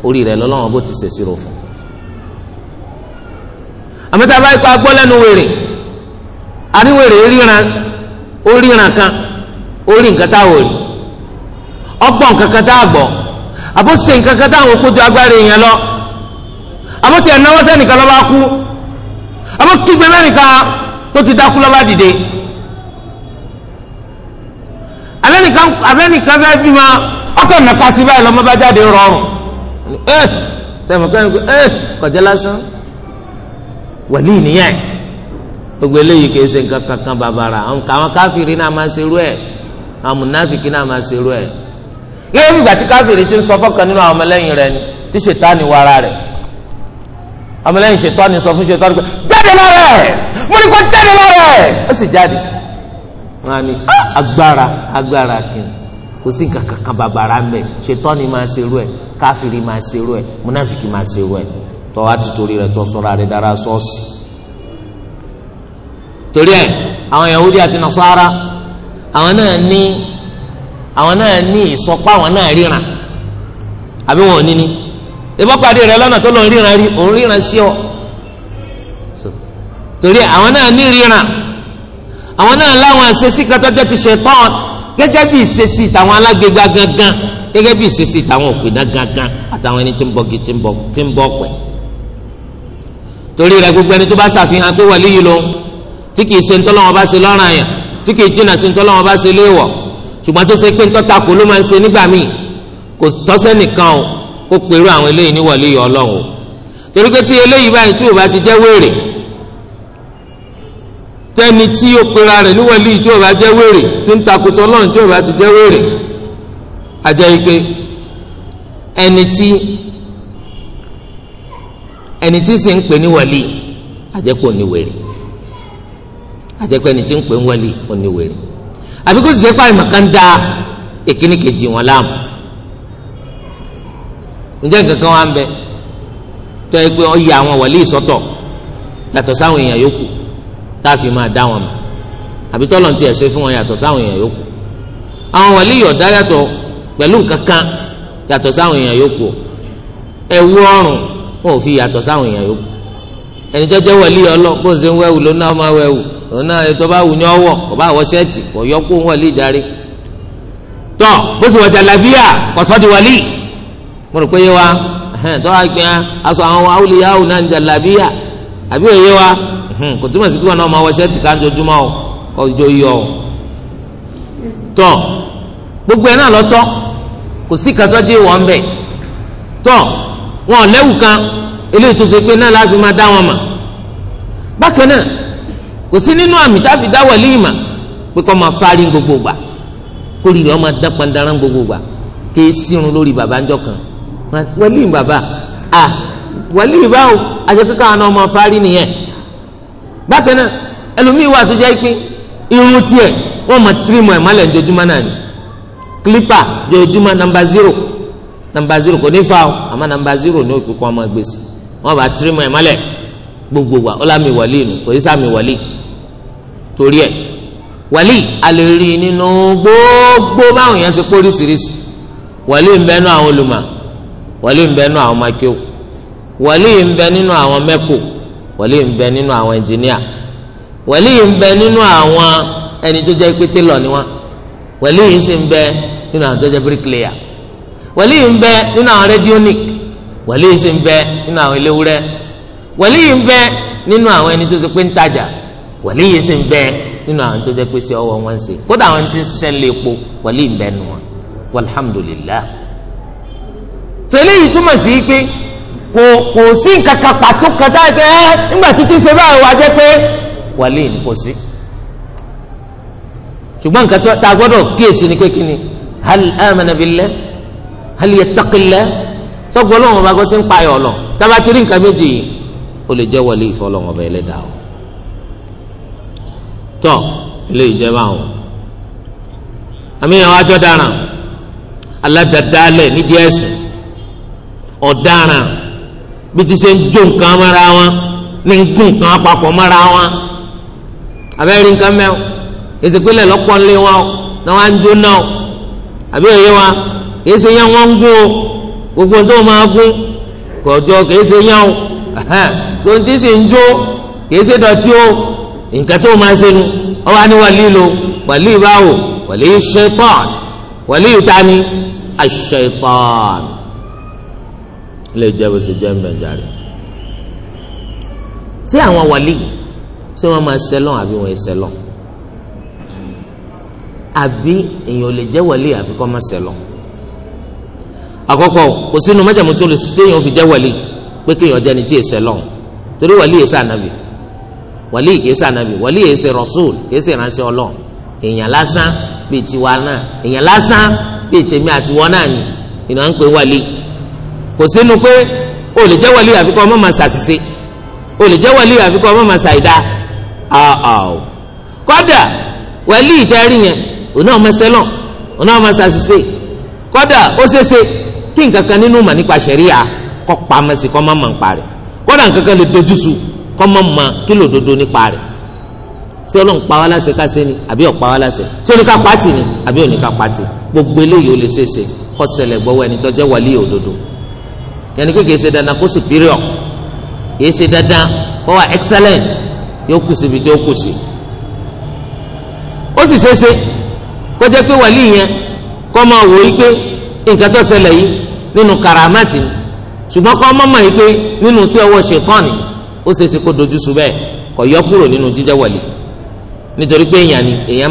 orí rẹ̀ bó ti rò fún. àmọ́tá ipa gbọ́ lẹ́nu wèrè a wò ọgbọ́n nǹkan kan tá a gbọ́ nǹkan kan tá àwọn agbára èèyàn lọ náwó sẹ́nìkan tó ti dákú lọ́ba dìde abẹ́nìkan abẹ́nìkan fẹ́ bí ma ọkọ̀ nàka sí báyìí lọ́mọ bá jáde rọrùn ẹ sẹ́mi kọ́ni pé ẹ kọjá lásán wàlí nìyẹn gbogbo eléyìí kìí ṣe nǹkan kankan bàbàrà àwọn káfíìrì náà máa ṣerú ẹ àwọn mùnàfíìkì náà máa ṣerú ẹ gẹ́gẹ́ bí gbàtí káfíìrì ti ń sọ fọ́kàn nínú àwọn ọmọlẹ́yìn rẹ ni tí ṣètánì wàrà rẹ̀ amúlẹ́yìn ṣètọ́ ni sọ fún ṣètọ́ ni pé jáde lára ẹ̀ mo ní kó jáde lára ẹ̀ ó sì jáde wọn á ní agbára agbára kìí kò sí nǹkan kankan bàbàrà mẹ ṣètọ́ ni máa ṣerú ẹ̀ káfíìrì máa ṣerú ẹ̀ múnáfìkì máa ṣerú ẹ̀ tọ́ wá ti torí rẹ̀ tọ́ sọ́ra rẹ̀ dára sọ́ọ̀sì. torí ẹ̀ àwọn Yahudi àti Nasara àwọn náà ní àwọn náà ní ìsọpá àwọn náà ríran àbí wọn ò ní ní ìbọn pàdé rẹ lọ́nà tó lọ ríran rí òun ríran sí ọ torí àwọn náà ní ríran àwọn náà láwọn àṣesí kan tọ́jọ́ ti ṣe tán gẹ́gẹ́ bí ìṣesí tàwọn alágbègbè gangan gẹ́gẹ́ bí ìṣesí tàwọn òpìdá gangan àtàwọn ẹni tí ń bọ gi tí ń bọ tí ń bọ pẹ̀ torí rẹ gbogbo ẹni tó bá ṣàfihàn pé wàlí yìí lòun tí kìí ṣe ntọ́lọ́wọ́n bá ṣe lọ́rùn àyàn tí kìí jìnnà sí ntọ́lọ́wọ́n bá ṣe léèwọ̀ ṣùgbọ́n tó ṣe pé ntọ́ta kò ló máa ń ṣe nígbà míì kò tọ́sẹ́ nìkan o kó pẹ̀lú àwọn eléyìí ní wàlíyìí ọlọ́run o torí pé tí eléyìí báyìí tí o bá ti jẹ́ wèrè tẹ́ni tí o pera rẹ̀ ní wàlíyìí tí o bá jẹ́ wèrè tí ń takùtọ̀ ọlọ́run tí o bá ti jẹ́ wèrè àjẹ́ ipe ẹni tí ẹni tí sì ń pè ní wàlíyìí kò ní wèrè àjẹ́ pé ẹni tí ń pè ní wàlíyìí ní wèrè àbí sì jẹ́ pàrọ̀ màkà ń da èkíní kejì wọn láàmú ǹjẹ́ kankan wà ń bẹ tó yẹ pé ọyẹ àwọn wọlé ìsọtọ̀ yàtọ̀ sáwọn èèyàn yòókù tá a fi máa dá wọn mọ̀ àbí tọ́lọ̀ ti ẹ̀ ṣe fún wọn yàtọ̀ sáwọn èèyàn yòókù àwọn wọlé ìyọ̀dá yàtọ̀ pẹ̀lú kankan yàtọ̀ sáwọn èèyàn yòókù ẹ̀wú ọrùn wọn ò fi yàtọ̀ sáwọn èèyàn yòókù ẹni tó jẹ́ wọlé ọlọ́ bó ń ṣe ń wẹ̀wù ló náà máa wẹ̀wù òun náà ètò bá wù ní mo rò pé yé wa tó wá gbé aṣọ àwọn awúlíyáwó náà ń jalabiya àbí òye wa kò túmọ̀ sí kíkọ́ náà máa wọ ṣẹ́ẹ̀tì ká jojúmọ́ o kò jọ yọ o tọ́ gbogbo ẹ̀ náà lọ́tọ́ kò sí kan tó dé wọ́n bẹ̀ tọ́ wọn ò lẹ́wù kan eléyìí tó ṣe pé náà láti máa dá wọn mà bákan náà kò sí nínú àmì táfi dá wọlé ìmà pé kọ́ máa fárí gbogbo gbà kórìíra ọmọ dán pandaran gbogbo gbà kí lórí bàbá ńjọ kan wàlíì bàbá à ah, wàlíì báwo àjẹkẹ́kọ̀ àwọn ọmọ afárí nìyẹn bákan náà ẹlòmíì wà tó jẹ́ pé irun tiẹ̀ wọ́n mọ tírímù ẹ̀ mọ́lẹ̀ jojúmọ́ náà ni kílípà jojúmọ́ nàmbà zero nàmbà zero kò ní fa o àmọ́ nàmbà zero ní òkú kọ́ ọmọ gbèsè wọ́n bá tírímù ẹ̀ mọ́lẹ̀ gbogbo wa ó lámì wàlíì nù kò sí sàmì wàlíì torí ẹ̀ wàlíì alẹ́ rí nínú gbogbo báwọn yẹn ṣe póríṣiríṣi wàlíì ń bẹ́ẹ̀ náà àwọn olùmọ̀ wàlí ń bẹ nínú àwọn makíw wàlí ń bẹ nínú àwọn mẹ́kù wàlí ń bẹ nínú àwọn ẹnjìníà wàlí ń bẹ nínú àwọn ẹni tó jẹ́ pété lọ ni wọn wàlí yìí sì ń bẹ nínú àwọn tó jẹ́ bíríkìlẹ̀yà wàlí yìí ń bẹ nínú àwọn rédíónìk wàlí yìí sì ń bẹ nínú àwọn eléwúrẹ́ wàlí yìí ń bẹ nínú àwọn ẹni tó ṣe pé ń tajà wàlí yìí sì ń bẹ nínú àwọn tó jẹ́ pé ṣe ọwọ́ wọn ṣe kódà àwọn tí ń ṣiṣẹ́ ń epo wàlí ń bẹ nù wọn walhamdulillah tẹ́lẹ̀ yìí túmọ̀ sí pé kò kò sí nǹkan kan pàtó kan tá a fẹ́ ẹ́ nígbà títí ṣe báyìí wá jẹ́ pé wàlẹ́ ní kò sí. ṣùgbọ́n nǹkan tá a gbọ́dọ̀ kíyèsí ni pé kí ni hal amana billah hal yattaqillah sọ́gbọ́n ọlọ́run ọba gọ́sí ń payọ̀ ti rí nǹkan méjì yìí ó lè jẹ́ wàlẹ́ ìfọ́ ọlọ́run ọba o. tọ́ ilé ìjẹba àwọn àmì àwọn àjọ dára aládàdálẹ̀ nídìí ẹ̀sìn ọ̀daràn bí ti ṣe ń jó nǹkan wọn ní nku nǹkan papọ̀ mọ́ra wọn abẹ́rẹ́ nǹkan mẹ́wọ́ e lọ́pọ̀ ńlẹ̀ wọn náà wọ́n á ń jó náà o àbí òye wa kìí ṣe yẹn wọ́n ń gún o gbogbo tó máa gún kọjọ kìí ṣe yẹn o so ti sì ń jó kìí ṣe dọ̀tí o nǹkan tó máa ṣe nu ọba ilé ìjẹ́ bó ṣe jẹ́ mbẹ̀njàre. ṣé àwọn wàlí ṣé wọ́n máa ṣẹlọ́n àbí wọ́n ṣẹlọ́n àbí èèyàn ò lè jẹ́ wàlí àfi kó máa ṣẹlọ́n àkọ́kọ́ kò sínú májàmú tó lè téèyàn fi jẹ́ wàlí pé kéèyàn jẹ́ ni tí èsẹ̀ lọ́n torí wàlí èsẹ̀ ànábì wàlí èsẹ̀ ànábì wàlí èsẹ̀ rọ̀ṣùl èsẹ̀ ránṣẹ́ ọlọ́n èèyàn lásán bíi tiwa náà èèyàn lásán bíi ni ìnáwó ń kò sínú pé o lè jẹ́ wàlí àfikọ́ ọmọ màá ṣàṣìṣe o lè jẹ́ wàlí àfikọ́ ọmọ màá ṣàìdá kọ́dà wàlí ìtẹ́rí yẹn òun náà máa sẹ́lọ̀ òun náà máa ṣàṣìṣe kọ́dà ó ṣeéṣe kí nǹkan kan nínú mà nípa ṣẹ̀ríà kọ́ pamọ́ sí kọ́ má mà ń parẹ́ kọ́dà nǹkan kan lè dojú su kọ́ má mà kí lòdodo nípa rẹ̀ sí ọlọ́run pa wá láṣẹ káṣẹ ni àbí ọ̀pá wá láṣẹ sí oníkà pàtì ni àbí oníkà pàtì gbogbo eléyìí ó lè ṣeéṣe kọ́ ṣẹlẹ̀ gbọ́wọ́ ẹni tó jẹ́ wàlí òdodo yẹnni pé kìí ṣe dandan kó superior kìí ṣe dandan kó wa excellent yóò kù síbi tí ó kù sí. ó sì ṣeéṣe kó jẹ́ pé wàlíì yẹn kó máa wò yí pé nǹkan tó ṣẹlẹ̀ yìí nínú ṣùgbọ́n kó máa mọ̀ yí pé nínú sí ọwọ́ ó ṣeéṣe kó dojú bẹ́ẹ̀ yọ kúrò nínú jíjẹ́ wàlíì nítorí pé èèyàn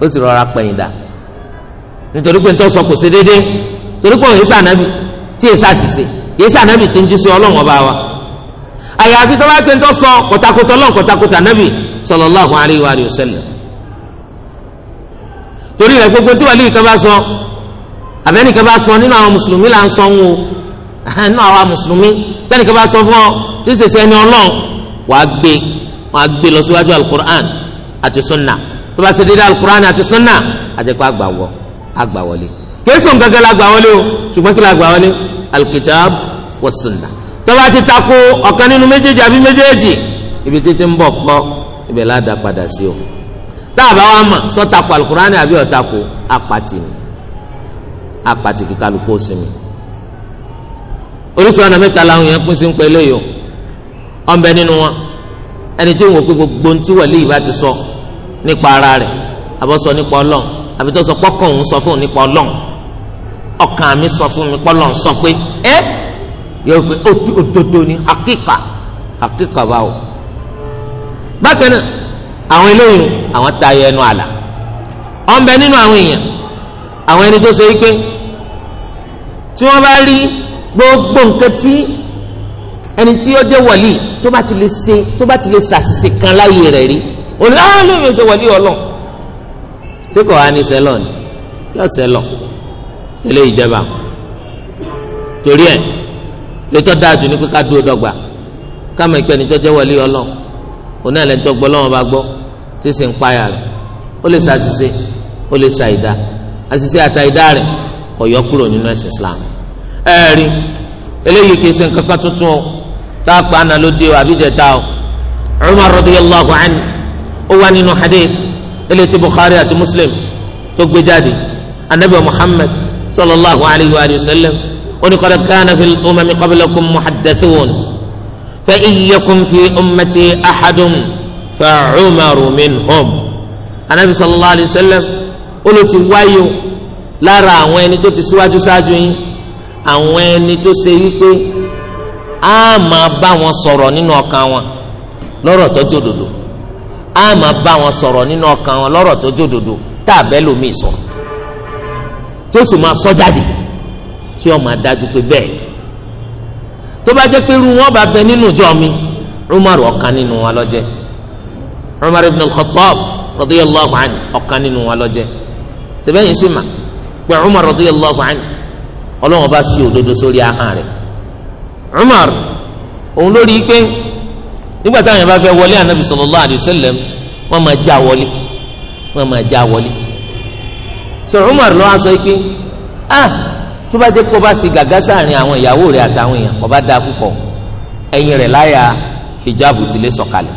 ó sì rọra pẹ̀yìn dà nítorí pé ntọ́sọ kò sí déédéé torí pé òun yìí sànábì tí èyí sàṣìṣe yìí sànábì tí ń jí sí ọlọ́run ọba wa àyàfi tó bá pé ntọ́sọ kòtàkòtà ọlọ́run kòtàkòtà nábì sallallahu alayhi wa sallam torí rẹ̀ gbogbo tí wàlíì kan bá sọ àbẹ́nìkan bá sọ nínú àwọn mùsùlùmí là ń sọ wọn o nínú àwọn mùsùlùmí tẹ́nìkan bá sọ fún ọ tí sèse ẹni ọlọ́run wàá gbé wàá gbé lọ síwájú alukur'an àti sunnah tó bá ṣe déédéé alukur'an àti sunna àtẹkọ àgbàwọ àgbàwọlé kéésùn gángan la gbàwọlé o ṣùgbọ́n kí la gbàwọlé alukitab wa sunna tó bá ti takò ọ̀kan nínú méjèèjì àbí méjèèjì ibi títí ń bọ̀ pọ̀ ibẹ̀ ládàá padà sí o tá a bá wà mọ̀ sọ takò alukur'an àbí ọ̀takò apàtì ni apàtì kíkálukú ó sinmi oríṣi ọ̀nà mẹ́ta làwọn èèyàn pín sí ń pẹ́ lẹ́yìn o ọ̀nbẹ nínú wọn ẹni tí ń wò gbogbo ohun tí yìí bá ti sọ nípa ara rẹ̀ àbọ̀sọ nípa ọlọ́run àbí tó sọ pọ́kàn òun sọ fún òun nípa ọlọ́run ọkàn mi sọ fún mi pọ́lọ́run sọ pé ẹ́ yóò pé òdodo ni hakika hakika báwo. bákan náà àwọn eléyìí àwọn tayọ ẹnu àlà ọ̀nbẹ nínú àwọn èèyàn àwọn ẹni tó ṣe é pé tí wọ́n bá rí gbogbo nǹkan tí ẹni tí ó jẹ́ wọ̀lì tó bá ti lè ṣe tó bá ti lè ṣàṣìṣe kan láyé rẹ̀ rí olóòlùmí ṣe wọlé ọlọ ṣé kò wá ní sẹlọ ni yọ sẹlọ ilé ìjẹba torí ẹ létọ́ dáàjù ní pípa dúró dọ́gba káma ìpẹ́ni jọ́jẹ́ wọlé ọlọ oní ẹlẹ́jọ́ gbọ́ lọ́wọ́ bá gbọ́ tí sì ń payà rẹ̀ ó lè ṣàṣìṣe ó lè ṣàìdá àṣìṣe àtàìdá rẹ̀ kò yọ kúrò nínú ẹ̀sìn Islam ẹ̀rí eléyìí kìí ṣe nǹkan kan tuntun o tá a pa àná ló dé o àbí jẹ ta o Umar radiyallahu anhu ó wá nínú hadith eléyìí tí bukhari àti muslim tó gbé jáde anabi muhammad sallallahu alayhi wa sallam ó ní qad kana fil umami qablakum muhaddathun fa iyyakum fi ummati ahadun fa umaru minhum anabi sallallahu alayhi wa sallam ó ló ti wáyé lára àwọn ẹni tó ti síwájú ṣáájú yín àwọn ẹni tó ṣe wípé a máa bá wọn sọ̀rọ̀ nínú ọkàn wọn lọ́rọ̀ tó jòdòdò á máa bá wọn sọ̀rọ̀ nínú ọkàn wọn lọ́rọ̀ tó jódodo tá a bẹ́ lómi sọ tó sì máa sọ jáde tí ó máa dájú pé bẹ́ẹ̀ tó bá jẹ́ pé irú wọn bá bẹ nínú ìjọ mi Umar ọ̀kan nínú wọn lọ́jẹ́ Umar ibn al-Khattab radiyallahu anhu ọ̀kan nínú wọn lọ́jẹ́ sẹ́bẹ̀yìn sì mà pé Umar radiyallahu anhu ọlọ́wọ́n bá fi òdodo sórí ahọ́n rẹ̀ Umar òun lórí pé nígbà táwọn yẹn bá fẹ́ wọlé anabi sallallahu alayhi wa sallam wọ́n máa já wọlé wọ́n máa já wọlé so Umar ló wá sọ pé ah tó bá jẹ́ kó bá sì gàgá sáàrin àwọn ìyàwó rẹ̀ àtàwọn èèyàn kò bá dáa púpọ̀ ẹ̀yìn rẹ̀ láyà hijab tilé sọ̀kalẹ̀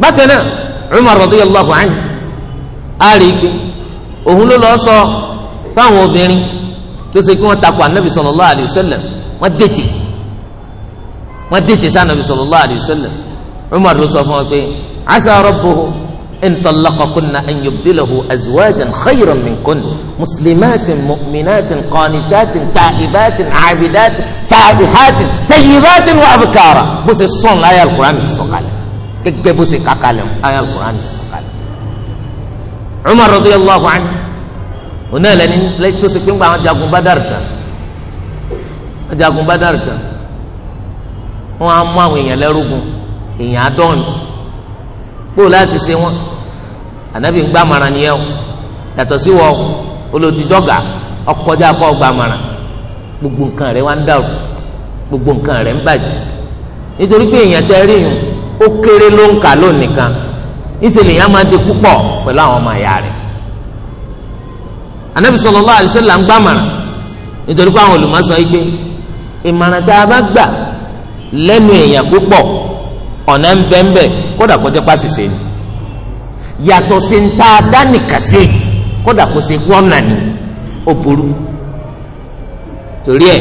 bákan náà Umar radiyallahu anhu á rí i pé òun ló lọ sọ fáwọn obìnrin tó ṣe kí wọ́n takò anabi sallallahu alayhi wa wọ́n dètè. wọ́n tètè sí anabi sallallahu alayhi wa sallam umar ló sọ fún wa pé asa rabbuhu in talaqakunna an yubdilahu azwajan khayran minkun muslimatin mu'minatin qanitatin ta'ibatin abidatin saabihatin tayyibatin wa abukara bó ṣe sọ̀n láyé alukur'an ṣe sọ̀kalẹ̀ gẹ́gẹ́ bó ṣe kakalẹ̀ láyé alukur'an ṣe sọ̀kalẹ̀ umar radiyallahu anhu onáyẹlẹ ni tó ṣe pé ń gba àwọn jagun bá dàrú tán àwọn jagun bá dàrú tán. wọn á mú àwọn èèyàn lẹ́rúgùn èèyàn àádọ́rin kpó láti ṣe wọn ànábì ń gbàmàrà nìyẹn o yàtọ̀ sí wọ olótìjọ́gà ọkọjá kọ́ gbàmàrà gbogbo nǹkan rẹ̀ wá gbogbo nǹkan rẹ ń bàjẹ́ nítorí pé èèyàn tẹ́ rí yùn ó kéré ló ń kà lónìí kan yẹn á máa di púpọ̀ pẹ̀lú ọmọ ìyá ànábì ń gbàmàrà nítorí pé àwọn yìí pé ìmàràn tá a lẹ́nu èèyàn púpọ̀ ọ̀nà ń bẹ́ ń bẹ́ kódà kó jẹ́ pàṣẹṣe ni yàtọ̀ sí ń ta dánìkàṣe kódà kó ṣe gbọ́nà ni ó burú torí ẹ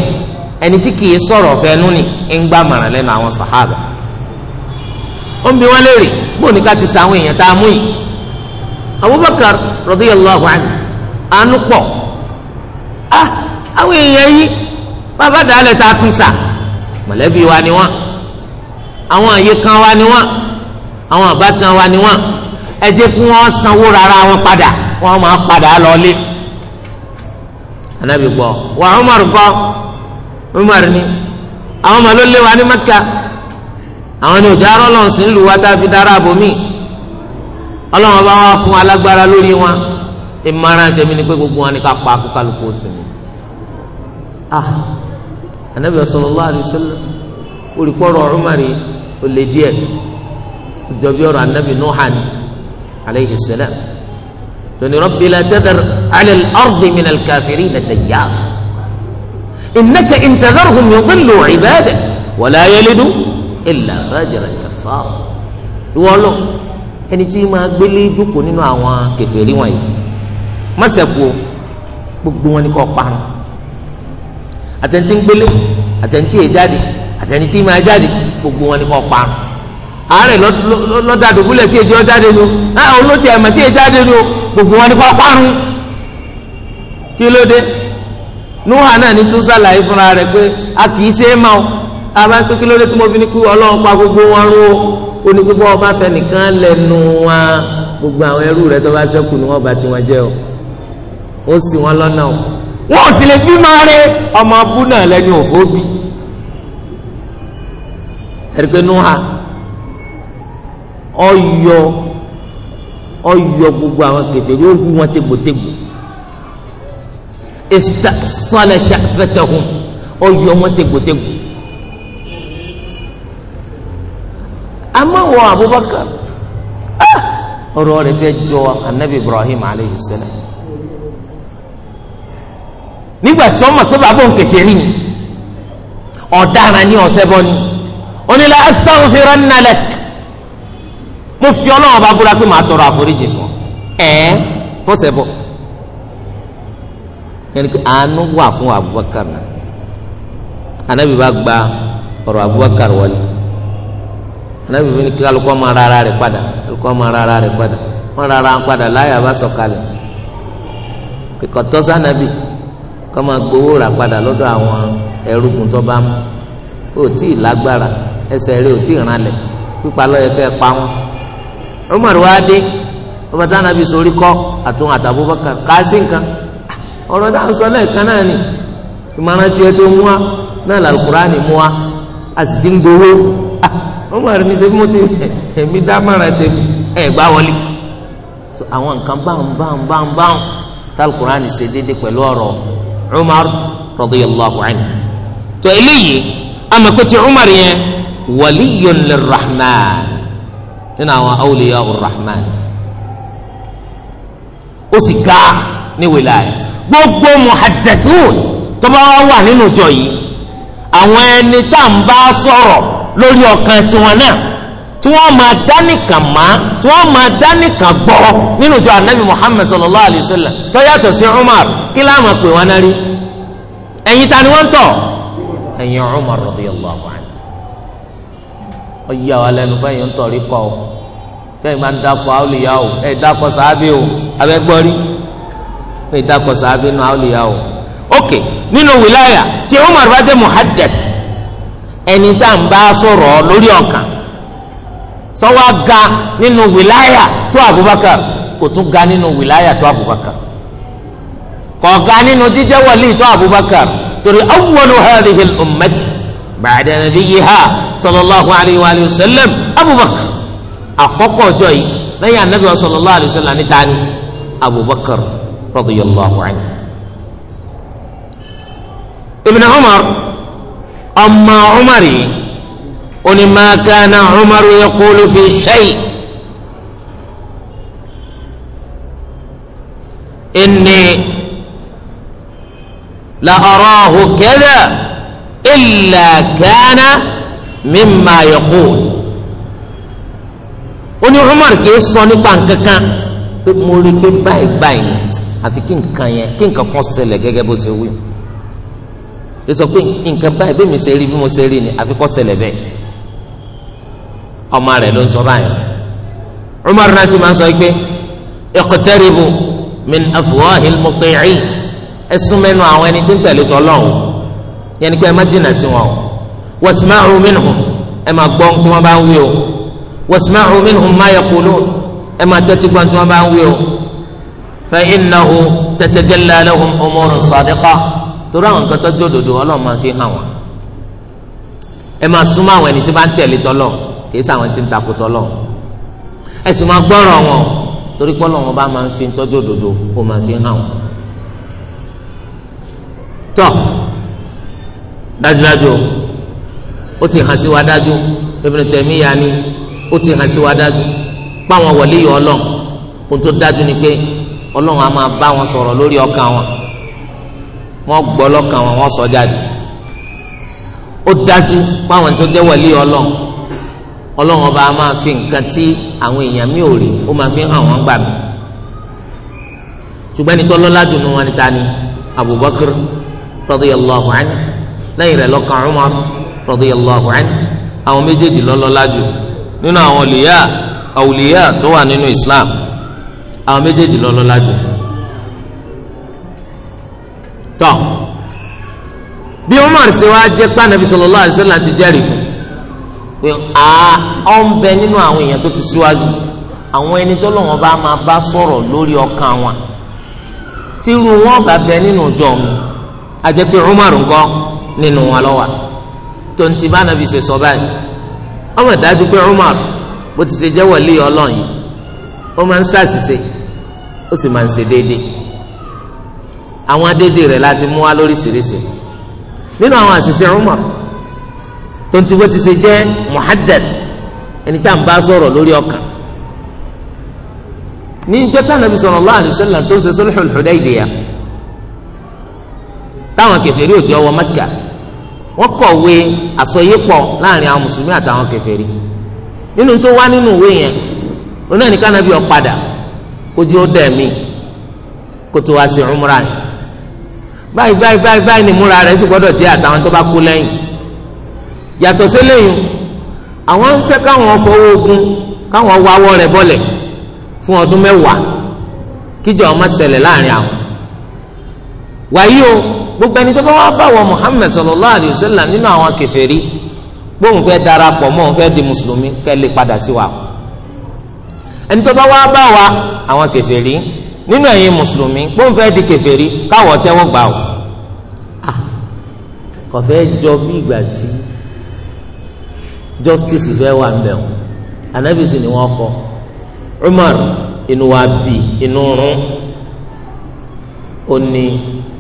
ẹni tí kì í sọ̀rọ̀ fẹ́nu ni ń gbà màrán lẹ́nu àwọn sàhábà ó ń bi wọn léèrè bó ní ká ti sa àwọn èèyàn tá a mú yìí Abubakar radiyallahu anhu àánú pọ̀ ah àwọn èèyàn yìí bàbá dàálẹ̀ tá a tún sà mọ̀lẹ́bí wa ni wọ́n àwọn àyè kan wa ni wọ́n àwọn àbátan wa ni wọ́n ẹ jẹ́ kí wọ́n sanwó rárá wọn padà wọ́n máa padà lọ́lé anabi gbọ́ wà Umar gbọ́ Umar ni àwọn ọmọ ló lé wa ní Mẹ́kà àwọn ni òjò arọ́ lọ́n sí ń lu wa tá a fi dára ọlọ́wọ́n bá wá fún alágbára lórí wọn ìmọ̀ràn tèmi ni pé gbogbo wọn ni ká pa kó sí mi anabi sallallahu alayhi wa sallam olùkọ́rọ̀ ọ̀rùmárì olè díẹ̀ ìjọba ọ̀rọ̀ anabi nuhani alayhi salam tóní rabbi la tadar ala al-ardi min al-kafirina dayyara innaka in tadarhum yudillu ibadak wa la yalidu illa fajiran kaffara ìwọ́lọ́ ẹni tí máa gbélé jókòó nínú àwọn kèfèrí wọ̀nyí má ṣẹ́kù gbogbo wọn ni kò pa àtẹnití ń gbélé àtẹnití yẹ jáde àtẹnití máa jáde gbogbo wọn ni kò pa àárẹ̀ lọ́dàdùbúlẹ̀ tí èjì ọjáde ni o náà olóòtú tí ni gbogbo wọn ni kò parun kí ló dé nuha náà ní tún sàlàyé fúnra pé a kì í ṣe é o àbá pé kí ló dé tí mo fi ni kú ọlọ́run pa gbogbo wọn rú o ní gbogbo ọba fẹnìkan lẹ́nu wa gbogbo àwọn ẹrú wọn ò sì lè bí máa rẹ ọmọ abú náà lẹni òfó bí ẹrìkẹ nuha ọyọ ọyọ gbogbo àwọn kẹfẹẹrí ó wọn tégbòtégbò ìsítà sọlẹ ṣàfẹtẹhùn ọyọ wọn tégbòtégbò Abubakar ah, ọ̀rọ̀ rẹ̀ fẹ́ jọ anabi Ibrahim aleyhi nígbà tí wọ́n mọ̀ pé bàbá òun kèsì rí ni ọ̀daràn ni ọ̀sẹ̀ bọ́ ni onílà astaghfiranna lak mo fi ọlọ́run bá búra pé màá tọrọ àforíjì fún ẹ fọ́sẹ̀ bọ́ yẹn pé àánú wà fún Abubakar náà anabi bá gba ọ̀rọ̀ Abubakar wọlé anabi bí kálukọ́ máa rárá rẹ̀ padà kálukọ́ máa rárá rẹ̀ padà wọ́n rárá padà láyà bá sọ̀kalẹ̀ kíkọ́ tọ́sánàbì. So kọ́ máa gbowó rà padà lọ́dọ̀ àwọn ẹrúgùn tó bá mú ó tí ì lágbára ẹsẹ̀ rẹ̀ ó tí ì ranlẹ̀ pípa lọ́yẹ fẹ́ pa wọn. Umar wa dé ọba táwọn àbí sori kọ́ àtún àtàbúbọ̀kà káàsì nǹkan ọ̀rọ̀ táwọn sọ lẹ́ẹ̀kan náà ni ìmọ̀ràn tiẹ̀ tó mú wa náà làlùkùránì mú wa a sì ti ń gbowó ah, Umar ní sẹ́fí mo ti ẹ̀mí dá mọ́ra tẹ̀mí ẹ̀ gbá wọlé àwọn nǹkan báwọn báwọn báwọn báwọn tàlùkùránì ṣe déédéé pẹ̀lú ọ̀rọ̀ umar radiyallahu anhu tó eléyìí amakoti umar yẹn waliyun lirrahman nínú àwọn awliya urrahman ó sì ga ní wìláyà gbogbo muhaddathun tó bá wà nínú ìjọ yìí àwọn ẹni tá à ń bá sọ̀rọ̀ lórí ọkàn tiwọn náà tí wọ́n máa dánìkan má tí wọ́n máa dánìkan gbọ́ nínú ìjọ anabi muhammed sallallahu alayhi wa sallam tó yàtọ̀ sí umar kí láàmú pè wọn náà rí ẹ̀yin ta ni wọ́n ń tọ̀ ẹ̀yin umar radiyallahu anhu ó yí àwọn alẹ́nu fún ẹ̀yin ń tọ̀ rí kọ́ ọ bẹ́ẹ̀ máa ń dákọ̀ àwòlíyá o ẹ̀ dákọ̀ sàábì o abẹ́gbọ́rí ẹ̀ dákọ̀ sàábì nù àwòlíyá o ok nínú wìláyà tí umar bá dé muhaddad ẹni tá à ń bá sọ̀rọ̀ lórí ọ̀kan sọ́wọ́ ga nínú wìláyà tó Abubakar kò tún ga nínú wìláyà tó Abubakar kò ga nínú jíjẹ́ wàlí tó Abubakar torí awwalu hadhihi al-ummati ba'da nabiyyiha sallallahu alayhi wa sallam Abubakar àkọ́kọ́ ọjọ́ yìí lẹ́yìn anabi wa sallallahu alayhi wa sallam ní tani Abubakar radiyallahu anhu. Ibn Umar ọmọ Umar yìí oni ma kana umaru yaqulu fi shay inni la arahu kada illa kana mimma yaqul oni umar kìí sọ nípa nǹkankan pé mo rí i pé báyìí báyìí àfi kí nǹkan yẹn kí nǹkan kan ṣẹlẹ̀ gẹ́gẹ́ bó ṣe wí ó sọ pé nǹkan mi ṣe rí bí mo ṣe rí ni àfi kó ṣẹlẹ̀ bẹ́ẹ̀ ọmọ rẹ̀ ló ń sọ báyìí Umar náà ti máa ń sọ pé iqtaribu min afwahil muti'in ẹ sún mẹ́nu àwọn ẹni tó ń tẹ̀lé tọ́lọ́hún yẹn ni pé ẹ má dínà sí wọn o wasma'u minhum ẹ má gbọ́ tí wọ́n bá ń wí o wasma'u minhum ma yaqulun ẹ má tẹ́tí gbọ́ tí wọ́n bá ń wí o fa innahu tatajalla lahum umurun sadiqa torí àwọn nǹkan tó jó dodo ọlọ́run máa fi hàn wọn ẹ má súnmọ́ àwọn ẹni tí bá ń tẹ̀lé tọ́lọ́hún kì í sáwọn tí ń takùtọ̀ lọ ẹ̀sùn máa gbọ́rọ̀ wọn torí pọ́lọ́ wọn bá máa ń fi tọ́jú òdodo kó máa fi hàn wọn. tọ́ dájúdájú ó ti hàn sí wa dájú Ibn Taymiyyah ni ó ti hàn sí wa dájú páwọn wọlé yọ ọlọ́run ohun tó dájú ni pé ọlọ́run á máa bá wọn sọ̀rọ̀ lórí ọkàn wọn wọ́n gbọ́ lọ́kàn wọn wọ́n sọ jáde ó dájú páwọn tó jẹ́ wọlé yọ ọlọ́run ọlọ́run ọba a máa fi nǹkan tí àwọn èèyàn mi ò rí ó máa fi hàn wọ́n gbà mí ṣùgbọ́n ẹni tó lọ́lá jù nù wọn ni ta ni Abubakar radiyallahu anhu lẹ́yìn rẹ̀ lọ́kàn Umar radiyallahu anhu àwọn méjèèjì lọ́lọ́lá jù nínú àwọn olùyà àwùlíyà tó wà nínú Islam àwọn méjèèjì lọ́lọ́lá jù tọ́ bí Umar ṣe wá jẹ́ pé Ànábì sallallahu alaihi ti jẹ́rìí fún pé a ọ ń bẹ nínú àwọn èèyàn tó ti síwájú àwọn ẹni tó lọ́wọ́n bá máa bá sọ̀rọ̀ lórí ọkàn wọn tírú wọn bá bẹ nínú ìjọ wọn àjẹ́ pé Umar ńkọ́ nínú wọn lọ́wọ́ tonti bá nàbì ṣe sọ báyìí ọmọ ìdájú pé Umar bó ti ṣe jẹ́ wọlé ọlọ́run yìí ó máa ń ṣàṣìṣe ó sì máa ń ṣe déédéé àwọn déédéé rẹ̀ láti mú wa lóríṣiríṣi nínú àwọn àṣìṣe Umar tó ń ti bó ti ṣe jẹ́ muhaddad ẹni tá à ń bá sọ̀rọ̀ lórí ọkàn ní ìjọ tá nàbí sallallahu alaihi wasallam tó ń ṣe sulhul Hudaybiyah táwọn kèfèrí òjò ọwọ́ Mẹ́kà wọ́n kọ̀wé àsọyépọ̀ láàrin àwọn mùsùlùmí àtàwọn kèfèrí nínú tó wá nínú ìwé yẹn onáà ní kánábì ọ̀padà kójú ó dẹ̀ mí kótó wá sí umrah báyìí báyìí báyìí báyìí ni múra rẹ̀ sì gbọ́dọ̀ jẹ́ àtàwọn tó bá kú lẹ́yìn yàtọ̀ sẹ́lẹ̀yìn àwọn ń fẹ́ káwọn fọwọ́ ogun káwọn wáwọ́ rẹ̀ bọ́lẹ̀ fún ọdún mẹ́wàá kíjà ọmọ ṣẹlẹ̀ láàrin àwọn. wàyí o gbogbo ẹni tó bá wá bá wọ Muhammad sallallahu alayhi wa sallam nínú àwọn kèfèrí bóun fẹ́ darapọ̀ mọ́ òun fẹ́ di mùsùlùmí kẹ́lẹ́ padà sí wa ẹni tó bá wá bá wa àwọn kèfèrí nínú ẹ̀yin mùsùlùmí bóun fẹ́ di kèfèrí káwọ̀ tẹ́wọ́ gbà o ah, kò fẹ́ jọ bí ìgbà tí justice fẹ́ wà ń bẹ̀ o anabi sì ni wọ́n kọ́ Umar inú wa bì inú rún ó ní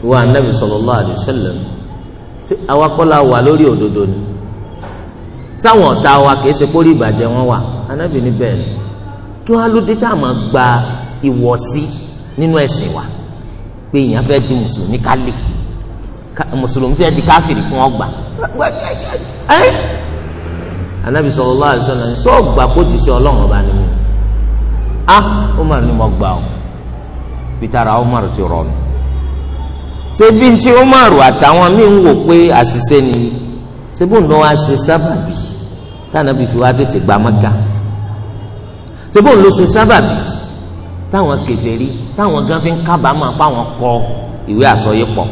ìwà anabi sallallahu alaihi wasallam àwa kọ́ la wà lórí òdodo ni sáwọn ọ̀tá wa kìí ṣe kórìí ìbàjẹ́ wọn wà anabi ní bẹ́ẹ̀ ni kí wọ́n á ló dé tá a máa gba ìwọ̀sí nínú ẹ̀sìn wa pé èèyàn fẹ́ di mùsùlùmí kálí mùsùlùmí fẹ́ di káfìrí fún ọgbà anabi sallallahu alaihi wasallam ní sọ gbà kó ti ṣe Ọlọ́run ọba ni mi a ah, Umar ni mo gbà o pitara Umar ti rọ mi ṣebí ti Umar àtàwọn míì ń wò pé àṣìṣe ni ṣebí ń lọ wá ṣe sábàbí tànàbí fi wá tètè gba Mẹ́kà ṣebí ń lọ ṣe sábàbí táwọn kèfèrí táwọn gan fi ń kábàámọ̀ fáwọn kọ ìwé àsọyípọ̀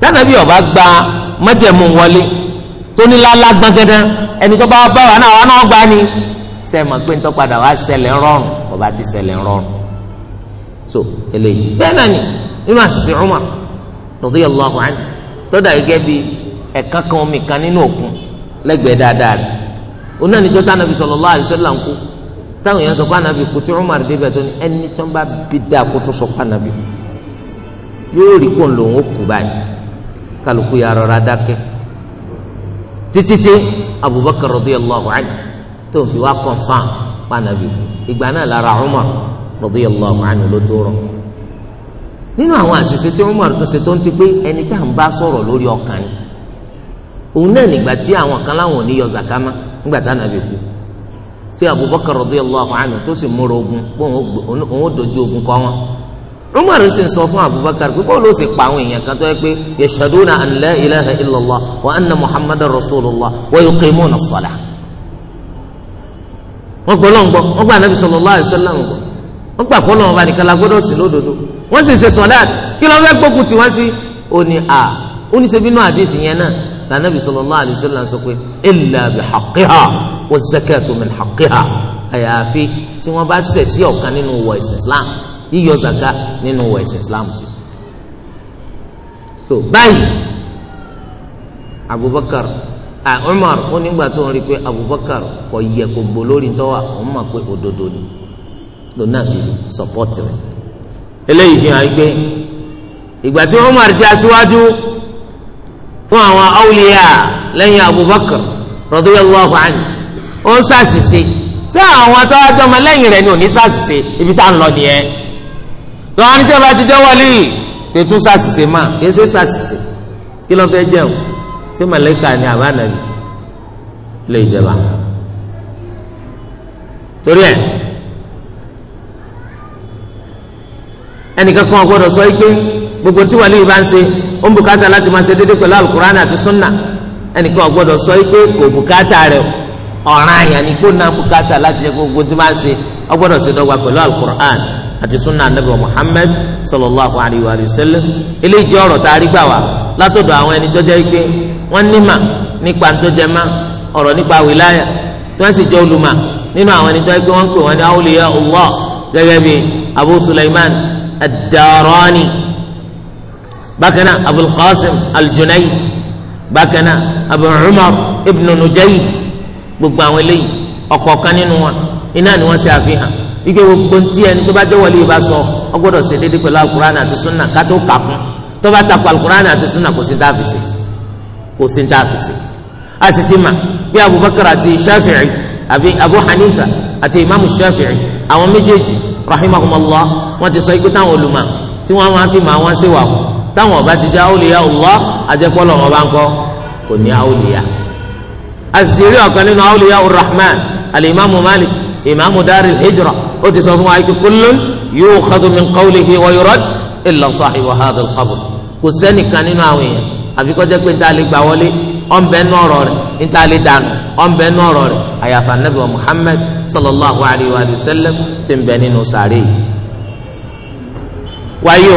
tànàbí ọba gba májẹ̀mú wọlé tó ní lálá gbọ̀ngàdàn ẹni tó bá wà bá wà náà wà náà gbá ni ṣe é mọ̀ pé ń tọ́padà wá ṣẹlẹ̀ rọrùn kò ti ṣẹlẹ̀ rọrùn so eléyìí bẹ́ẹ̀ náà ni nínú àṣìṣe Umar radiyallahu anhu tó dà gẹ́gẹ́ bí ẹ̀ka kan omi kan nínú òkun lẹ́gbẹ̀ẹ́ dáadáa rẹ̀ oní sallallahu alaihi wasallam ńkú táwọn èèyàn sọ pé Umar débẹ̀ tó ní ẹni tí wọ́n bá bí dáa kó tó sọ pé anabi kú yóò ń lòun ó kú báyìí kálukú yà rọra dákẹ́ títí abubakar radiyallahu anhu tó fi wá kọ̀nfàm pànàbí ìgbà náà lára umar radiyallahu anhu ló tó rọ nínú àwọn àṣìṣe tí umar tó ṣe tó ń ti pé ẹni tá à ń bá sọ̀rọ̀ lórí ọkàn ni òun náà nígbà tí àwọn kan láwọn ò ní yọ zakama nígbà tá ànàbì kú tí abubakar radiyallahu anhu tó sì múra ogun pé òun ò dojú ogun kọ́ wọn. Umar sì ń sọ fún Abubakar pé bọ́ọ̀lù ó sì pa àwọn èèyàn kan tó yẹ pé yashaduna an la ilaha illallah wa anna muhammadan rasulullah wa yuqimuna as-salah. wọ́n gbọ́ lọ́n gbọ́ wọ́n gbọ́ anabi sallallahu alayhi wa gbọ́ wọ́n gbà kọ́ lọ́wọ́ bá nìkan gbọ́dọ̀ sí lódodo wọ́n sì ṣe sọ̀lá kí ló fẹ́ gbógun tí wọ́n sí. ó a ó ní yẹn náà lànàbì sallallahu alayhi wa sallam sọ yíyọ zaka nínú wọ islam sí so báyìí abubakar a umar ó nígbà tó ń rí i pé abubakar kò yẹ kó gbó lórí ó pé òdodo ni lòun náà fi sọpọ́tì eléyìí fi hàn pé ìgbà tí umar aṣíwájú fún àwọn awliya lẹ́yìn abubakar radiyallahu anhu ó ń ṣàṣìṣe sí àwọn ni ibi tá à ń lọ lọ́wọ́ ní tẹ́lẹ̀ bá ti jẹ́ wọlé ètò sàṣìṣe máa kìí ṣe sàṣìṣe kí ló fẹ́ jẹun ṣé màlẹ́kà ni àbá nàbì lè jẹba torí ẹ ẹnìkan kan sọ yìí gbogbo tí wàlíì bá ń ṣe ó ń bùkátà láti máa ṣe déédéé pẹ̀lú alukur'an àti sunna ẹnìkan sọ yìí pé kò bùkátà rẹ ọ̀ràn àyàn ni na bùkátà láti jẹ gbogbo tí máa ṣe ṣe pẹ̀lú àti sunna anabi muhammed sallallahu alayhi wa sallam eléyìí jẹ́ ọ̀rọ̀ tá a rí gbà wá látọ̀dọ̀ àwọn ẹni tó jẹ́ pé wọ́n nímà nípa tó jẹ́ má ọ̀rọ̀ nípa wìláyà tí wọ́n sì jẹ́ olùmọ̀ nínú àwọn ẹni tó jẹ́ pé wọ́n pè wọ́n ní awliya allah gẹ́gẹ́ bí abu suleiman ad-darani bákan qasim al-junayd abu umar ibn nujayd gbogbo àwọn eléyìí ọ̀kọ̀ọ̀kan nínú wọn iná ni wọ́n ṣe àfihàn ike gbogbo ntí ẹni tó bá jẹ́ wọlé ibà sọ ọ gbọ́dọ̀ ṣe déédéé pẹ̀lú alukur'an àti sunna kátó kàkún tó bá takò alukur'an àti sunna kò sí dáàfìsì kò sí dáàfìsì a sì ti mà bí abubakar àti shafi'i àbí abu hanifa àti imaamu shafi'i àwọn méjèèjì rahimahumallah wọn ti sọ ikú táwọn olùmọ̀ tí wọn máa fi mà wọn sí wà wọn táwọn ọba ti jẹ́ awliya Allah àjẹpọlọ wọn ń kọ kò ní awliya àṣìṣe rí ọ̀kan nínú awliya ur ìmáàmù dáril hijra ó ti sọ fún wa ikú kullun yukhadhu min qawlihi wa yurad illa sahibu hadha al-qabr kò sẹ́nìkan nínú àwọn èèyàn àfi kó jẹ́ pé níta lè gbà wọlé ọ̀nbẹ nù ọ̀rọ̀ rẹ̀ níta lè dànù ọ̀nbẹ nù ọ̀rọ̀ rẹ̀ àyàfà nabi wa muhammad sallallahu alayhi wa sallam ti ń nínú sàárè yìí. wáyé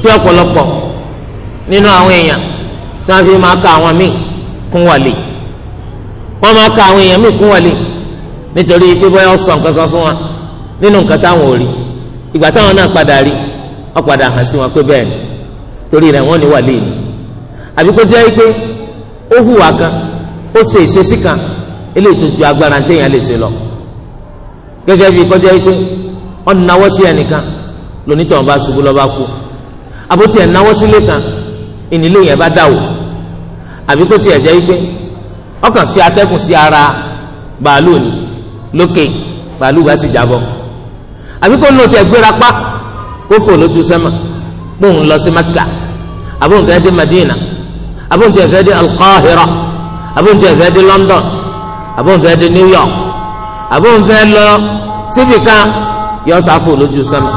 tí ọ̀pọ̀lọpọ̀ nínú àwọn èèyàn tí wọ́n fi máa ka àwọn míì kún wàlíì wọn máa ka àwọn èèyàn míì kún wọlé nítorí pé bóyá ó sọ nǹkan kan fún wa nínú nǹkan táwọn ò rí ìgbà táwọn náà padà rí ó padà hàn sí wọn pé bẹ́ẹ̀ ni torí rẹ̀ wọ́n ní àbí kó jẹ́ pé ó hùwà kan ó ṣe ìṣesí kan eléyìí tó ju agbára téèyàn lè ṣe lọ gẹ́gẹ́ bí kó jẹ́ pé ó náwó sí ẹnìkan bá ṣubú lọ́ba kú àbótiẹ̀ náwó sílé kan ìnílé yẹn bá dà ọkàn fi atẹ́gùn sí ara bàálù ni lókè bàálù bá sì jábọ́ àbí kó lóòótọ́ ẹgbẹ́ra pa kó fò lójú sẹ́mà bóun lọ sí Mẹ́kà àbóun dé Madina àbóun tẹ̀ fẹ́ dé Al-Qahira àbóun tẹ̀ fẹ́ dé London àbóun fẹ́ dé New York àbóun fẹ́ lọ síbi kan yọ sáfò lójú sẹ́mà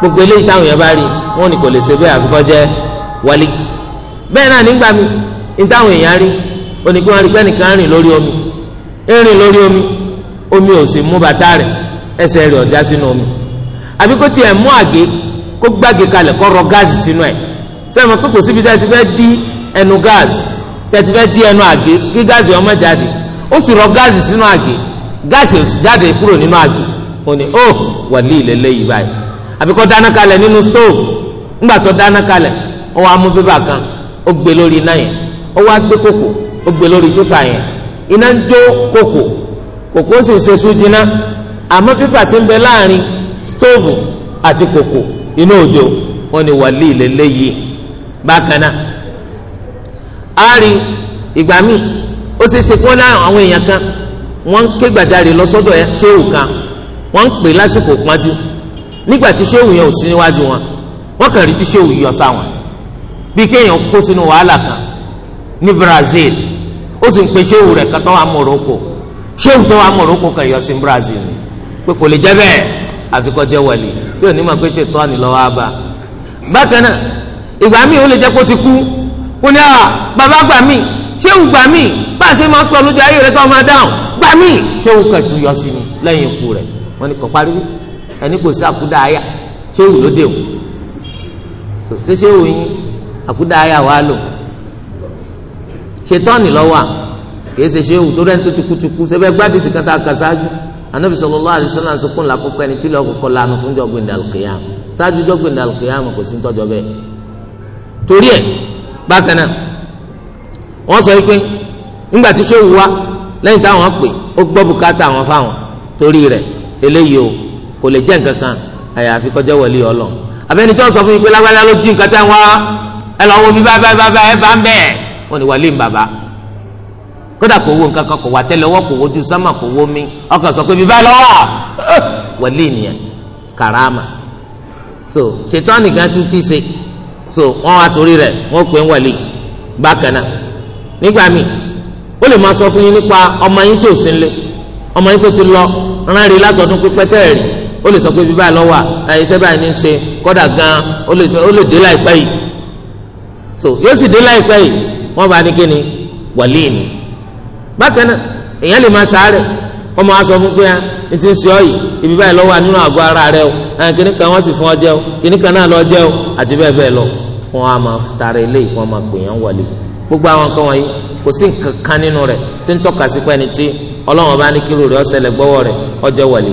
gbogbo eléyìí táwọn yẹn bá rí wọn ni kò lè ṣe bẹ́ẹ̀ àfikọ́ wálé bẹ́ẹ̀ náà nígbà mi ní táwọn èèyàn rí Onigbo wọn rí pé rìn lórí omi rìn lórí omi omi ò sì mú bàtà rẹ̀ ẹsẹ̀ rẹ̀ ọjà sínú omi àbí kó tiẹ̀ mú àgé kó gbàgé kalẹ̀ kó rọ gáàsì sínú ẹ̀ sẹ́wọ̀n síbi tẹ́ ti fẹ́ di ẹnu gáàsì tẹ́ ti fẹ́ di ẹnu àgé kí gáàsì ọmọ jáde ó sì rọ gáàsì sínú àgé gáàsì ò sì jáde kúrò nínú àgé ó ó báyìí àbí kó dáná kalẹ̀ nínú ńgbà tó dáná kalẹ̀ ó wá mú kan ó gbé lórí náà yẹn ó wá gbé kòkò ó gbé lórí pépà yẹn iná ń jó kòkò kòkó sì ṣe súnjìnà àmọ́ pépà ti ń bẹ láàrin stóòvù àti kòkò iná òjò wọn ni wàlí ìlẹ́lẹ́yìí bákan náà a rí ìgbà míì ó ṣe é ṣe kí wọ́n láwọn àwọn èèyàn kan wọ́n ń ké gbàjarè lọ sọ́dọ̀ ṣéwù kan wọ́n ń pè lásìkò pọ́njú nígbà tí ṣéwù yẹn ò sí níwájú wọn wọ́n kàn rí tí ṣéwù yọ sáwọn bí kéèyàn kó sínú wàhálà kan ní Brazil ó sì ń pe ṣéwù rẹ̀ kẹtọ́ wa Morocco ṣéwù tó wa Morocco kan yọ sí Brazil ni pé kò lè jẹ́ bẹ́ẹ̀ àfikọ́ jẹ́ wọlé tí ò ní mọ̀ pé ṣètò ni lọ́wọ́ á bá bákan náà ìgbà míì ó lè jẹ́ kó ti kú kó ní à bàbá gbà míì ṣéwù gbà míì bá a ṣe máa ń pẹ́ olójú ayé rẹ̀ tó máa dáhùn gbà míì ṣéwù kan tún yọ sí ni lẹ́yìn ikú rẹ̀ wọ́n ní kò parí ẹni kò sí àkúdà àyà ṣéwù ló dé o ṣé ṣéwù yín àkúdà àyà wà lò ṣètọ́ni lọ́wọ́ à kìí ṣe ṣe òwúto rẹ̀ ń tó tukutuku ṣẹbẹ́ gbádùn ti kan tá a kà ṣáájú anabi sallallahu alaihi wasallam sọkún làkókò ẹni tí lọ́ọ́ kọ́kọ́ lanu fún jọ́gbìn dàlùkìyàm ṣáájú jọ́gbìn dàlùkìyàm kò sí tọ́jọ́ bẹ́ẹ̀ torí ẹ̀ bákan náà wọ́n sọ pé ńgbà tí ṣé wùwá lẹ́yìn táwọn pè ó gbọ́ bùkátà àwọn fáwọn torí rẹ̀ eléyìí o kò lè jẹ́ nǹkan àyàfi kọjá wọlé ọlọ́ abẹ́ni tí wọ́n sọ fún mi pé lágbájá ló jí nǹkan tẹ́ wá ẹ lọ́wọ́ bí bá bá ẹ bá ń bẹ́ẹ̀ wọn ni wàlíì bàbá kódà kò wo nǹkan kan kò wà tẹ́lẹ̀ ọwọ́ kò wojú sámà kò wo mi ọkàn sọ pé bíbá lọ́wọ́ wàlíì nìyẹn karama so ṣètò nìkan tún ti ṣe so wọn wá torí rẹ̀ wọn pè ń wàlíì bákan náà nígbà míì ó lè máa sọ fún yín nípa ọmọ yín tí ò sí nílé ọmọ yín tó ti lọ rán rí látọdún pípẹ́ tẹ́ẹ̀rì ó lè sọ pé bíbá lọ́wọ́ àìsẹ́ báyìí ní í ṣe kódà gan ó lè dé láìpẹ́ yìí so yóò sì dé láìpẹ́ yìí wọ́n bá ní kí ni wàlí ni bákan náà èèyàn lè máa sáré ọmọ aṣọ fún pé ẹ ti ń sọ yìí ibi báyìí lọ́wọ́ nínú àgọ́ ara rẹ o ẹ kíní kan wọ́n sì fún ọ jẹ o kíní kan náà lọ jẹ o àti bẹ́ẹ̀ bẹ́ẹ̀ lọ fún wa máa tara eléyìí fún wa máa pè yàn wàlí gbogbo àwọn kan wọ̀nyí kò sí nǹkan kan nínú rẹ̀ tí ń tọ́ka sí pẹ́ni tí ọlọ́wọ́n bá ní kí lóore ọ̀sẹ̀ lẹ̀ gbọ́wọ́ rẹ̀ ọjọ́ wàlí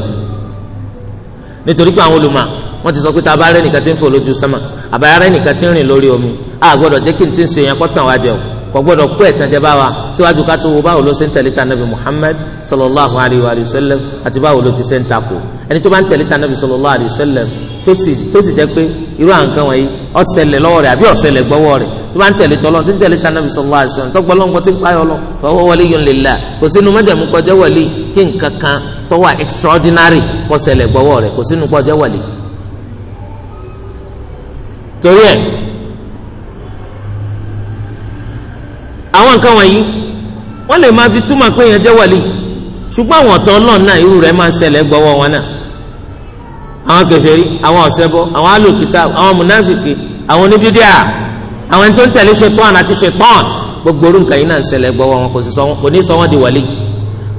nítorí pé àwọn olùmọ̀ wọ́n ti sọ pé tá a bá rẹ́ nìkan tí ń fò lójú sánmà àbáyá rẹ́ nìkan tí ń rìn lórí omi a gbọ́dọ̀ jẹ́ kí n ti ń ṣe yẹn kó jẹ o kò gbọ́dọ̀ kó ẹ̀tàn bá wa síwájú ká tó wo báwo ló ṣe ń tẹ̀lé ta nabi Muhammad sallallahu alayhi wa sallam àti báwo ló ti ṣe ń takò ẹni tó bá ń tẹ̀lé ta nabi sallallahu alayhi wa sallam tó sì jẹ́ pé irú àǹkan wọ̀nyí ó ṣẹlẹ̀ lọ́wọ́ rẹ̀ àbí ó ṣẹlẹ̀ gbọ́wọ́ rẹ̀ tó bá ń tẹ̀lé tọ́lọ́ tó ń tẹ̀lé tanabi sallallahu alaihi wasallam tọ́gbọ́n lọ́ngbọ́ tí ń payọ́ lọ fọwọ́ waliyyun lillah kò sínú mẹ́jẹ̀mú extraordinary kó ṣẹlẹ̀ gbọ́wọ́ rẹ̀ torí ẹ̀ àwọn nǹkan wọ̀nyí wọ́n lè máa fi túmọ̀ pé èèyàn jẹ́ wàlí ṣùgbọ́n àwọn ọ̀tọ̀ ọlọ́run náà irú rẹ̀ máa ń ṣẹlẹ̀ gbọ́wọ́ wọn náà àwọn kèfèrí àwọn ọ̀sẹ́bọ àwọn alòkìtà àwọn mùnáfìkì àwọn oníbídíà àwọn ẹni tó ń tẹ̀lé ṣetán àti ṣetán gbogbo orú nǹkan yìí náà ń ṣẹlẹ̀ gbọ́wọ́ wọn kò sì sọ wọn kò ní sọ wọn di wàlí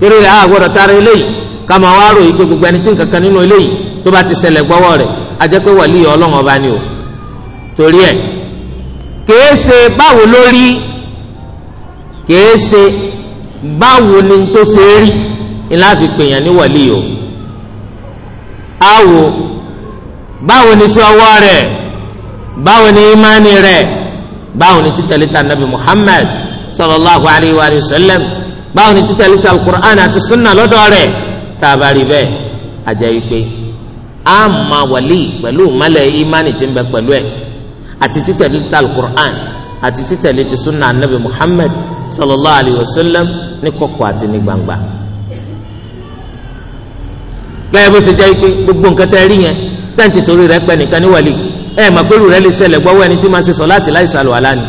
torí rẹ̀ àwọn àgbọ̀dọ̀ tara eléyìí ká máa wá rò gbogbo ẹni tí nǹkan kan nínú eléyìí tó bá ti ṣẹlẹ̀ gbọ́wọ́ rẹ̀ a jẹ́ pé wàlí ọlọ́run ọba ni o torí ẹ̀ kèé ṣe báwo ló rí kèé ṣe báwo ni tó ṣe rí ni láti pèèyàn ní wàlíì o àwò báwo ni sí ọwọ́ rẹ̀ báwo ni ìmánì rẹ̀ báwo ni títẹ̀lé ta nabi Muhammad sallallahu alayhi wa sallam báwo ni títẹ̀lé ta alukur'an àti sunna lọ́dọ̀ rẹ̀ tá a bá rí bẹ́ẹ̀ àjẹ́ wípé a máa wàlíì pẹ̀lú ìmọ̀lẹ̀ ìmánì tí ń bẹ pẹ̀lú ẹ̀ àti títẹ̀lé ti alukur'an àti títẹ̀lé ti sunna anabi muhammed sallallahu alayhi wa sallam ní kọ̀kọ̀ àti ní gbangba. gẹ́gẹ́ bó ṣe jẹ́ pé gbogbo nǹkan tẹ́ rí yẹn tẹ́ǹtì torí rẹ̀ pẹ́ nìkan níwọ̀lì ẹ̀ mà pẹ́lú rẹ̀ lè ṣẹlẹ̀ gbọ́wọ́ ẹni tí máa ṣe sọ láti láì ṣàlùwàlá ni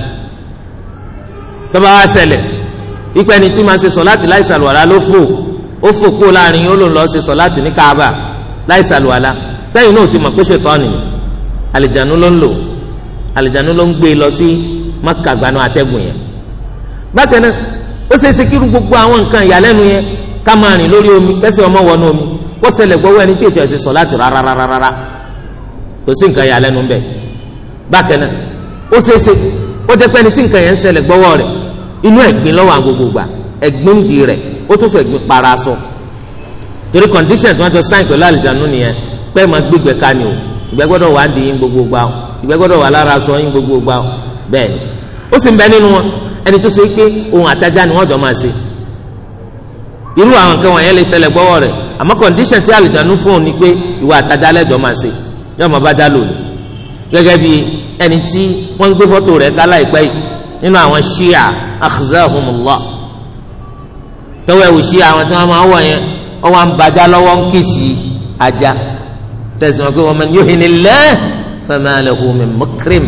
tọ́ba wá ṣẹlẹ̀ ìpẹ́ ẹni tí máa ṣe sọ láti láì ṣàlùwàlá ló fò ó fò kó láàrin ó lò ṣe sọ láti ní káàbà láì ṣàlùwàlá sẹ́yìn náà ti mọ̀ pé ṣètọ́ nìyí àlìjánu ló ń lò àlìjánu ló ń gbé e lọ sí maka gbanú atẹ́gùn yẹn bákan náà ó ṣe é ṣe kíru gbogbo àwọn nǹkan ìyàlẹ́nu yẹn ká máa rìn lórí omi kẹ́sì ọmọ wọnú omi kó ṣẹlẹ̀ gbọ́wọ́ ẹni tí ètò ẹ̀sìn sọ láti rárá rárá rárá kò sí nǹkan ìyàlẹ́nu ń bẹ bákan náà ó ṣe é ṣe ó jẹ́ pé tí nǹkan yẹn ń ṣẹlẹ̀ gbọ́wọ́ rẹ̀ inú ẹ̀gbin lọ́wọ́ àgbogbo ẹ̀gbin di rẹ̀ ó tún fẹ́ ẹ̀gbin para aṣọ torí conditions wọn jọ sáìn pẹ̀lú àlìjánu nìyẹn pẹ́ẹ́ máa gbígbẹ́ ká ni o ìgbẹ́ gbọ́dọ̀ wá di yín gbogbo gbà o ìgbẹ́ gbọ́dọ̀ wà lára aṣọ yín gbogbo gbà bẹ́ẹ̀ ni ó sì ń bẹ nínú wọn ẹni tó ṣe pé ohun àtajà ni wọ́n jọ máa ṣe irú àwọn nǹkan wọ̀nyẹn lè ṣẹlẹ̀ gbọ́wọ́ rẹ̀ àmọ́ condition tí àlùjánu fún òun ni pé ìwà àtajà lẹ́jọ́ máa ṣe yóò máa bá dá lónìí gẹ́gẹ́ bí ẹni tí wọ́n gbé fọ́tò rẹ̀ ká láìpẹ́ yìí nínú àwọn ṣíà akhzahumullah fama lahu min mukrim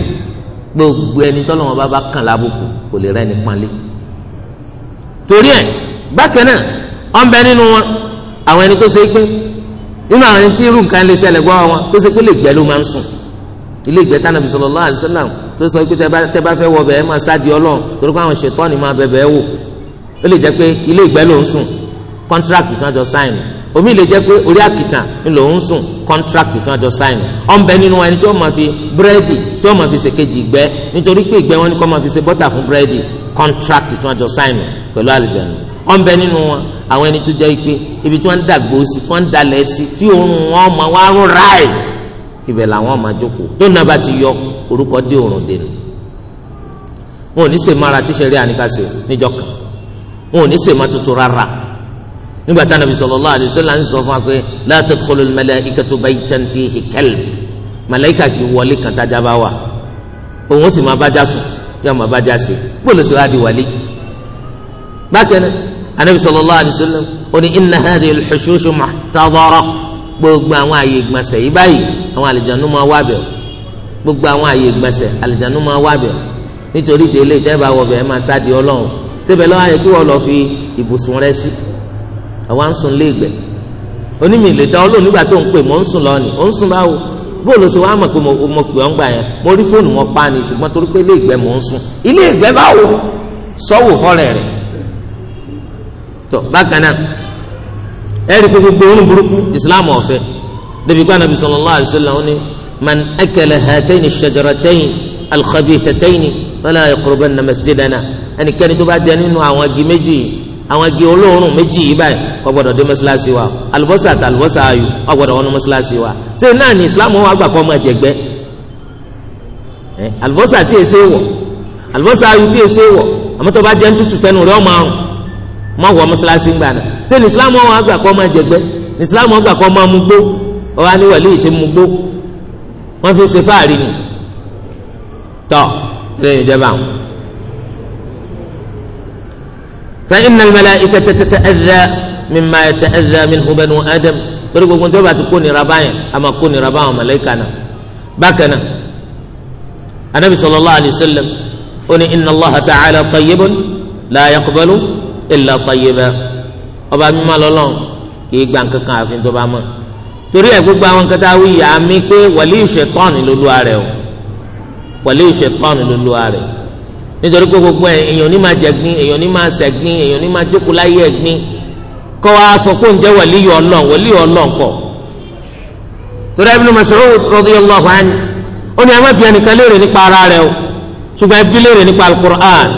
gbogbo ẹni tọ́lọ́wọ́n bá bá kàn lábùkù kò lè rẹ́ni pọ́nlé torí ẹ̀ bákan náà ọ̀nbẹ nínú wọn àwọn ẹni tó ṣe pé nínú àwọn ẹni tí irú nǹkan lè ṣẹlẹ̀ gbọ́ wọn tó ṣe pé lè gbẹ́ ló máa ń sùn ilé ìgbẹ́ tánà bí sallallahu alaihi wasallam tó sọ pé tẹ bá fẹ́ wọ bẹ́ẹ̀ máa sáàdì ọlọ́run torí pé àwọn ṣètọ́ni máa bẹ̀ bẹ́ẹ̀ wò ó lè jẹ́ pé ilé ìgbẹ́ ló ń sùn contract tí sáìnì omi lè jẹ́ pé orí àkìtàn ni ń sùn contract tí wọ́n jọ sign ọ̀n bẹ nínú ẹni tí wọ́n máa fi búrẹ́dì tí wọ́n máa fi ṣèkejì ìgbẹ́ nítorí pé ìgbẹ́ wọn ni kò máa fi ṣe bọ́tà fún búrẹ́dì contract tí wọ́n jọ sign pẹ̀lú àlùjànnú ọ̀n bẹ nínú wọn àwọn ẹni tó jẹ́ pé ibi tí wọ́n ń dàgbò sí wọ́n ń dalẹ̀ sí tí òórùn wọn máa wá rún ráì ibẹ̀ làwọn máa jókòó tó náà bá ti yọ orúkọ dé òórùn dènù wọn ò ní sèmára tíṣẹ̀rí àníkàṣe níjọ kan wọn ò ní sèmá tuntun rárá nígbà tá nàbí sallallahu alaihi wasallam sọ fún wa pé la tadkhulul malaikatu baytan fihi kalb màláìkà kì í wọlé kan tájà bá wà òun sì máa bájà sùn tí wọn máa bájà sí gbọ́dọ̀ sì wá di wàlí. bákan náà anabi sallallahu alaihi wasallam ó ní inna hadhihi al-hushushu muhtadara gbogbo àwọn àyè ìgbọ̀nsẹ̀ yìí báyìí àwọn àlìjánu máa wá bẹ̀ gbogbo àwọn àyè ìgbọ̀nsẹ̀ àlìjánu máa wá bẹ̀ nítorí délé ìjẹ́bà wọ̀bẹ̀ ẹ̀ máa sáà di ọlọ́run síbẹ̀ lọ́wọ́ àyè kí wọ́n lọ fi ìbùsùn rẹ sí. Si àwa ń sùn léègbẹ́ onímì lè dá ọlọ́run nígbà tó ń pè mọ́ ń sùn lọ́ọ̀nì ó ń sùn báwo bóòlù sọ wàá mọ̀ pé mo pè ọ́ ń gbà yẹn mo rí fóònù wọn pa ni ṣùgbọ́n torí pé léègbẹ́ mò ń sùn ilé ìgbẹ́ báwo sọ́wọ́ fọ́rẹ̀ rẹ̀ tó bákan náà ẹ̀rí pé gbogbo orin burúkú islam ọ̀fẹ́ débi gba nàbí sallallahu alaihi wasallam ni man akala hataini shajarataini alkhabithataini fala yaqrubanna masjidana ẹnikẹ́ni tó bá jẹ nínú àwọn igi méjì àwọn igi olóòórùn méjì yìí báyìí kò gbọ́dọ̀ dé mọ́ṣáláṣí wa àlùbọ́sà àti àlùbọ́sà ayò kò gbọ́dọ̀ wọnú mọ́ṣáláṣí wa ṣé náà ni ìsìláàmù wọn àgbà kọ́ ọmọ ẹ̀jẹ̀gbẹ́ àlùbọ́sà tí èsè wọ̀ àlùbọ́sà ayò tí èsè wọ̀ àmọ́ tó bá jẹ́ ntutù tẹnu rẹ̀ ọmọ àrùn mọ́ wọ mọ́ṣáláṣí gbà náà ṣé ni ìsìláàmù wọn àgbà ọmọ ẹ̀jẹ̀gbẹ́ ni wọn àgbà ọmọ فإن الملائكة تتأذى mimma yata'adha minhu banu adam torí gbogbo tí wọ́n bá ti kó nira báyẹn a máa kó nira báwọn màláíkà náà bákan náà anabi sallallahu alayhi wa sallam ó ní inna allaha ta'ala tayyibun la yaqbalu illa tayyiba ọba mímọ́ lọ́lọ́run kì í gba nǹkan kan àfi tó bá mọ́ torí ẹ̀ gbogbo àwọn kẹta wí yà á mi pé wàlí ṣẹ̀tánì lolúwa rẹ̀ o wàlí ṣẹ̀tánì lolúwa rẹ̀ nítorí pé gbogbo èèyàn ní máa jẹ̀gbin èèyàn ní máa ṣẹ̀gbin èèyàn ní máa jókòó láyé ẹ̀gbin kọ́ wa sọ kó ń jẹ́ wàlíyù ọlọ́n wàlíyù ọlọ́n kọ́ torí Ibn Mas'ud radiyallahu anhu ó ní ẹ̀ma bíi ẹnìkan léèrè nípa ara rẹ o ṣùgbọ́n ẹbí léèrè nípa alukur'an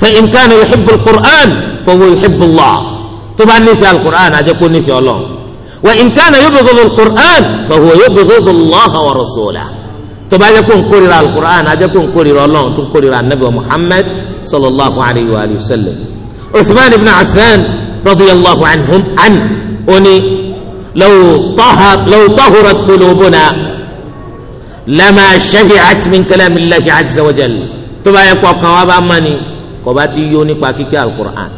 fa in kana yuhibbu alukur'an fa huwa yuhibbu Allah tó bá nífẹ̀ẹ́ alukur'an àjẹ́ kó nífẹ̀ẹ́ ọlọ́n wa in kana yubghidu alukur'an fa huwa yubghidu Allah wa rasulahu tó bá jẹ́ kó nkórira alukur'an àjẹ́ kó nkórira ọlọ́n radiyallahu anhum an oni law tahurat qulubuna lama shabi'at min kalami Allahi azza wa jal tó bá yẹ kó ọkàn wa bá mọ ni kò bá ti yó nípa kíké alukur'an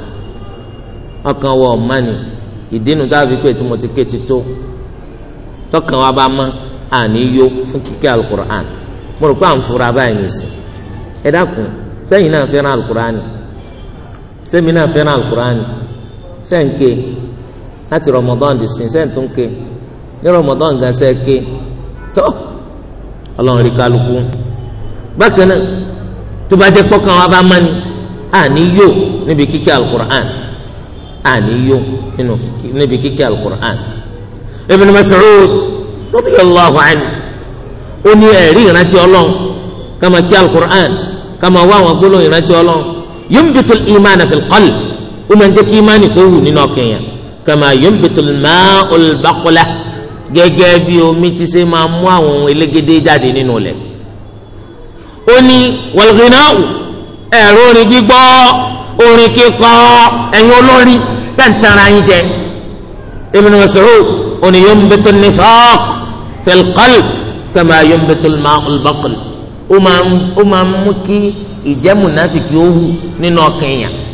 ọkàn wa ọ̀ mọ ni ìdínú tá a fi pé tí mo ti ké ti tó tọkàn wa bá mọ àní yó fún kíké alukur'an mo rò pé à ń fura báyìí nìsín ẹ dákun sẹ́yìn náà fẹ́ràn alukur'an sẹ́mi náà fẹ́ràn alukur'an sẹ́ǹke láti Ramadan dì sin sẹ́ǹtúnke ní Ramadan gan sẹ́ǹke tó ọlọ́run rí kálukú bákan náà tó bá jẹ́ pọ́kàn wa bá mọ́ni àní yó níbi kíkẹ́ alukur'an àní yó níbi kíkẹ́ alukur'an Ibn Mas'ud radiyallahu anhu ó ní ẹ̀rí ìrántí ọlọ́run kama kí alukur'an kama wá àwọn gbólóhùn ìrántí ọlọ́run yumbitul imana fil qalb ó máa ń jẹ́ kí imáni kó wù nínú ọkàn yẹn kàmá yombitul ma'ul baqla gẹ́gẹ́ bí omi ti ṣe máa mú àwọn elégédé jáde nínú rẹ̀ ó ní wàlúwìnáwù ẹ̀rọ orin gbígbọ́ orin kíkọ ẹ̀yin olórin tẹ̀ntẹ̀ra yín jẹ Ibn Mas'ud ó ní yombitul nifaq fil qalb kama yombetul ma'ul baql ó máa mú kí ìjẹ́ ó hù nínú ọkàn èèyàn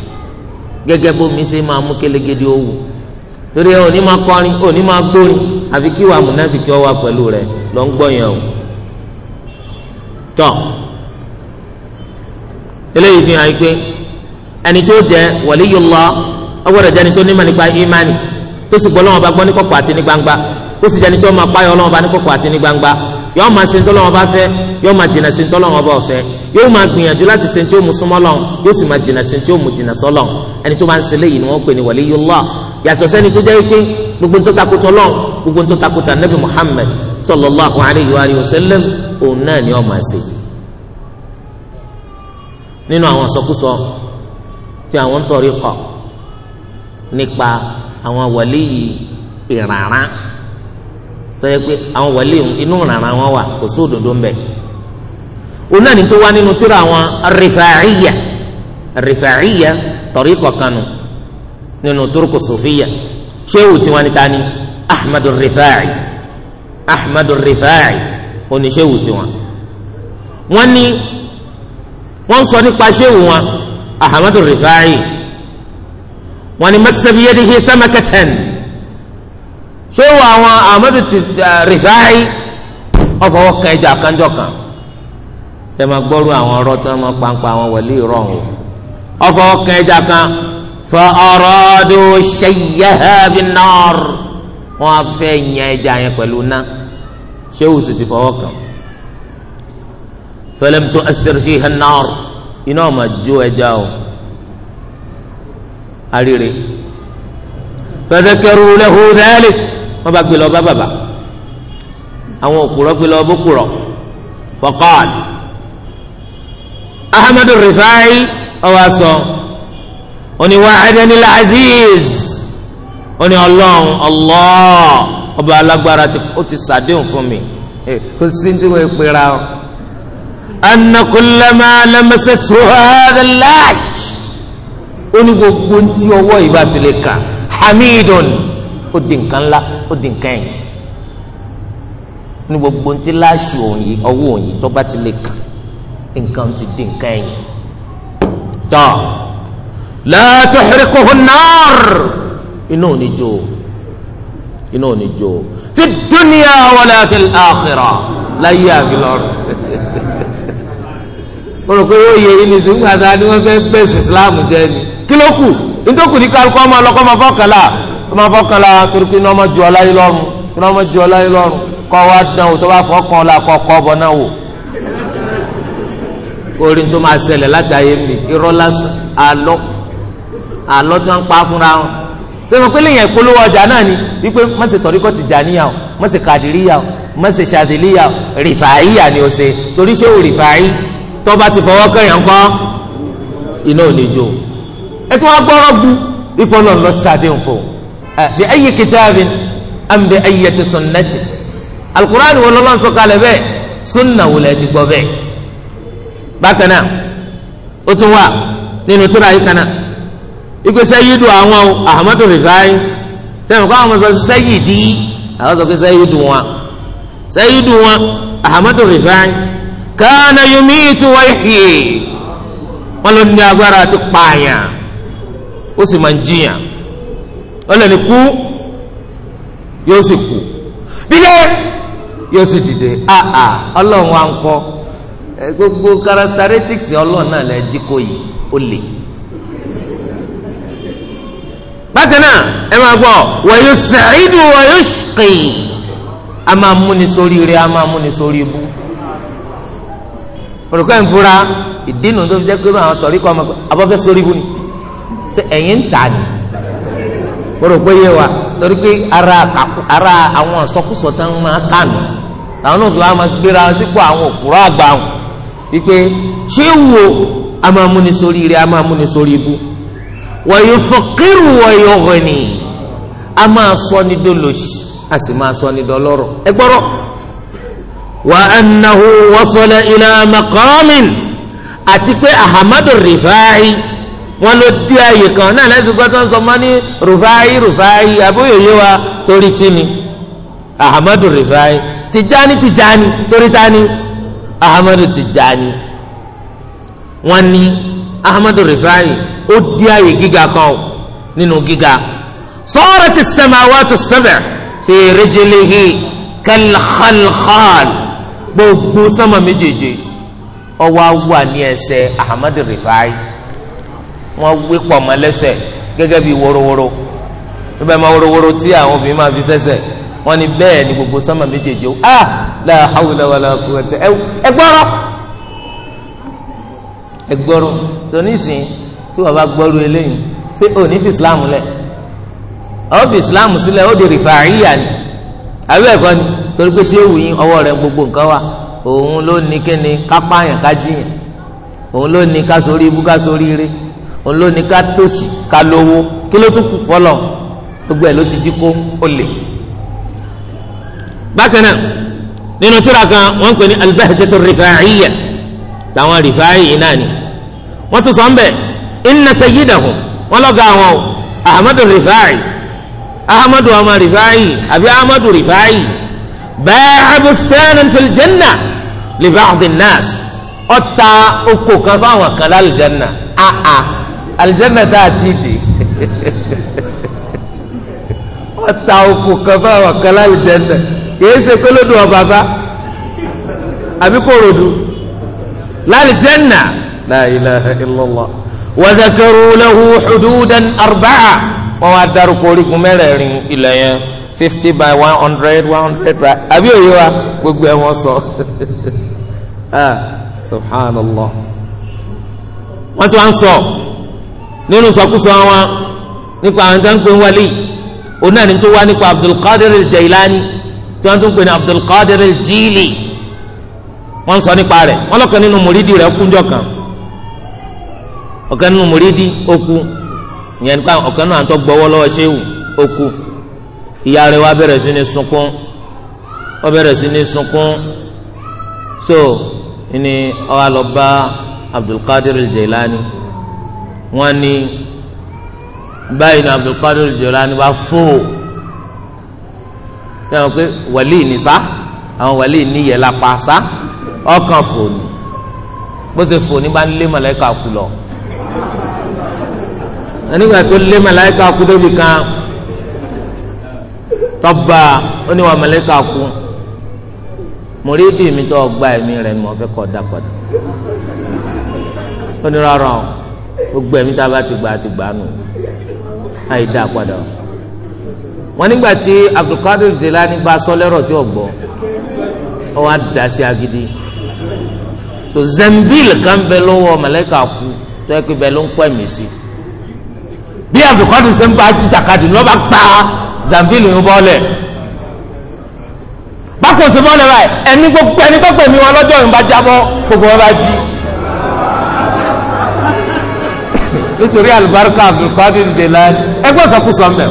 gẹ́gẹ́ bómi ṣe máa mú kélégédé owó torí ẹ òní máa kọrin òní máa gbórin àfi kí wàá múnáfíkì ọwà pẹ̀lú rẹ lọ ń gbọ́ yẹn o tọ́ eléyìí fi hàn yí pé ẹni tó jẹ waliyullah ọgbọ́dọ̀ jẹ́ni tó nímọ̀ nípa ìmánì tó sì gbọ́ lọ́wọ́ bá gbọ́ ní kọ̀kọ̀ àti ní gbangba ó sì jẹ́ni tó máa páyọ̀ lọ́wọ́ bá ní kọ̀kọ̀ àti ní gbangba yóò máa ṣe ntọ́lọ́wọ́ bá fẹ́ yóò máa jìnnà ṣe ntọ́lọ́wọ́ bá fẹ́ yóò máa gbìyànjú láti ṣe ntí ó mu súnmọ́ lọ́n yóò sì máa jìnnà ṣe ntí ó mu jìnnà sọ́lọ́ ẹni tó bá ń ṣe léyìí ni wọ́n pè ní waliyullah yàtọ̀ sẹ́ni tó jẹ́ pé gbogbo ntọ́ takutọ́ lọ́n gbogbo ntọ́ takutọ́ anabi Muhammad sallallahu alayhi wa sallam òun náà ni wọ́n máa ṣe nínú àwọn sọkúsọ tí àwọn ń kọ nípa àwọn wàlíyìí ìràrán tọ́jú pé àwọn wọlé inú ràrà wọn wà kò sí òdodo ń bẹ̀. òun náà ní tó wá nínú tíra àwọn rìfàáyà rìfàáyà tọ̀rí kọ̀kanu nínú turku sofiya ṣéwù tí wọ́n ní ta ni ahmadu rìfàáyì ahmadu rìfàáyì oníṣéwù tí wọ́n. wọ́n ní wọ́n sọ nípa ṣéwù wọn ahmadu rìfàáyì wọ́n ní masabiyadihi samakatan ṣé wo àwọn Ahmadu eh, Rifai ọ̀fọwọ́ kan ẹja kanjọ kan tẹ máa gbọ́rú àwọn ọ̀rọ̀ tí wọ́n máa pàǹpà àwọn wẹ̀lí ìrọ̀ ọ̀hún ọ̀fọwọ́ kan ẹja kan fa aradu shayyaha bin nar wọ́n á fẹ́ yan ẹja yẹn pẹ̀lú ná ṣé wò sì ti fọwọ́ kan falam tu'aththir fiha an-nar iná ọ̀ma jó ẹja o arire fadhakaru lahu dhalik wọ́n bá gbé lọ bá bàbá àwọn òkúrọ̀ gbé lọ bókúrọ̀ fọkàn Ahmadu Rifai ọwọ́ aṣọ oní wa'adani al-aziz oní ọlọ́run Allah ọba alágbára ó ti ṣàdéhùn fún mi eh, kò sí tí wọ́n pè ra ọ. anna kullama lamasatu hadha al gbogbo ntí ọwọ́ ìbá ti lè kà hamidun ó di nǹkan ńlá ó di nǹkan ẹ̀yìn ní gbogbo ntí láṣù òyìn ọwọ́ òyìn tó bá ti lè kàn nǹkan ti di nǹkan ẹ̀yìn tọ́ la tuhriquhu an-nar iná ò ní jó iná ò ní jó fi dunya wala fil akhirah láyé àfilọ́rùn mo rò pé ó yẹ ilé ìsìnkú àti adé wọn fẹ́ Islam jẹ ni kí ló kù nítorí kù ní kálukọ́ ọmọ ọlọ́kọ́ ọmọ fọ́kànlá tó máa fọkàn la torí pé iná máa ju ọláyé lọ́rùn iná máa ju ọláyé lọ́rùn kọ́ wa dán o tó bá la kọ́ kọ́ bọ́ náà wò orin tó máa ṣẹlẹ̀ látàyè mi irọ́ lásán àlọ́ àlọ́ tó ń pa fúnra wọn sẹ́nu pé lèyìn ìpolówó ọjà náà ni wípé má ṣe tọ́ríkọ́ Tìjàníyà o má ṣe Kàdìríyà o má ṣe Ṣàdìlíyà o rìfàáyà ni o ṣe torí ṣé o rìfàáyì tó bá ti fọwọ́ kẹ̀yàn kọ́ iná ò lè jó ẹ tí wọ́n bu ipò náà lọ sí Eh, bi ayi kitaabin am bi ayati sunnati alukur'an wo lọ́lọ́ sọ̀kalẹ̀ bẹ́ẹ̀ sunna wulẹ̀ ti gbọ́ bẹ́ẹ̀ bákan náà ó tún wà nínú tura yìí kan náà ìgbésẹ̀ yìí dùn àwọn ahmadu rifai sẹ́yìn kó àwọn ọmọ sọ sẹ́yìn dì í àwọn sọ pé sẹ́yìn dùn wọn sẹ́yìn dùn wọn ahmadu rifai kana yumitu wa yuhyi wọn ló ní agbára àti pààyàn ó sì máa ń jiyàn ọlọ́ni kú yóò sì kú dídé yóò sì dìde àà ah, ah, ọlọ́run wa ń kọ́ gbogbo characteristics ọlọ́run náà lẹ́ jí kó yìí ó lè. bákan náà ẹ máa gbọ́ wọ̀nyí sẹ́yìndù wọ̀nyí ṣìkì a máa múni sórí rẹ a máa múni sórí ibú olùkọ́ ìfura ìdí nu tó fi jẹ́ pé àwọn tọ̀rí kọ́ ọmọ abọ́fẹ́ sórí ibú ni ṣé ẹ̀yin ń tà ni mo rò pé yé wa torí pé ara ara àwọn sọkúsọ tán máa kànú làwọn náà fi wá máa gbéra sípò àwọn òkúrọ̀ àgbà wọn wípé ṣé wo a máa múni sórí ire a máa múni sórí ibu wọ̀nyí fọkírù wọ̀nyí ọ̀hìnì a máa sọ ní dolóṣì a sì máa sọ ní dọlọ́rọ̀ ẹ gbọ́rọ̀ wà á nàhó wọ́sọ̀lẹ̀ ìlànà kọ́ọ́mìn àti pé ahamadu rìfáì wọn ló dé àyè kan náà lẹ́sìn gbọ́dọ̀ ń sọ mọ́ ní rufai rufai abóyòyè wa torí tíni ahamadu rufai tìjáni tìjáni torí tani ahamadu tìjáni wọn ní ahamadu rufai ó dé àyè gíga kan o nínú gíga sọ́ọ́rọ́ ti sẹ́mi àwọn sẹ́bẹ̀ fi rẹ́jẹ̀lẹ́hì kẹ́lẹ́kẹ́lẹ́kẹ́l gbogbo sọ́mọ méjèèjì ọwọ́ wà ní ẹsẹ̀ ahamadu rufai wọ́n wé pọ̀ mọ́ lẹ́sẹ̀ gẹ́gẹ́ bí worowóró tó bẹ́ẹ̀ máa worowóró tí àwọn obìnrin máa fi sẹ́sẹ̀ wọ́n ní bẹ́ẹ̀ ni gbogbo sánmà méjèèjì ó ah la hawla wala quwwata ẹ gbọ́rọ̀ ẹ gbọ́rọ̀ tó nísìn tí wọ́n bá gbọ́rọ̀ eléyìí ṣé ò ní fi islam lẹ̀ àwọn fi islam sílẹ̀ ó di rìfàáyà ni àbí ẹ̀kọ́ ni torí pé ṣé òwú yín ọwọ́ rẹ̀ gbogbo nǹkan wà òun ló ní kíni kápáyàn kájíyàn òun ló ní kásorí ibú kásorí ire òun ló ní ká tóṣì ká lówó kí ló tún kù fọlọ gbogbo ẹ ló ti jí kó ó lè. bákan náà nínú tírà kan wọ́n ń pè ní albahjatu rifaaciya làwọn rifaaciyi náà ni wọ́n tún sọ ń bẹ inna sayyidahum wọ́n lọgàá wọn o ahmadu rifaaci ahmadu ọmọ rifaaci àbí ahmadu rifaaci baaca bustanan fil janna li bacdi nnaas ó ta oko kan fáwọn kan lálùjánnà áá. Ah, ah aljanna tá a ti dè wọ́n ta òkú kan fún àwọn kan lálùjẹ́nà kìí ṣe pé lódò ọba bá àbí kò ròdù lálùjẹ́nà la ilaha illallah wa zakaru lahu hududan arba'a wọ́n wá dárúkọ orígun mẹ́rẹ̀ẹ̀rin ilẹ̀ fifty by one hundred one hundred by àbí òye wa gbogbo ẹ̀ wọ́n sọ ah, subhanallah wọ́n tún wá ń sọ nínú sọkúsọ wọn nípa àwọn tó ń pè ń wálé òun náà ní tó wá nípa Abdulkadir Jailani tí wọ́n tún pè ní Abdulkadir Jili wọ́n sọ nípa rẹ̀ wọ́n lọ́kàn nínú mùrídìí rẹ̀ kúnjọ́ kan ọ̀kan nínú mùrídìí ó kú ìyẹn nípa ọ̀kan náà tó gbọ́wọ́ lọ́wọ́ ṣéwù ó kú ìyá rẹ̀ wá bẹ̀rẹ̀ sí ní sunkún wọ́n bẹ̀rẹ̀ sí ní sunkún so ní ó bá Abdulkadir Jailani wọ́n ní báyìí ní Abdulkadir Jilani bá fò sẹ́wọ̀n pé wàlí ní sá àwọn wàlí ní yẹ̀lá pa sá ọkàn fò ní bó ṣe fò ní bá ń lé màláìka kú lọ nígbà tó lé màláìka kú débi kan tọ́ba ó ní wà màláìka kú mùrídìí mi tó gba ẹ̀mí rẹ̀ ni mo fẹ́ kọ́ dá padà ó ní rárá o gbogbo ẹ̀mí tá a bá ti gbà á ti gbà á nù láì dá a padà wọn nígbà tí Abdulkadir Jilani bá sọ lẹ́rọ̀ tí ò gbọ́ ọ wá dá sí agídí so zambil kan bẹ lọ́wọ́ mọ̀lẹ́kà kú tó yẹ kó bẹ ló ń pẹ́ mí sí bí Abdulkadir ṣe ń bá jìjàkadì lọ́ba gbà zambil ń bọ́ lẹ̀ bákan ṣe bọ́ lẹ̀ báyìí ẹni gbogbo ẹni tó pè mí wọn lọ́jọ́ ìbájábọ́ gbogbo wọn jí. nítorí alibarika abdulkadir Jelani ẹgbẹ́ sọkúsọ mbẹ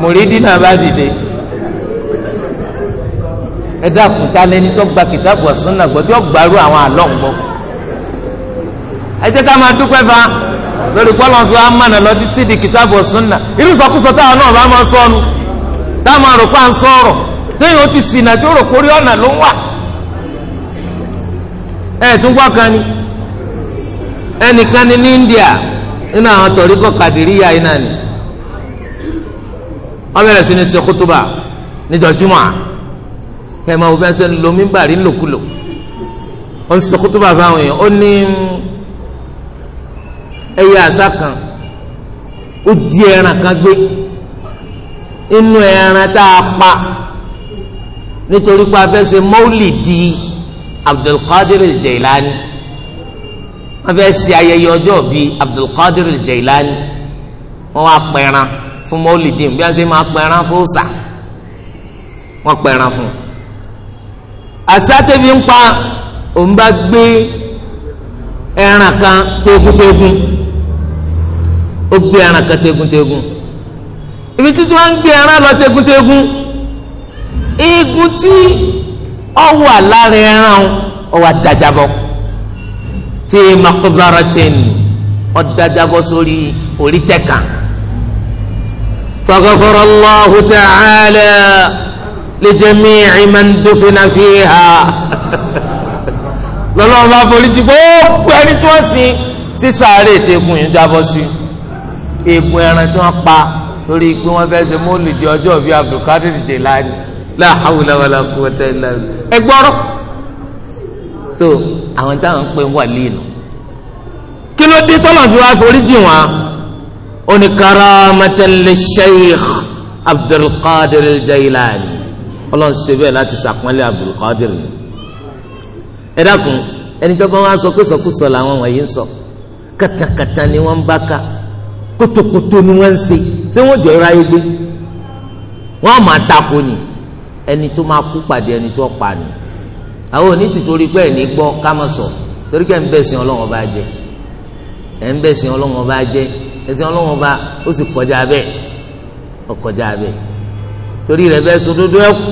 mùrídìí náà bá dìde ẹ dákun ta lẹni tó gba kìtàbù ọ̀sán náà gbọ́ tí gbàrú àwọn àlọ́ ń gbọ́ ẹ jẹ́ ká máa dúpẹ́ fa lórí pọ́lọ́n fi wá mànà lọ sí sídìí kìtàbù ọ̀sán náà irú sọkúsọ táwọn náà bá máa sọnù táwọn máa ń sọ̀rọ̀ ẹnìkan ní ní India nínú àwọn tọ̀ríkọ̀ kàdìríyà yìí náà ni wọ́n bẹ̀rẹ̀ sí ní ṣe kútúbà níjọ́ jùmọ̀ kẹ́mọ́ òbí ẹsẹ̀ ń lo mímbàrí ńlòkulò ó ń ṣe kútúbà fáwọn èèyàn ó ní ẹyẹ àṣà kan ó di ẹran kan gbé inú ẹran tá a pa nítorí pé a fẹ́ ṣe mọ́wùlì di Abdulkadir Jailani. wọ́n fẹ́ẹ́ ṣe ayẹyẹ ọjọ́ bíi Abdulkadir Jailani wọ́n wá pẹran fún mọ́lìdín bí wọ́n ṣe máa pẹran fún ọ̀sà wọ́n pẹran fún un. àṣàtẹ̀bí ń pa òun bá gbé ẹran kan tegun ibi títí wọ́n ń gbé ẹran lọ tegun-tegun eegun tí ọwọ́ ẹran ọwọ́ tí makobaratin ọ̀dàdàbọ̀ sórí orítẹ̀ka fagafara allahu ta'ala li jami'i man dufina fiha lọ́lọ́run bá forí ti gbogbo ẹni tí wọ́n sin sísàárè tí egun yìí jábọ́ sí egun ẹran tí wọ́n pa torí pé wọ́n fẹ́ẹ́ ṣe mọ́lùdí ọjọ́ bíi abdulkadir jelani la hawla wala quwwata àwọn táwọn ń pè ń wà líìnù kí ló dé tọ́lọ̀ fi wá forí jì wọ́n ó ní sheikh abdulkadir jailani ọlọ́run ṣe bẹ́ẹ̀ láti ṣàpọ́nlé abdulkadir ni ẹ dákun ẹni tó kàn wá sọ pé sọkúsọ làwọn wọ̀nyí ń sọ katakata ni wọ́n ń bá ká kótókótó ni wọ́n ń ṣe ṣé wọ́n jọ ráyé gbé wọ́n máa tako ni ẹni tó máa kú pàdé ẹni tó pa ni àwọn onítìtorí pé ẹ̀ ní gbọ́ ká mọ̀ sọ torí pé ẹ̀ ń bẹ̀ sìn ọlọ́run ọba jẹ ẹ̀ ń bẹ̀ sìn ọlọ́run ọba jẹ ẹ̀sìn ọlọ́run ọba ó sì kọjá abẹ́ ọkọjá abẹ́ torí rẹ̀ bẹ́ẹ̀ sòdodo ẹ̀kú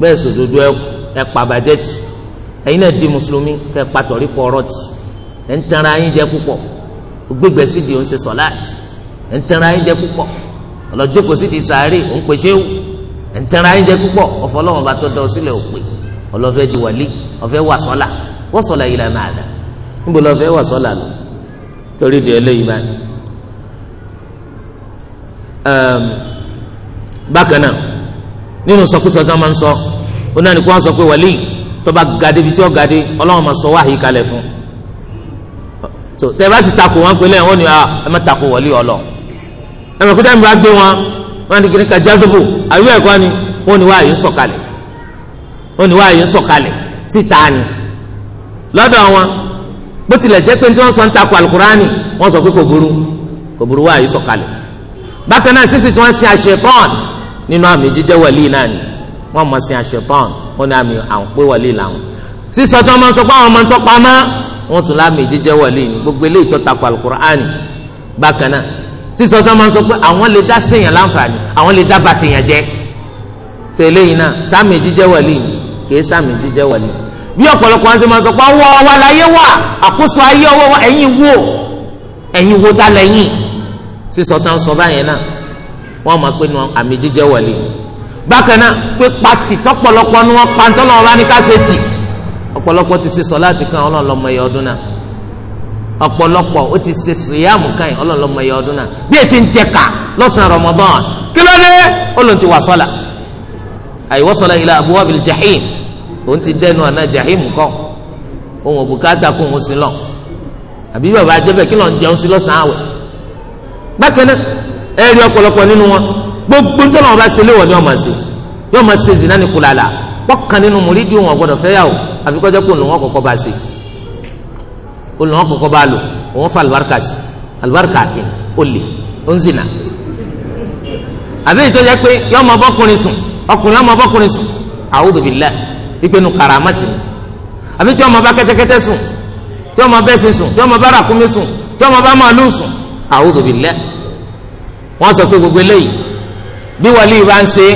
bẹ́ẹ̀ sòdodo ẹ̀kú ẹ̀ pa bàjẹ́ tì ẹ̀yin náà di mùsùlùmí kẹ́ ẹ̀ patọ̀rí pọ̀ ọ̀rọ̀ tì ẹ̀ ń tanra yín jẹ púpọ̀ gbégbé sídìí ó ń ṣe sọ̀láàtì ẹ̀ ń tanra ọlọ́fẹ́ di wali, ọ̀fẹ́ wà sọ́là wọ́n sọ̀là yìí lànà àdá níbo lọ́fẹ́ wà sọ́là lọ torí di eléyìí báyìí. bákan náà nínú sọkúsọ tí wọ́n máa ń sọ ó náà ní kó wọ́n sọ pé wàlí tọ́ba gàdé bíi tí ó gàdé ọlọ́run máa sọ wáhìí kalẹ̀ fún so tẹ bá ti takò wọn pẹ̀lẹ́ wọn ni ah, ẹ má takò wàlí ọlọ ẹ mọ̀ kúta mi bá gbé wọn wọn ni kìnnìkan jáfẹ́fò àbí ẹ̀kọ́ ni wọn ni wáhìí ń sọ̀kalẹ̀ oníwà yìí ń sọ̀kalẹ̀ síta ni lọ́dọ̀ wọn bó tilẹ̀ jẹ́ pé tí wọ́n sọ ń takò alukurani wọ́n sọ pé kò burú kò burú wà sọ̀kalẹ̀ bákan náà sísè tí wọ́n sin àṣetán nínú àmì jíjẹ́ wàlíì náà ni wọ́n mọ̀ sin àṣetán wọ́n ní àmì àwọn pé wàlíì làwọn sísọ tí wọ́n máa ń sọ pé àwọn máa ń tọ́pa mọ́ wọ́n tún láàmì jíjẹ́ wàlíì ni gbogbo eléyìí tó takò alukurani bákan náà sísọ tí wọ́n máa ń sọ pé àwọn lè dá séèyàn láǹfààní àwọn lè dá bàtìyàn jẹ́ sẹ́lẹ̀yìn náà sáàmì jíjẹ́ wàlíì ni kìí sàmì jíjẹ́ wọlé bí ọ̀pọ̀lọpọ̀ wọn ṣe máa sọ pé ọwọ́ wa láyé wà àkóso ayé ọwọ́ wa ẹ̀yin wo ẹ̀yin wo ta lẹ́yìn sísọ tán sọ báyẹn náà wọ́n máa pé àmì jíjẹ́ wọlé bákan náà pé pati tọ́pọ̀lọpọ̀ ni wọ́n pa ntọ́nà ọba ní kásẹ̀tì ọ̀pọ̀lọpọ̀ ti ṣe sọ láti kan ọlọ́run lọ́mọ ẹ̀yọ ọdún náà ọ̀pọ̀lọpọ̀ ó ti ṣe sùyàmù káyìn ọlọ́run lọ́mọ ẹ̀yọ ọdún náà bí ètí ń jẹka lọ́sàn-án Ramadan kí ó lòun ti wà sọ́la àìwọ́sọ̀lá ila abwabil jahim òun ti dẹnu àná jahimu kọ òun ò bùkátà kó òun sí lọ àbí bàbá ajẹ́bẹ̀ kí ló ń jẹun sí lọ́sàn-án àwẹ̀ bákan náà ẹ rí ọ̀pọ̀lọpọ̀ nínú wọn gbogbo tó lọ́wọ́ bá ṣe léwọ̀ ni wọ́n máa ṣe yóò máa ṣe zina ní kulala pọ́kàn nínú mùrídìí wọn gbọ́dọ̀ fẹ́ yà o àfi kọjá pé olùwọ́n kọ̀kọ́ bá ṣe olùwọ́n kọ̀kọ́ bá lò òun fa àlùbáríkà sí àlùbáríkà kì í ó lè ó ń zina àbí ìtọ́jà pé yọ́ọ́ máa bọ́kùnrin sùn ọkùnrin yọ́ọ́ bọ́kùnrin sùn a'udhu billah ìpinnu karamati àbí tí ọmọ bá kẹ́tẹ́kẹ́tẹ́ sùn tí ọmọ bá ẹṣin sùn tí ọmọ bá ràkúnmí sùn tí ọmọ bá màálù sùn a'udhu billah wọ́n sọ pé gbogbo eléyìí bí wàlí bá ń ṣe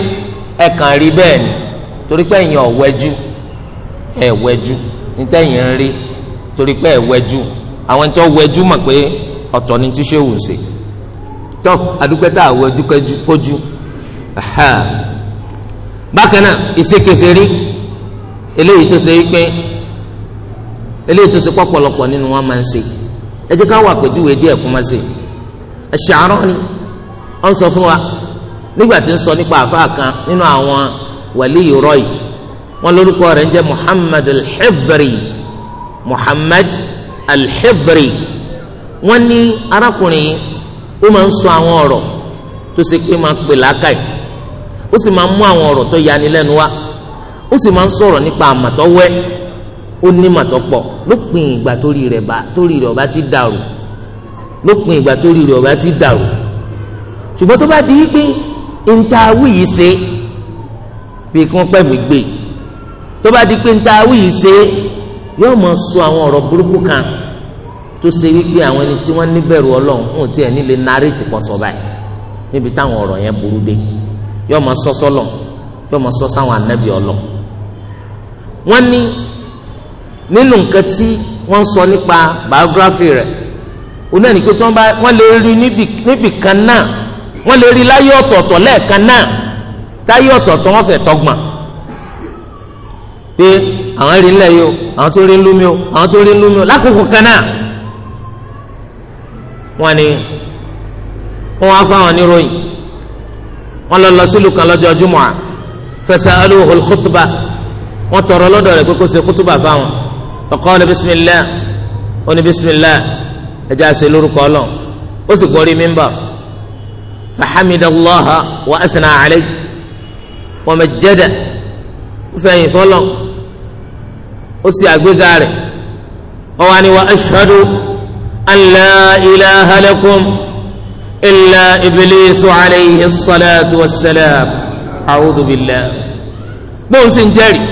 ẹ̀kàn rí bẹ́ẹ̀ ni torí pé ẹ̀yin ọ̀wẹ́jú ẹ̀wẹ́jú nítẹ̀yìn ń rí torí pé ẹ̀wẹ́jú àwọn tó wẹ́jú mọ̀ pé ọ̀tọ̀ ni tí ṣé wù ṣe tó adúgbò tá àwẹ́jú kọjú bákan náà ìṣèkèsè rí eléyìí tó ṣe é pé eléyìí tó ṣe pọ̀pọ̀lọpọ̀ nínú wọn máa ń ṣe ẹ jẹ́ ká wà pẹ̀júwe díẹ̀ kó má ṣe Ash-Sha'rani ó ń sọ fún wa nígbà tí ń sọ nípa àfáà kan nínú àwọn wàlíì rọ́ì wọn lórúkọ rẹ̀ ń jẹ́ Muhammad al-Hibri Muhammad al-Hibri wọn ní arákùnrin ó máa ń sọ àwọn ọ̀rọ̀ tó ṣe pé máa pè lákàyè ó sì máa ń mú àwọn ọ̀rọ̀ tó yanilẹ́nu wá ó sì máa ń sọ̀rọ̀ nípa àmàtọ́wẹ́ ó ní màtọ́pọ̀ lópin ìgbà torí rẹ̀ bá torí rẹ̀ ọba ti dàrú lópin ìgbà torí rẹ̀ ọba ti dàrú ṣùgbọ́n tó bá di wípé ntaawi yìí ṣe bí kí wọ́n pẹ́ mi gbé tó bá di pé ntaawi yìí ṣe yóò máa sọ àwọn ọ̀rọ̀ burúkú kan tó ṣe wípé àwọn ẹni tí wọ́n níbẹ̀rù ọlọ́run òun tiẹ̀ nílé nárètì pọ̀ báyìí níbi táwọn ọ̀rọ̀ yẹn burú dé yóò máa sọ sọ́lọ̀ yóò máa sọ sáwọn anábì ọlọ́run wọ́n ní nínú nǹkan tí wọ́n sọ nípa biography rẹ̀ òun náà ní pé tí wọ́n bá wọ́n lè rí níbì kan náà wọ́n lè rí láyé ọ̀tọ̀ọ̀tọ̀ lẹ́ẹ̀kan náà táyé ọ̀tọ̀ọ̀tọ̀ wọ́n fẹ́ tọ́gbọ̀n pé àwọn rí nílẹ̀ yìí o àwọn tó rí ń lómi o àwọn tó rí ń lómi o lákòókò kan náà wọ́n ní wọ́n wá fáwọn oníròyìn wọ́n lọ lọ sílùú kan lọ́jọ́ jùmọ̀ fẹsẹ̀ alóhùn khutba wọ́n tọrọ lọ́dọ̀ rẹ̀ pé kó ṣe kútúbà fáwọn ọkọ ní bisimilá ó ní bisimilá ẹjẹ́ àṣẹ lórúkọ ọlọ́run ó sì gorí mímbà fahamidallaha wa athna alayhi wa majjada ó fẹ̀yìn sọ́lọ̀ ó sì àgbéga rẹ̀ ó wá ní wa ashhadu an la ilaha lakum illa alayhi salatu wa salam a'udhu billah gbóhùn sí ń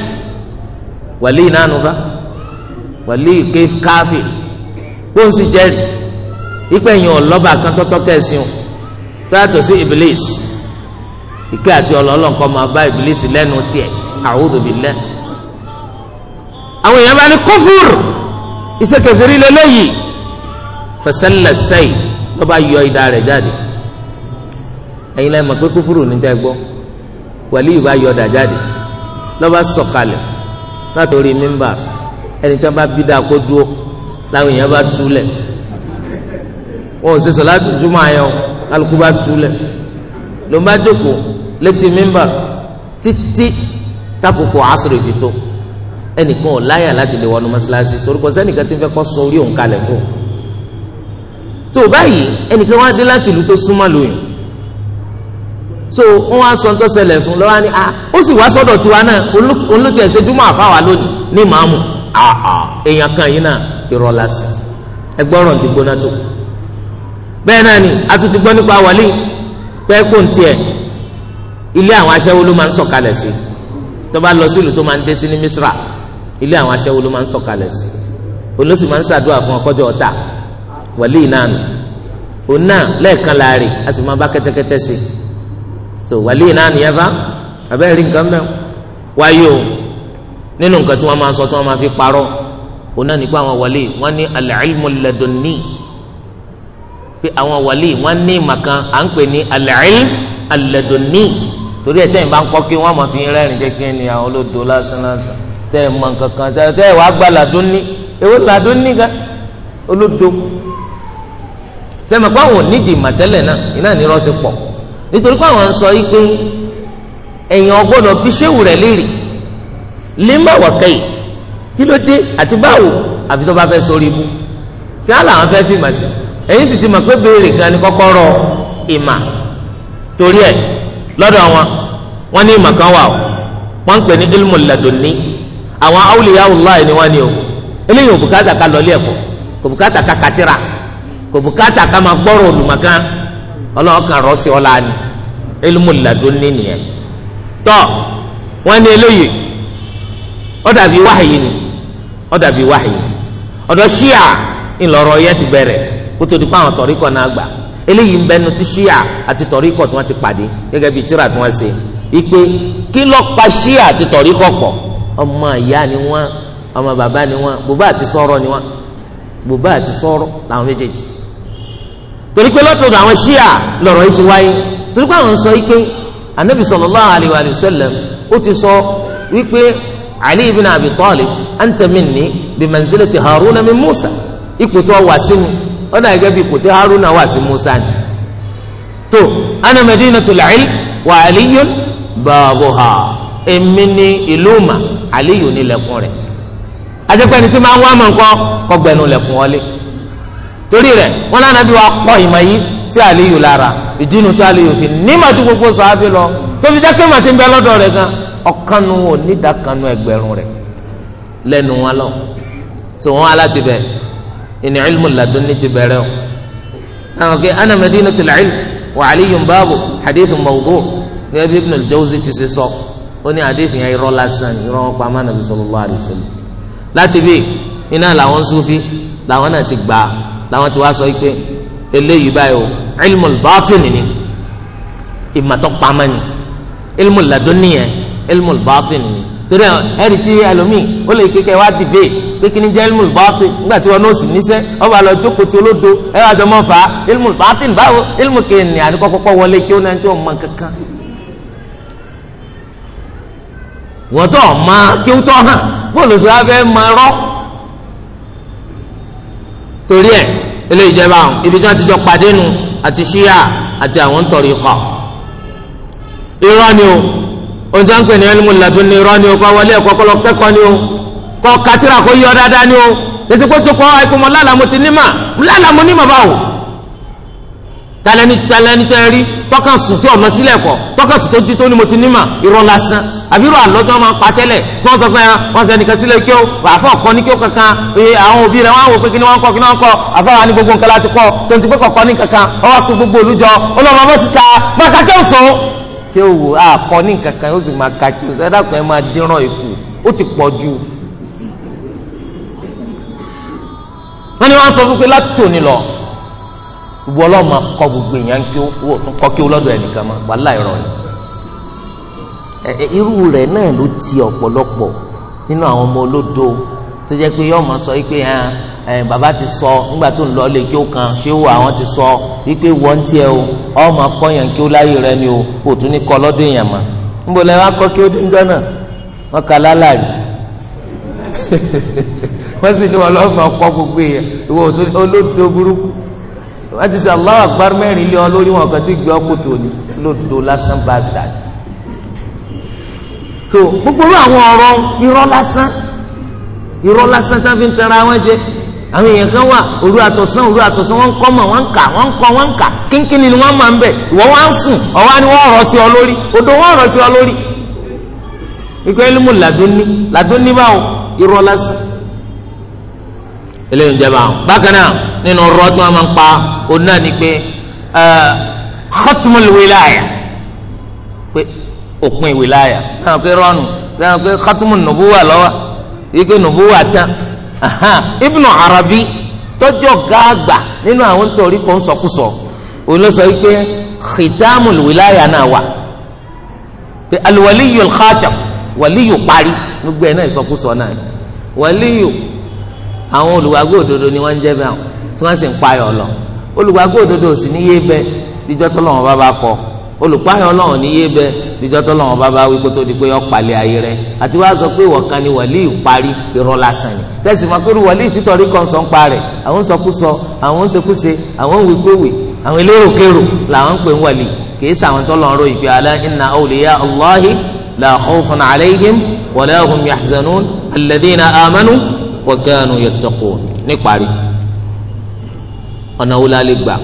wàlíì nánu bá wàlíì káfí kóun sì jẹ́rìí ìpẹ̀yìn ọlọ́ba kan tọ́tọ́ kẹ́sìn o tó yàtọ̀ sí iblis ìkẹ́ àti ọlọ́ọ̀lọ́ nǹkan máa bá iblis lẹ́nu tiẹ̀ e. a'udhu billah àwọn èèyàn bá ní kófúr ìsèkèfèrí lélẹ́yìí fẹsẹ̀lẹ̀ sẹ́yìn ló bá yọ ìdá rẹ̀ jáde ẹ̀yin lẹ́yìn mọ̀ pé kófúrù ní tẹ́ gbọ́ wàlíì bá yọ ọ̀dà jáde ló bá sọ̀kalẹ̀ láti orí mímbà ẹni tí wọ́n bá bí dáa kó dúró láwọn èèyàn bá túlẹ̀ wọn ò ṣe sọ̀láàtù júmọ̀ àyàn kálukú bá túlẹ̀ ló ń bá jókòó létí mímbà títí tákòkò àásùrè fi tó ẹnìkan ò láyà láti lè wọnú mọ́ṣáláṣí torí kò sẹ́nìkan tí ń fẹ́ kọ́ sọ orí òun kalẹ̀ fún tó báyìí ẹnìkan wá dé láti ìlú tó súnmọ́ lóyún so wọn wá sọ tó ṣẹlẹ̀ fún lọ́wọ́ ni ah, ó sì wá sọ́dọ̀ tiwa náà olùtẹ̀ ṣe júmọ̀ àfáwà lónìí ní màámu ah, ah, èèyàn kan yìí náà irọ́ lásán ẹgbọ́rọ̀ ti gbóná tó bẹ́ẹ̀ náà ni a tún ti gbọ́ nípa wàlíì pẹ́ẹ́kù ń tiẹ̀ ilé àwọn aṣẹ́wó ló máa ń sọ̀kalẹ̀ sí tó lọ sí ìlú tó máa ń dé sí ní Misra ilé àwọn aṣẹ́wó ló máa ń sọ̀kalẹ̀ sí olóṣù máa ń ṣàdúrà fún ọkọ́jọ́ ọ̀tá wàlíì náà nù òun náà lẹ́ẹ̀kan láàrin a sì máa bá kẹ́tẹ́kẹ́tẹ́ sí i so wàlíì náà nìyẹn bá abẹ́ rí nǹkan bẹ́ẹ̀ wáyé o nínú nǹkan tí wọ́n máa sọ tí wọ́n máa fi parọ́ òun náà nípa àwọn wàlíì wọ́n ní al-ilmu ladunni pé àwọn wàlíì wọ́n ní màkan à ń pè ní al-ilm al-ladunni torí ẹ̀ tẹ́yìn bá ń kọ́ kí wọ́n máa fi rẹ́rìn jẹ́ kí ni àwọn olódo lásán lásán tẹ́ ẹ̀ mọ nǹkan kan tẹ́ ẹ̀ wàá gba ladunni èwo ladunni gan olódo sẹ́mi pé àwọn ò nídìí màtẹ́lẹ̀ náà ìnáà ní nítorí pé àwọn ń sọ yìí pé èèyàn gbọ́dọ̀ bí sẹ́wù rẹ̀ léèrè lẹ́mà wàkẹ́yì kí ló dé àti báwo àfi tó bá fẹ́ sórí ibú kí á làwọn fẹ́ fi mà sí èyí sì ti mọ̀ pé béèrè gan ni kọ́kọ́rọ́ ìmà torí ẹ̀ lọ́dọ̀ wọn wọ́n ní ìmọ̀ kan wà o wọ́n ń pè ní ilmu ladunni àwọn awliyaullahi ni wọ́n ní o eléyìí ò ká lọ ẹ̀kọ́ kò ká katira kò ká máa gbọ́rọ̀ olùmọ̀kan ọlọ́ọ̀kan rọ́ sí ọ́ láàánú ilmu ladunni nìyẹn tọ́ wọ́n ní eléyìí ó dàbí wáhìí ni ó dàbí wáhìí ọ̀dọ̀ ṣíà ńlọrọ̀ yẹn ti bẹ̀rẹ̀ kó tó di pa àwọn tọ̀ríkọ̀ náà gbà eléyìí ń bẹnu ti ṣíà àti tọ̀ríkọ̀ tí wọ́n ti pàdé gẹ́gẹ́ bíi tíra tí wọ́n ṣe ipe kí ló pa ṣíà àti tọ̀ríkọ̀ pọ̀ ọmọ ìyá ni wọ́n ọmọ bàbá ni wọ́n bùbá àti sọ̀rọ̀ ni wọ́n bùbá àti sọ̀rọ̀ làwọn méjèèjì torí pé lọ́tọ̀ọ̀dọ̀ àwọn ṣíà lọ̀rọ̀ yìí ti wáyé torí pé àwọn sọ wípé anabi sallallahu alayhi wa sallam ó ti sọ wípé ali ibn abi talib anta minni bi manzilati haruna min musa ipò tó wà sí mi ó náà gẹ́gẹ́ bí ipò tí haruna wà sí musa ni tó ana madinatul ilm wa aliyun babuha èmi ni ìlú mà aliyun ni lẹ̀kùn rẹ̀ ajẹ́pẹ́ ni tí máa ń wá mọ̀ nǹkan kọgbẹ́nu lẹ̀kùn wọlé torí rẹ̀ wọn lánàá bí wàá kọ́ ìmọ̀ yìí sí Aliyu lára ìdínú tí Aliyu sì nímọ̀ tí gbogbo sàábì lọ tó fi jákè màtí ń bẹ lọ́dọ̀ rẹ̀ gan ọ̀kanu onídàkanu ẹgbẹ̀rún rẹ̀ lẹ́nu wọn lọ tó wọn aláti bẹ̀ ìní ilmu ladunni ti bẹ̀rẹ̀ o àwọn kí ana madinatul ilm wa Aliyu báàbò hadithu mawdu gẹ́gẹ́ bí Ibn al-Jawzi ti ṣe sọ ó ní hadithu yẹn irọ́ lásán irọ́ pamọ́ nàbí sallallahu alaihi wasallam láti bí iná làwọn Sufi làwọn náà ti gbà làwọn ti wá sọ pé eléyìí báyìí o ilmul bátìnì ni ìmọ̀tọ́ pamọ́ ni ilmul ladunni yẹn ilmul bátìnì ni torí ẹni tí ẹlòmíì ó lè kéka ẹ wá debate pé kí ni jẹ́ ilmul bátìnì nígbà tí wọn náà sì níṣẹ́ ọba lọ jókòó tí olódo ẹ wá jọ mọ́ fà á ilmul bátìnì báwo ilmu kìíní àdìkọ́kọ́kọ́ wọlé kí ó náà tí ó mọ kankan wọ́n tó ma kí ó tọ́ hàn bóòlù sí abẹ́ rọ́ torí ẹ̀ eléyìí jẹ́ ibi tí wọ́n ti jọ pàdé nu àti ṣíà àti àwọn ń tọrí kọ. irọ́ ni o ohun tí wọ́n ń pè ní ẹlẹ́mú ladùn ní irọ́ ni o kọ́ wọlé ẹ̀kọ́ kọ́ lọ kẹ́kọ̀ọ́ ni o kọ́ katira kó yọ dáadáa ni o lẹ́sìn kó tó kọ́ ẹ̀kọ́ mọ́ lálàmú ti nímà lálàmú nímà báwo. talẹ́ni talẹ́ni tẹ́ rí tọ́kàn sùn tí ọmọ sílẹ̀ kọ̀ tọ́kàn sùn tó jí tó ní mo ti ní mà irọ́ lásán àbírò àlọ́jọ́ máa ń pa tẹ́lẹ̀ tí wọ́n sọ pé wọ́n sẹ́ni kan sílẹ̀ kí ó àfọ̀ kọ́ ní kí ó kankan àwọn òbí rẹ̀ wọ́n á wò pé kí ni wọ́n kọ́ kí ni wọ́n kọ́ àfọ̀ wa ní gbogbo nǹkan láti kọ́ tó ń ti pé kọ̀kọ́ ní kankan ọwọ́ kó gbogbo olùjọ ọlọ́mọ bó sì ta bàtà kí ó sọ. kí ó wò á ní kankan ó sì máa ka kí ó sọ ẹ̀dá kan máa dínrán ikú ó ti pọ̀ ju wọ́n ní wọ́n sọ fún pé látòní lọ gbogbo ọlọ́mọ kọ gbogbo èèyàn kí ó kọ́ kí ó ẹnìkan mọ́ wàhálà ìrọ̀ ni irú rẹ̀ náà ló ti ọ̀pọ̀lọpọ̀ nínú àwọn ọmọ olódo tó jẹ́ pé yọ́ọ̀ máa sọ wípé bàbá ti sọ nígbà tó ń lọ ti sọ wípé wọ́n tiẹ̀ o kí ó láyé rẹ ni o kò tún ní kọ́ èèyàn mọ́ kí ó wọ́n ka wọ́n sì ní kọ́ gbogbo èèyàn ìwọ wọ́n ti sọ Allahu Akbar mẹ́rin lé ọ lórí wọn kan tó gbé ọkùtò ní lòdò lásán bastard so gbogbo àwọn ọ̀rọ̀ irọ́ lásán irọ́ lásán tá a fi ń tẹ̀ra wọn jẹ àwọn èèyàn kan wà òru àtọ̀sán òru àtọ̀sán wọ́n ń kọ́ mọ̀ ń kà wọ́n ń kọ́ wọ́n ń kà kínkínni ni wọ́n máa ń bẹ̀ ìwọ́n wá ń sùn ọ̀wá ni wọ́n rọ̀ sí ọ lórí odò wọ́n rọ̀ sí ọ lórí. ikú ẹlẹ́mu làdóní làdóní báwo irọ́ lásán. eléyìí ń jẹ́ báwọn bákan náà nínú ọ̀rọ̀ tí wọ́n máa ń pa òun náà ni pé khatmul wilaya pé òpin wilaya sáwọn pé rọ́ọ̀nù sáwọn pé khatmul nubuwa lọ́wọ́ yìí pé nubuwa tán ibnu arabi tọ́jú ọ̀gá àgbà nínú àwọn torí kan sọkúsọ òun ló sọ yìí pé khitamul wilaya náà wà pé alwaliyu alkhatam waliyu parí gbogbo ẹ̀ náà ìsọkúsọ náà waliyu àwọn olùwàgbọ́ òdodo ni wọ́n ń jẹ́ bẹ́ẹ̀ àwọn tí wọ́n sì ń payọ̀ lọ olùwàgbọ́ òdodo sì ní yé bẹ́ẹ̀ díjọ́ tọ́lọ́wọ́n bá bá kọ́ olùpáyọ̀ ọlọ́run ní yé bẹ́ẹ̀ díjọ́ tọ́lọ́wọ́n bá bá wí kó tó di pé ọ̀pàlẹ̀ ayé rẹ̀ àti wàá sọ pé ìwọ̀kan ni wàlí ìparí irọ́ lásán ni sẹ́sì máa pẹ́rù wàlí ìtítọ́rí kan sọ ń pa rẹ̀ àwọn ń sọkúsọ àwọn ń sekúse àwọn ń àwọn eléròkérò làwọn ń pè ń wàlí kìí sàwọn tọ́lọ́run ròyìn pé alẹ́ inna awliya Allahi la khawfun alayhim wa lahum yahzanun alladhina amanu wa kanu yattaqun níparí ọ̀nà wo la lè gbà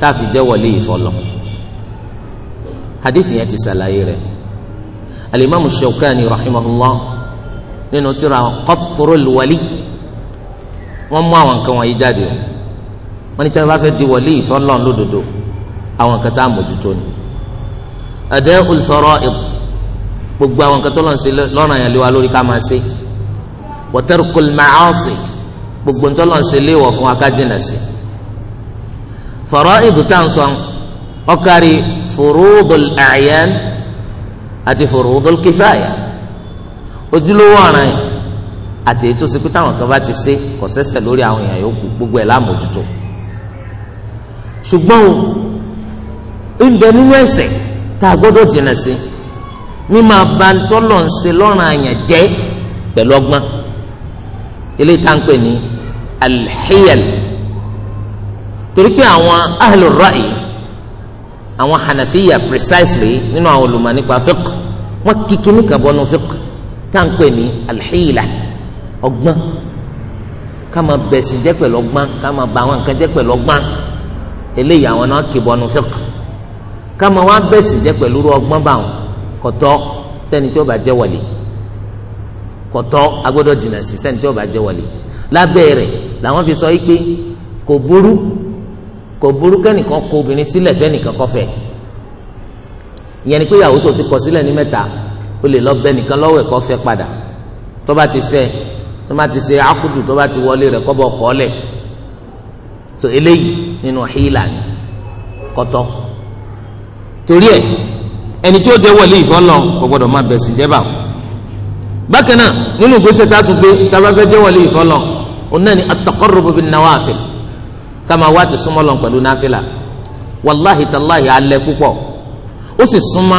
tá a fi jẹ́ wọlé ìfọlọ́ hadith yẹn ti ṣàlàyé rẹ̀ alimami Shawkani rahimahullah nínú tírà Qatrul Wali wọ́n mú àwọn nǹkan wọ̀nyí jáde o wọ́n ní tí wọ́n bá fẹ́ di wọlé ìfọlọ́ lódodo àwọn nǹkan tá a mójútó ni ada'ul fara'id gbogbo àwọn nǹkan tó lọ́n ṣe lọ́ràn yẹn lé wa lórí ká máa ṣe wa tarkul ma'asi gbogbo ntọ́lọ̀ ń ṣe léèwọ̀ fún wa ká jìnnà sí faraidu tá à ń sọ ọkàrí furudul a'yan àti furudul kifaya ojúlówó ọ̀ràn yìí àti èyí tó ṣe pé táwọn kan bá ti ṣe kò lórí àwọn èèyàn yòókù gbogbo ẹ̀ láàmójútó ṣùgbọ́n o ń nínú ẹ̀ṣẹ̀ tá a gbọ́dọ̀ jìnnà sí mímọ abantọ́lọ̀ ń àyàn jẹ́ pẹ̀lú ọgbọ́n eléyìí tá à ń pè ní alḥiyal torí pé àwọn ahlu ra'i àwọn hanafiya precisely nínú àwọn olùmọ̀ nípa fiqh wọ́n kí kíní kan bọ́nu fiqh tá à ń pè ní alḥiyla ọgbọ́n ká máa bẹ̀sìn jẹ́ pẹ̀lú ọgbọ́n ká máa àwọn nǹkan jẹ́ pẹ̀lú ọgbọ́n eléyìí àwọn náà kì bọ́nu fiqh ká máa jẹ́ pẹ̀lú ọgbọ́n báwọn kọ̀tọ́ sẹ́ni tí ó bá jẹ́ wọlé kọtọ agbọ́dọ̀ jìnnà sí sẹ́ni tí ó bá jẹ́ wàlí lábẹ́ rẹ̀ làwọn fi sọ yìí pé kò burú kò burú kẹ́nìkan kọ obìnrin sílẹ̀ fẹ́nìkan kọfẹ́ ìyẹn ni pé ìyàwó tó ti kọ sílẹ̀ ní mẹ́ta ó lè lọ bẹ nìkan lọ́wọ́ ẹ̀kọ́ fẹ́ padà tó ti fẹ́ tó ti ṣe akudu tó ti wọlé rẹ̀ kọ́ bọ̀ so eléyìí nínú hílà ni kọtọ torí ẹ ẹni tí ó jẹ́ wàlí ìfọlọ́ kò gbọ́dọ̀ má bẹ̀ sí jẹ́ báwọn bákan náà nínú ìgbésẹ̀ tá a tún gbé tábà fẹ́ jẹ́ wọlé ìfọlọ́ òun náà ni at-taqarrub bin nawafil ká máa wá ti súnmọ́ lọ pẹ̀lú náfìlà wàláhì tàláhì alẹ́ púpọ̀ ó sì súnmọ́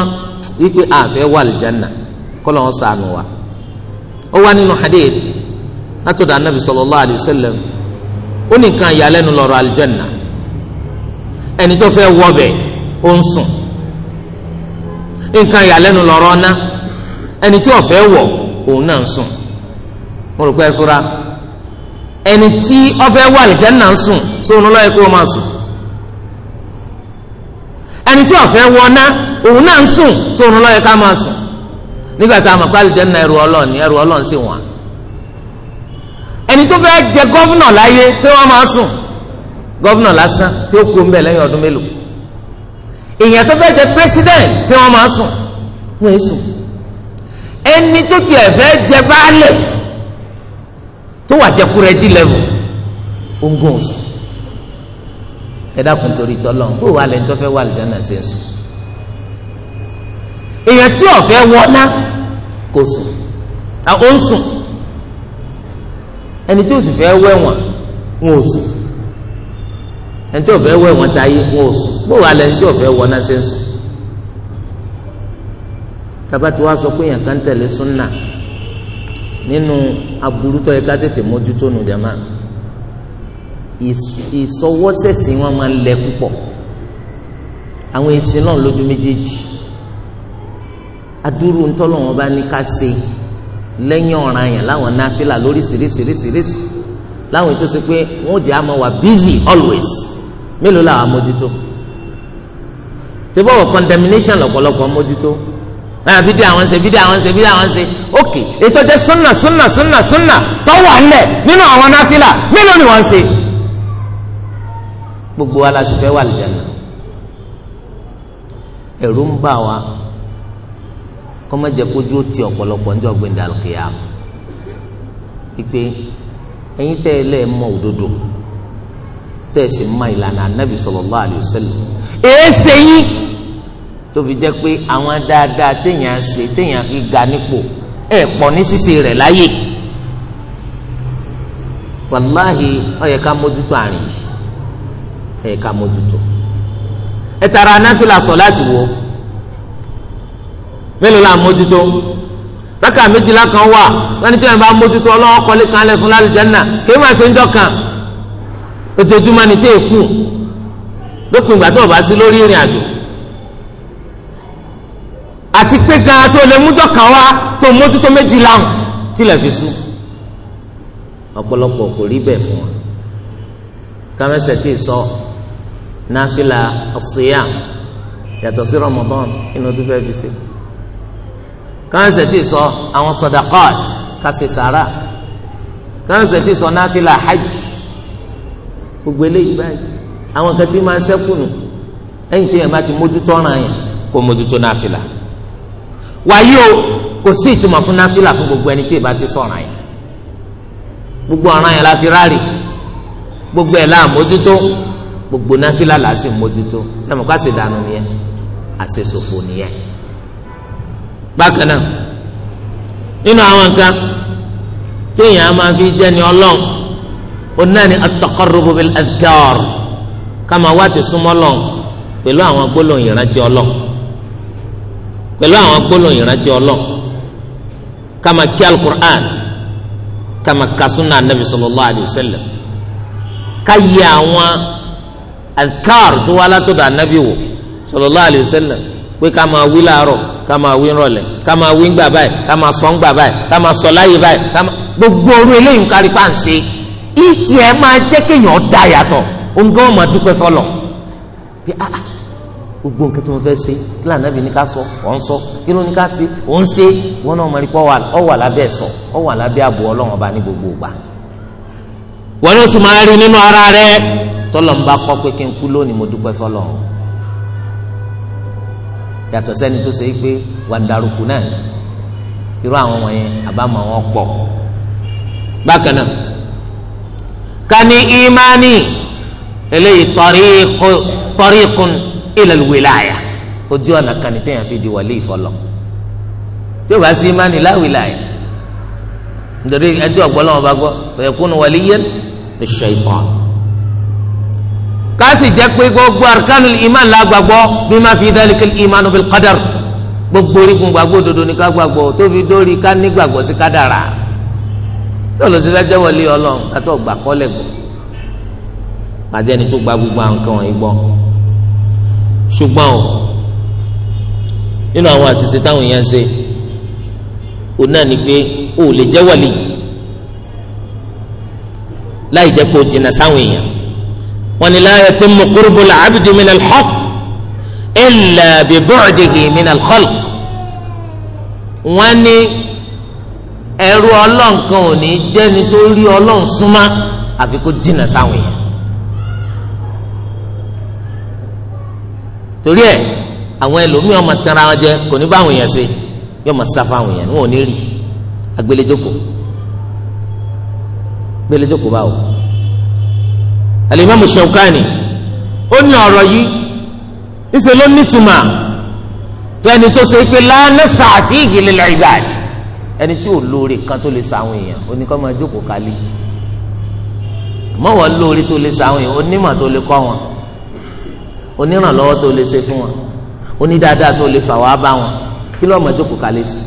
wípé àfẹ́ wà lìjánà kọ́ lọ́wọ́ sànù wa ó wá nínú hadith látọ̀dọ̀ anabi sallallahu alayhi ó ní nǹkan lọ́rọ̀ àlìjánà ẹni tó fẹ́ wọbẹ̀ ó ń sùn nǹkan ìyàlẹ́nu lọ́rọ̀ òun náà ń sùn mo rò pé ẹ ẹni tí ọfẹ wà lìjẹ́ náà ń sùn sóun lọ́yẹ kó o máa sùn ẹni tí ọfẹ wọná òun náà ń sùn ká máa sùn nígbà tá a mọ̀ pé ẹrù ọlọ́ọ̀ni ẹrù ọlọ́ọ̀ni sì ẹni tó fẹ́ jẹ gọ́vnà láyé wọ́n máa sùn gọ́vnà lásán tí ó kú ń bẹ̀ lẹ́yìn ọdún mélòó tó fẹ́ jẹ wọ́n máa sùn wọ́n ẹni tó tiẹ̀ fẹ́ jẹ baálẹ̀ tó wà jẹkulẹ̀ dí lẹ́vù ongun oṣù ẹ dákun torí tọ́lọ̀ bó wà lẹ́ni tó fẹ́ wà lìjánà ṣe ń sùn èèyàn tí ọ̀fẹ́ wọ́ná kò sùn àwọn ń sùn ẹni tí òsì fẹ́ wẹ̀wọ̀n wọn ò sùn ẹni tí òfẹ́ wẹ̀wọ̀n táyé wọn ò sùn bó wà lẹ́ni tí ọ̀fẹ́ wọ́ná ṣe sùn tabati wa sọ pé èèyàn kan tẹ̀lé súnà nínú aburutọ yìí ká tètè mójútó nu jama ìsọwọ́sẹ̀sìn wọn máa ń lẹ púpọ̀ àwọn èsì náà lójú méjèèjì adúrú ńtọ́lọ̀ wọn bá ní ká ṣe lẹ́yìn ọ̀ràn yẹn láwọn náfìlà lóríṣiríṣiríṣi láwọn ètò sọ pé wọn ò jẹ́ àmọ́ wà busy always mélòó làwọn amójútó ṣé bọ́wọ̀ condemnation lọ́pọ̀lọpọ̀ mójútó. náà ah, bídí àwọn ṣe bídí àwọn ṣe bídí àwọn ṣe ok ètò jẹ súnà súnà súnà súnà tọwọ ńlẹ nínú àwọn náfìlà mélòó ni wọn ṣe gbogbo wa wà lìjànà ẹ̀rù ń bà wá kọ́ má jẹ́ kójú ó ti ọ̀pọ̀lọpọ̀ ní ọ̀gbìn dàlùkìyà pípé ẹ̀yin tẹ́ ẹ mọ òdodo tẹ́ ẹ sì mọ ìlànà anábì sallallahu alaihi èé ṣe yín. tó fi jẹ́ pé àwọn dáadáa téèyàn ṣe téèyàn fi ga nípò ẹ̀ pọ̀ ní ṣíṣe rẹ̀ láyè wàláhì ó yẹ ká mójútó àrìn yìí ó yẹ ká mójútó ẹ tara anáfíìlà sọ láti wo mélòó la mójútó rákà méjìlá kan wà wọn ní tí wọn bá mójútó ọlọ́wọ́ kọ́lé kan lẹ̀ fún lálùjánnà kí wọ́n ṣe ń jọ ojoojúmọ́ ni tí èkú lópin ìgbà tó o bá sí lórí ìrìn àjò àti pé gan aṣọ lè mújọ kàn wá tó mójútó méjì láwọn tilẹ̀ fi sùn ọ̀pọ̀lọpọ̀ kò rí bẹ́ẹ̀ fún wa kámẹ́sẹ̀ tí ì sọ náfìlà ọ̀sùnyà yàtọ̀ sí Ramadan inú tó fẹ́ fi ṣe kámẹ́sẹ̀ tí ì sọ àwọn sadaqat kásì sàrà kámẹ́sẹ̀ tí ì sọ náfìlà hajj gbogbo eléyìí báyìí àwọn kan tí máa ń sẹ́kùnù ẹ̀yìn tí yẹn bá ti mójútó ọ̀ràn yẹn kó mójútó náfìlà wàyí o kò sí ìtumọ̀ fún náfìlà fún gbogbo ẹni tí ìbá ti sọ̀ràn yẹn gbogbo ọ̀ràn yẹn la fi rárì gbogbo ẹ̀ la mójútó gbogbo náfìlà la sì mójútó sẹ́mu ká sì dànù nìyẹn àṣesòfò nìyẹn. bákan náà nínú àwọn nǹkan téèyàn máa fi jẹ́ ni ọlọ́run onáni at-taqarrubu bil-adhkar ká máa wá ti súnmọ́ lọ́n pẹ̀lú àwọn gbólóhùn ìrántí ọlọ́run pẹ̀lú àwọn gbólóhùn ìrántí ọlọ́run kama kí alukur'an kama ka sunna anabi sallallahu alayhi wa sallam ka yẹ àwọn adkar tó wá látọ̀dọ̀ anabi wò sallallahu alayhi wa sallam pé ká máa wí láàárọ̀ ká máa wí nrọ̀lẹ́ ká máa wí ngbà báyìí ká máa sọ ngbà báyìí ká máa sọ láyè báyìí ká gbogbo orú eléyìí kárí pàǹsẹ̀ ìtì máa jẹ́ kéèyàn dá yàtọ̀ òǹgá ọ̀ma dúpẹ́ fọlọ̀ bí a ah, ah, gbogbo nǹkan tí mo fẹ́ ṣe kí lànà bí ní ká sọ ọ̀ ń sọ kí ló ní ká ṣe ọ̀ ń ṣe wọn náà mọ̀rí pọ̀ ọ̀ wà lábẹ́ sọ ọ̀ wà lábẹ́ ààbò ọlọ́run ọba ní gbogbo ìgbà. wọn ló sì máa rí nínú ara rẹ tọ́lọ̀ ń bá kọ́ pé kí n kú lónìí mo dúpẹ́ fọlọ́ yàtọ̀ sẹ́ni tó ṣe é pé wà á darúkú náà irú àwọn wọ̀nyẹn àbámọ̀ wọn pọ̀ bákan náà ká ní eléyìí tọ́rí ilal wilaya ojú ọ̀nà kan ní téèyàn fi di wàlí ìfọlọ́ tí o bá sí imáni la wilaya nítorí ẹtí ọ̀gbọ́lọ́wọ́ bá gbọ́ yakunu waliyan lish-shaytan káàsì jẹ́ pé gbogbo arkanul iman la gbàgbọ́ bí ma fi dhalikal imanu bil qadar gbogbo orígun gbàgbọ́ òdodo ní ká gbàgbọ́ tó fi dórí ká ní gbàgbọ́ sí kádàrà tó lọ sí fẹ́ jẹ́ ọlọ́run kátó gbà gbọ́ màjẹ́ni tó gba gbogbo àwọn kan wọ̀nyí gbọ́ ṣùgbọ́n o nínú àwọn àṣìṣe táwọn èèyàn ṣe òun náà ni pé o ò lè jẹ́ wàlí láì jẹ́ pé o jìnnà sáwọn èèyàn wọn ni la yatimmu qurbu al-abdi min al-haqq illa bi bu'dihi min al wọn ni ẹrú ọlọ́nkan ò ní jẹ́ni tó rí àfi kó jìnnà sáwọn èèyàn torí ẹ àwọn ẹlòmíì ọmọ tẹnra wọn jẹ kò ní bá àwọn èèyàn ṣe yóò máa sá fáwọn èèyàn wọn ò ní rí agbélejoko agbélejoko báwo alimami Shawkani ó ní ọ̀rọ̀ yìí ìṣe ló nítumà fẹni tó ṣe pé lánà sàásì ìgìlẹ lẹgbàd ẹni tí ò lóore kan tó lè sa àwọn èèyàn oníkọ́ máa jókòó kálí mọ́wọ́ lóore tó lè sa àwọn èèyàn onímọ̀ tó lè kọ́ wọn onírànlọ́wọ́ tó lè ṣe fún wọn onídàádáa tó lè fà wá bá wọn kí lọ́ọ́ mọ̀ jókòó kalẹ̀ sí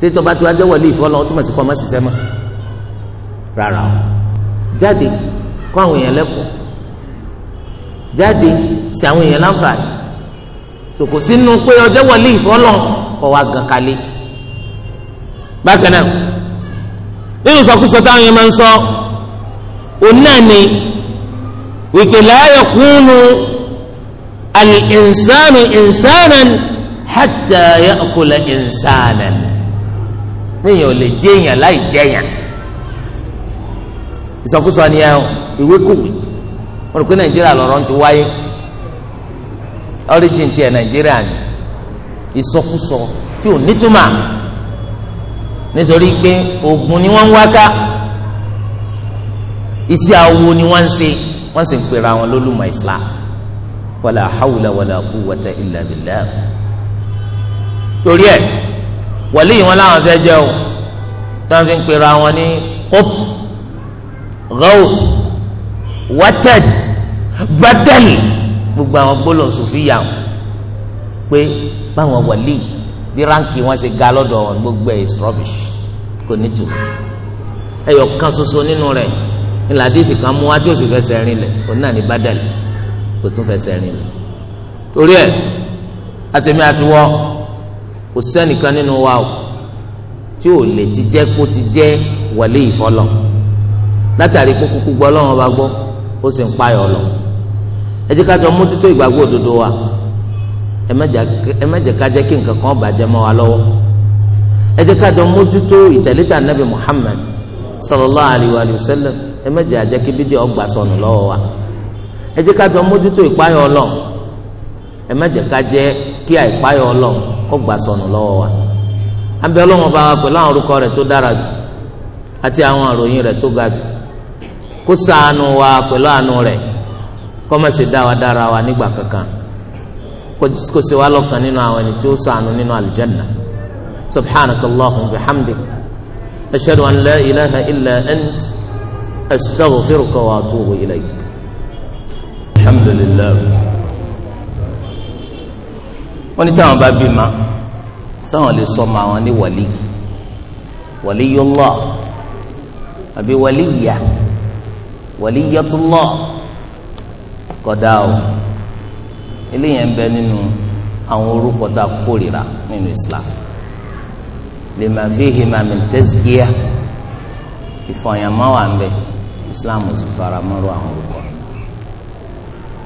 ṣé tó bá ti wá jẹ́ wọlé ìfọlọ́ tó mọ̀ sí kọ́ ọmọ ṣiṣẹ́ mọ́ rárá o jáde kọ́ àwọn èèyàn lẹ́kọ̀ọ́ jáde sí àwọn èèyàn láǹfààní sòkò sínú pé ọjọ́ wọlé ìfọlọ́ kọ́ wa gan kalẹ̀ bákan náà nínú sọkúsọ táwọn yẹn máa ń sọ òun náà ni wípé láàyè kúnnù al-insanu insanan hatta ya'kula insanan níyàn ò lè jẹyàn láì jẹyàn ìsọkúsọ ni ẹ ìwé kòwé wọn rò pé nàìjíríà lọ̀rọ̀ ń ti wáyé origin tiẹ̀ nàìjíríà ni ìsọkúsọ tí ò nítumà nítorí pé oògùn ni wọ́n ń wá ká awo ni wọ́n ń ṣe wọ́n sì ń pera wọn lólùmọ̀ islam wala hawla wala quwwata illa billah torí ẹ wàlí yìí wọn làwọn fẹẹ jẹ o tí wọn fi ń pera wọn ní qut ghawth watad batal gbogbo àwọn gbólóhùn sùfìyà pé báwọn wàlí bí ránkì wọn ṣe ga lọ́dọ̀ wọn gbogbo ẹ is rubbish kò ní tù ẹyọ kan ṣoṣo nínú rẹ̀ ńlá dìtì kan mú wá tí ó sì fẹsẹ̀ rinlẹ̀ òun náà ní kò tún fẹsẹ̀ rìn lọ. torí ẹ̀ àtẹ̀mí àtiwọ́ kò sẹ́nìkan nínú wa o tí ò lè ti jẹ́ kó ti jẹ́ wọlé ìfọlọ́ látàrí kó kúkú gbọ́ lọ́wọ́n bá gbọ́ ó sì ń payọ̀ lọ. ẹ jẹ́ ká jọ mójútó ìgbàgbọ́ òdodo wa ẹ má ká jẹ́ kí nǹkan kan bàjẹ́ mọ́ wa lọ́wọ́ ẹ jẹ́ ká jọ mójútó ìtẹ̀lẹ́tà nabi Muhammad sallallahu alayhi wa sallam ẹ má jẹ́ àjẹkí bídíò ọgbà sọnù lọ́wọ́ wa ẹ jẹ́ ká jọ mójútó ìpáyọ Ọlọ́run ẹ má jẹ́ ká jẹ́ kí àìpáyọ Ọlọ́run kó gbà sọnù lọ́wọ́ wa àbẹ Ọlọ́run ọba wa pẹ̀lú àwọn orúkọ rẹ̀ tó dára jù àti àwọn àròyìn rẹ̀ tó ga jù kó ṣàánú wa pẹ̀lú àánú rẹ̀ kó má ṣe dá wa dára wa nígbà kankan kó ṣe wa lọ́kàn nínú àwọn ẹni tó ṣàánú nínú àlùjánnà subhanakallahumma wa bihamdik ashhadu an la ilaha illa ant astaghfiruka wa atubu ilayk alhamdulillah wọ́n ní táwọn bá bí ma táwọn lè sọ ma àwọn ní wàlí waliyullah àbí wàlíyà waliyatullah kódà o eléyẹn ń bẹ nínú àwọn orúkọ tá a kórìíra nínú islam lima fihima min tazkiyah ìfọyàmọ́ wà ń bẹ islam ò sì fara mọ́rọ́ àwọn orúkọ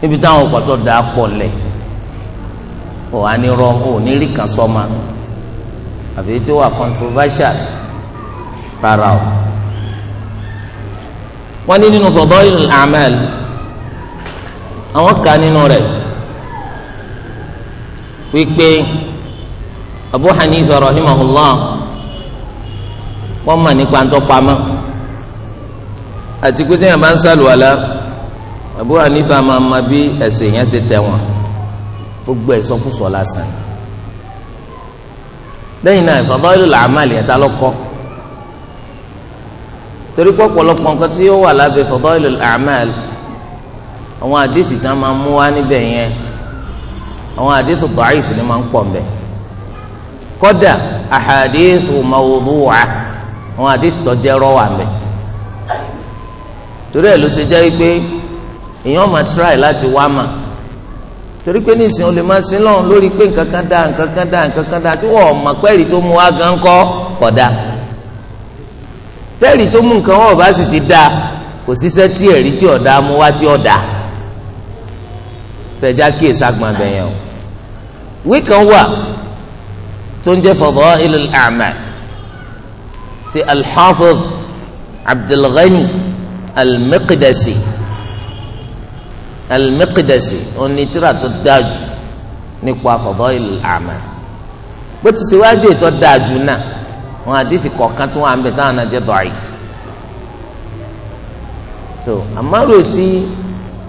níbi táwọn ọkọ̀ tó dáa pọ̀ lẹ̀ ò á ní rọ ò ní rí kan sọ́ma àfi tí ó wà controversial rárá o. wọ́n ní nínú fadailul a'mal àwọn kà nínú rẹ̀ wípé Abu Hanifa rahimahullah wọ́n mọ̀ nípa ntọ́pamọ́ àti pé bá ń sàlùwàlá. Abu Hanifa máa ma bí ẹ̀sìn yẹn ṣe tẹ̀ wọ́n gbogbo ẹ̀ sọkúsọ lásán lẹ́yìn náà fadailul a'mal yẹn ta lọ́kọ́ torí pé ọ̀pọ̀lọpọ̀ nǹkan tí ó wà lábẹ́ fadailul a'mal àwọn àdìsí tí wọ́n máa mú wá níbẹ̀ yẹn àwọn àdìsí da'if ni máa ń pọ̀ mbẹ́ kọ́dà ahadithu mawdu'a àwọn àdìsí tó jẹ́ rọ́wà mbẹ́ torí ẹ̀ ló ṣe jẹ́ pé èèyàn máa try láti wá mà torí pé nísìnyí o lè máa sin lọ́run lórí pé nǹkan kan dá nǹkan kan dá nǹkan kan dá tí wọ́n mọ̀ pẹ́ẹ́rì tó mú wá gan kọ́ kọ̀ dá tẹ́ẹ̀rì tó mú nǹkan wọ́n bá sì ti dá kò síṣẹ́ tí ẹ̀rí tí ọ̀dá mú wá tí ọ̀dá fẹjá kí èsì àgbọn abẹ yẹn o ìwé kan wà tó ń jẹ́ Fadailul A'mal ti Al-Hafiz Abdul al al-Maqdisi onítìrà tó dájú nípa fadail al-a'mal bó ti ṣe wájú ètò dájú náà wọn àdìsí kọ̀ọ̀kan tí wọn à ń bẹ táwọn náà so àmọ́rò tí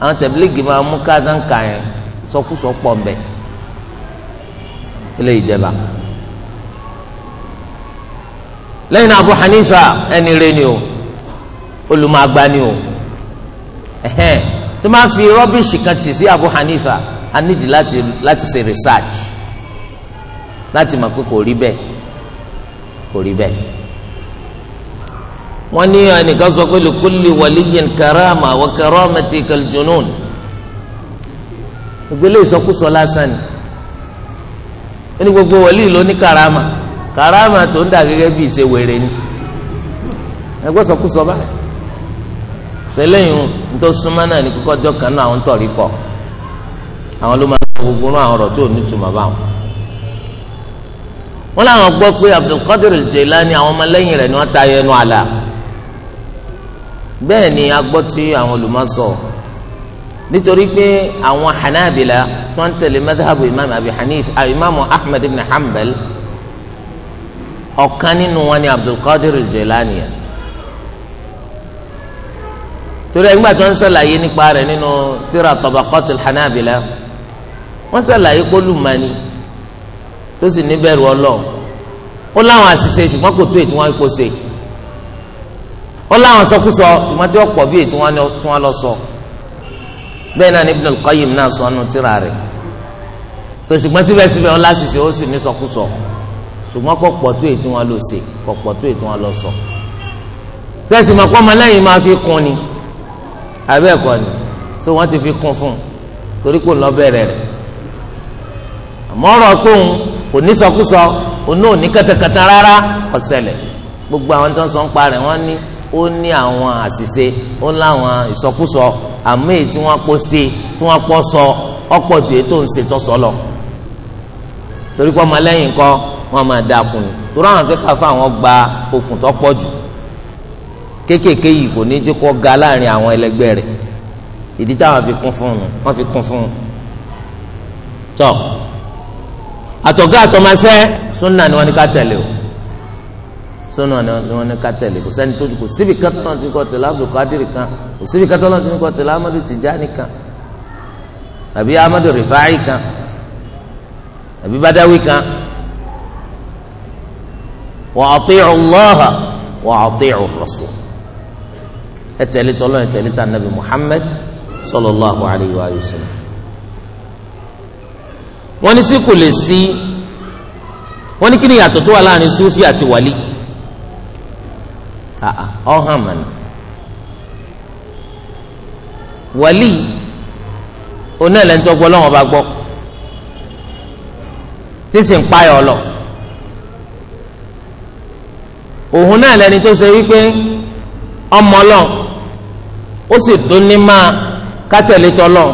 àwọn tẹ̀blígì máa mú káàdáǹkà yẹn sọkúsọ pọ̀ mbẹ́ ilé ìjẹba lẹ́yìn Abu Hanifa ẹni rẹ ni o olùmọ̀ àgbà o ẹ̀hẹ́n tí máa fi rọ́bìṣì kan tì sí Abu Hanifa a nídìí láti láti ṣe research láti mọ̀ pé kò rí bẹ́ẹ̀ kò rí bẹ́ẹ̀. wọ́n ní ẹnìkan sọ pé lùkúlì wàlíyìn karama wà karama ti kàlùjọ́nùn ìgbélé ìsọkúsọ lásán ni ó ní gbogbo wàlíì ló ní karama karama tó ń dà gẹ́gẹ́ bí ìṣe wèrè ni ẹgbẹ́ sọkúsọ báyìí tẹ́lẹ̀ yìí nítorí súnmọ́ náà ní kíkọ́ jọ kan náà àwọn tọ̀rí kọ àwọn ló máa ń sọ gbogbo náà àwọn ọ̀rọ̀ tí ò ní túmọ̀ bá wọn. wọ́n láwọn gbọ́ pé Abdulkadir Jelani àwọn ọmọlẹ́yìn rẹ̀ ni wọ́n ta ẹnu àlà bẹ́ẹ̀ ni a gbọ́ tí àwọn olùmọ̀ nítorí pé àwọn Hanabila tí wọ́n tẹ̀lé madhabu imam Abi Hanif ah, imam Ahmad ibn Hanbal ọ̀kan nínú wọn ni Abdulkadir Jelani yẹn torí ẹgbẹ́ tí wọ́n ń sàlàyé nípa rẹ̀ nínú tíra Tabaqatul Hanabila wọ́n sàlàyé pólùmọ́ni tó sì níbẹ̀rù ọlọ́ọ̀ ó láwọn àṣìṣe ṣùgbọ́n kò tó ètò wọn kò ṣe ó láwọn sọkúsọ ṣùgbọ́n tí wọ́n pọ̀ bí ètò wọn lọ sọ bẹ́ẹ̀ náà ní Ibn al-Qayyim náà sọ ọ́nù tíra rẹ̀ so ṣùgbọ́n síbẹ̀síbẹ̀ ó láṣìṣe ó sì ní sọkúsọ ṣùgbọ́n kò pọ̀ tó ètò wọn lọ lọ abẹ́ ẹ̀kọ́ ni so wọ́n ti fi kún fún un torí kò lọ bẹ̀rẹ̀ rẹ̀ àmọ́ ọ̀rọ̀ tóun kò ní sọkúsọ òun náà ní kẹtẹkẹtẹ rárá kò ṣẹlẹ̀ gbogbo àwọn tó ń sọ ń pa rẹ̀ wọ́n ní ó ní àwọn àṣìṣe ó láwọn ìsọkúsọ àmọ́ èyí tí wọ́n pọ̀ sí tí wọ́n pọ̀ sọ ọ̀pọ̀ ju èyí tó ń ṣe tó sọ lọ torí pé ọmọlẹ́yìn kọ́ wọ́n máa dáa kùn ní torí àwọn afẹ́kàfẹ́ àwọn gba okùn tó pọ̀ jù kéékèèké yìí kò ní jẹ́ kó ga láàrin àwọn ẹlẹgbẹ́ rẹ̀ ìdí táwọn fi kún fún un wọ́n fi kún fún un tọ́ àtọ̀gá àtọmọṣẹ́ súnà ni wọ́n ní ká tẹ̀lé o súnà ni wọ́n ní ká tẹ̀lé kò sẹ́ni tó kò síbi kẹtọ́ náà ti kọ́ tẹ̀lé Abdul Qadir kan kò síbi kẹtọ́ náà ti kọ́ Amadu Tijani kan àbí Amadu Rifai kan àbí Badawi kan wa ati'u Allah wa ati'u Rasul ẹ tẹ̀lé tọ́lọ́ ẹ tẹ̀lé tà nàbì Muhammad sallallahu alayhi wa sallam. wọ́n ní sí kò lè sí wọ́n ní kí ni yàtọ̀ tó wà láàrin sufi àti wàlí ọ̀hán mọ̀nà wàlí oní ẹlẹ́ntọ́ gbọ́ lọ́wọ́ bá gbọ́ tí sì ń payọ̀ lọ òhun náà lẹni tó ṣe wípé ọmọ lọ́wọ́ ó sì dún ní máa kátẹ̀lé tọ́lọ̀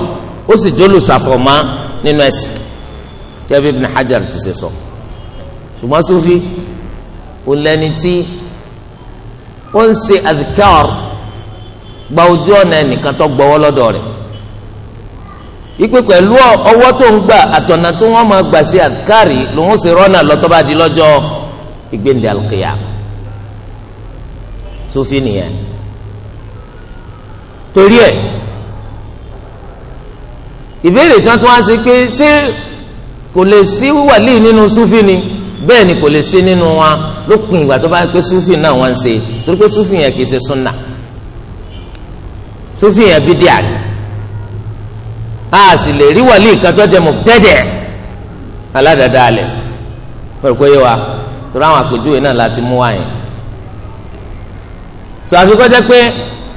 ó sì jólùsàfọ̀mọ́ nínú ẹ̀sìn jẹ́bi Ibn Hajar ti ṣe sọ ṣùgbọ́n Sufi ò lẹ́ni tí ó ń ṣe adhikar gba ojú ọ̀nà ẹnìkan tó gbọ́wọ́ lọ́dọ̀ rẹ̀ ipe pẹ̀lú ọwọ́ tó ń gbà àtọ̀nà tó wọ́n máa gbà sí àkárì lòun sì rọ́nà lọ́tọ́ lọ́jọ́ ìgbéǹde àlùkìyà Sufi nìyẹn torí ẹ̀ ìbéèrè tí wọ́n ti wá sí pé ṣé kò lè sí wàlíì nínú súfì ni bẹ́ẹ̀ ni kò lè sí nínú wa lópin ìgbà tó bá pé súfì náà wọ́n ṣe torí pé súfì yẹn kì í ṣe súnà súfì yẹn bídíà ni a sì lè rí wàlíì kan tó jẹ́ mọ̀tẹ́dẹ̀ aládàáda alẹ̀ pẹ̀lú pé wa torí àwọn àpèjúwe náà láti mú wáyé. sọ àfikọ́ jẹ́ pé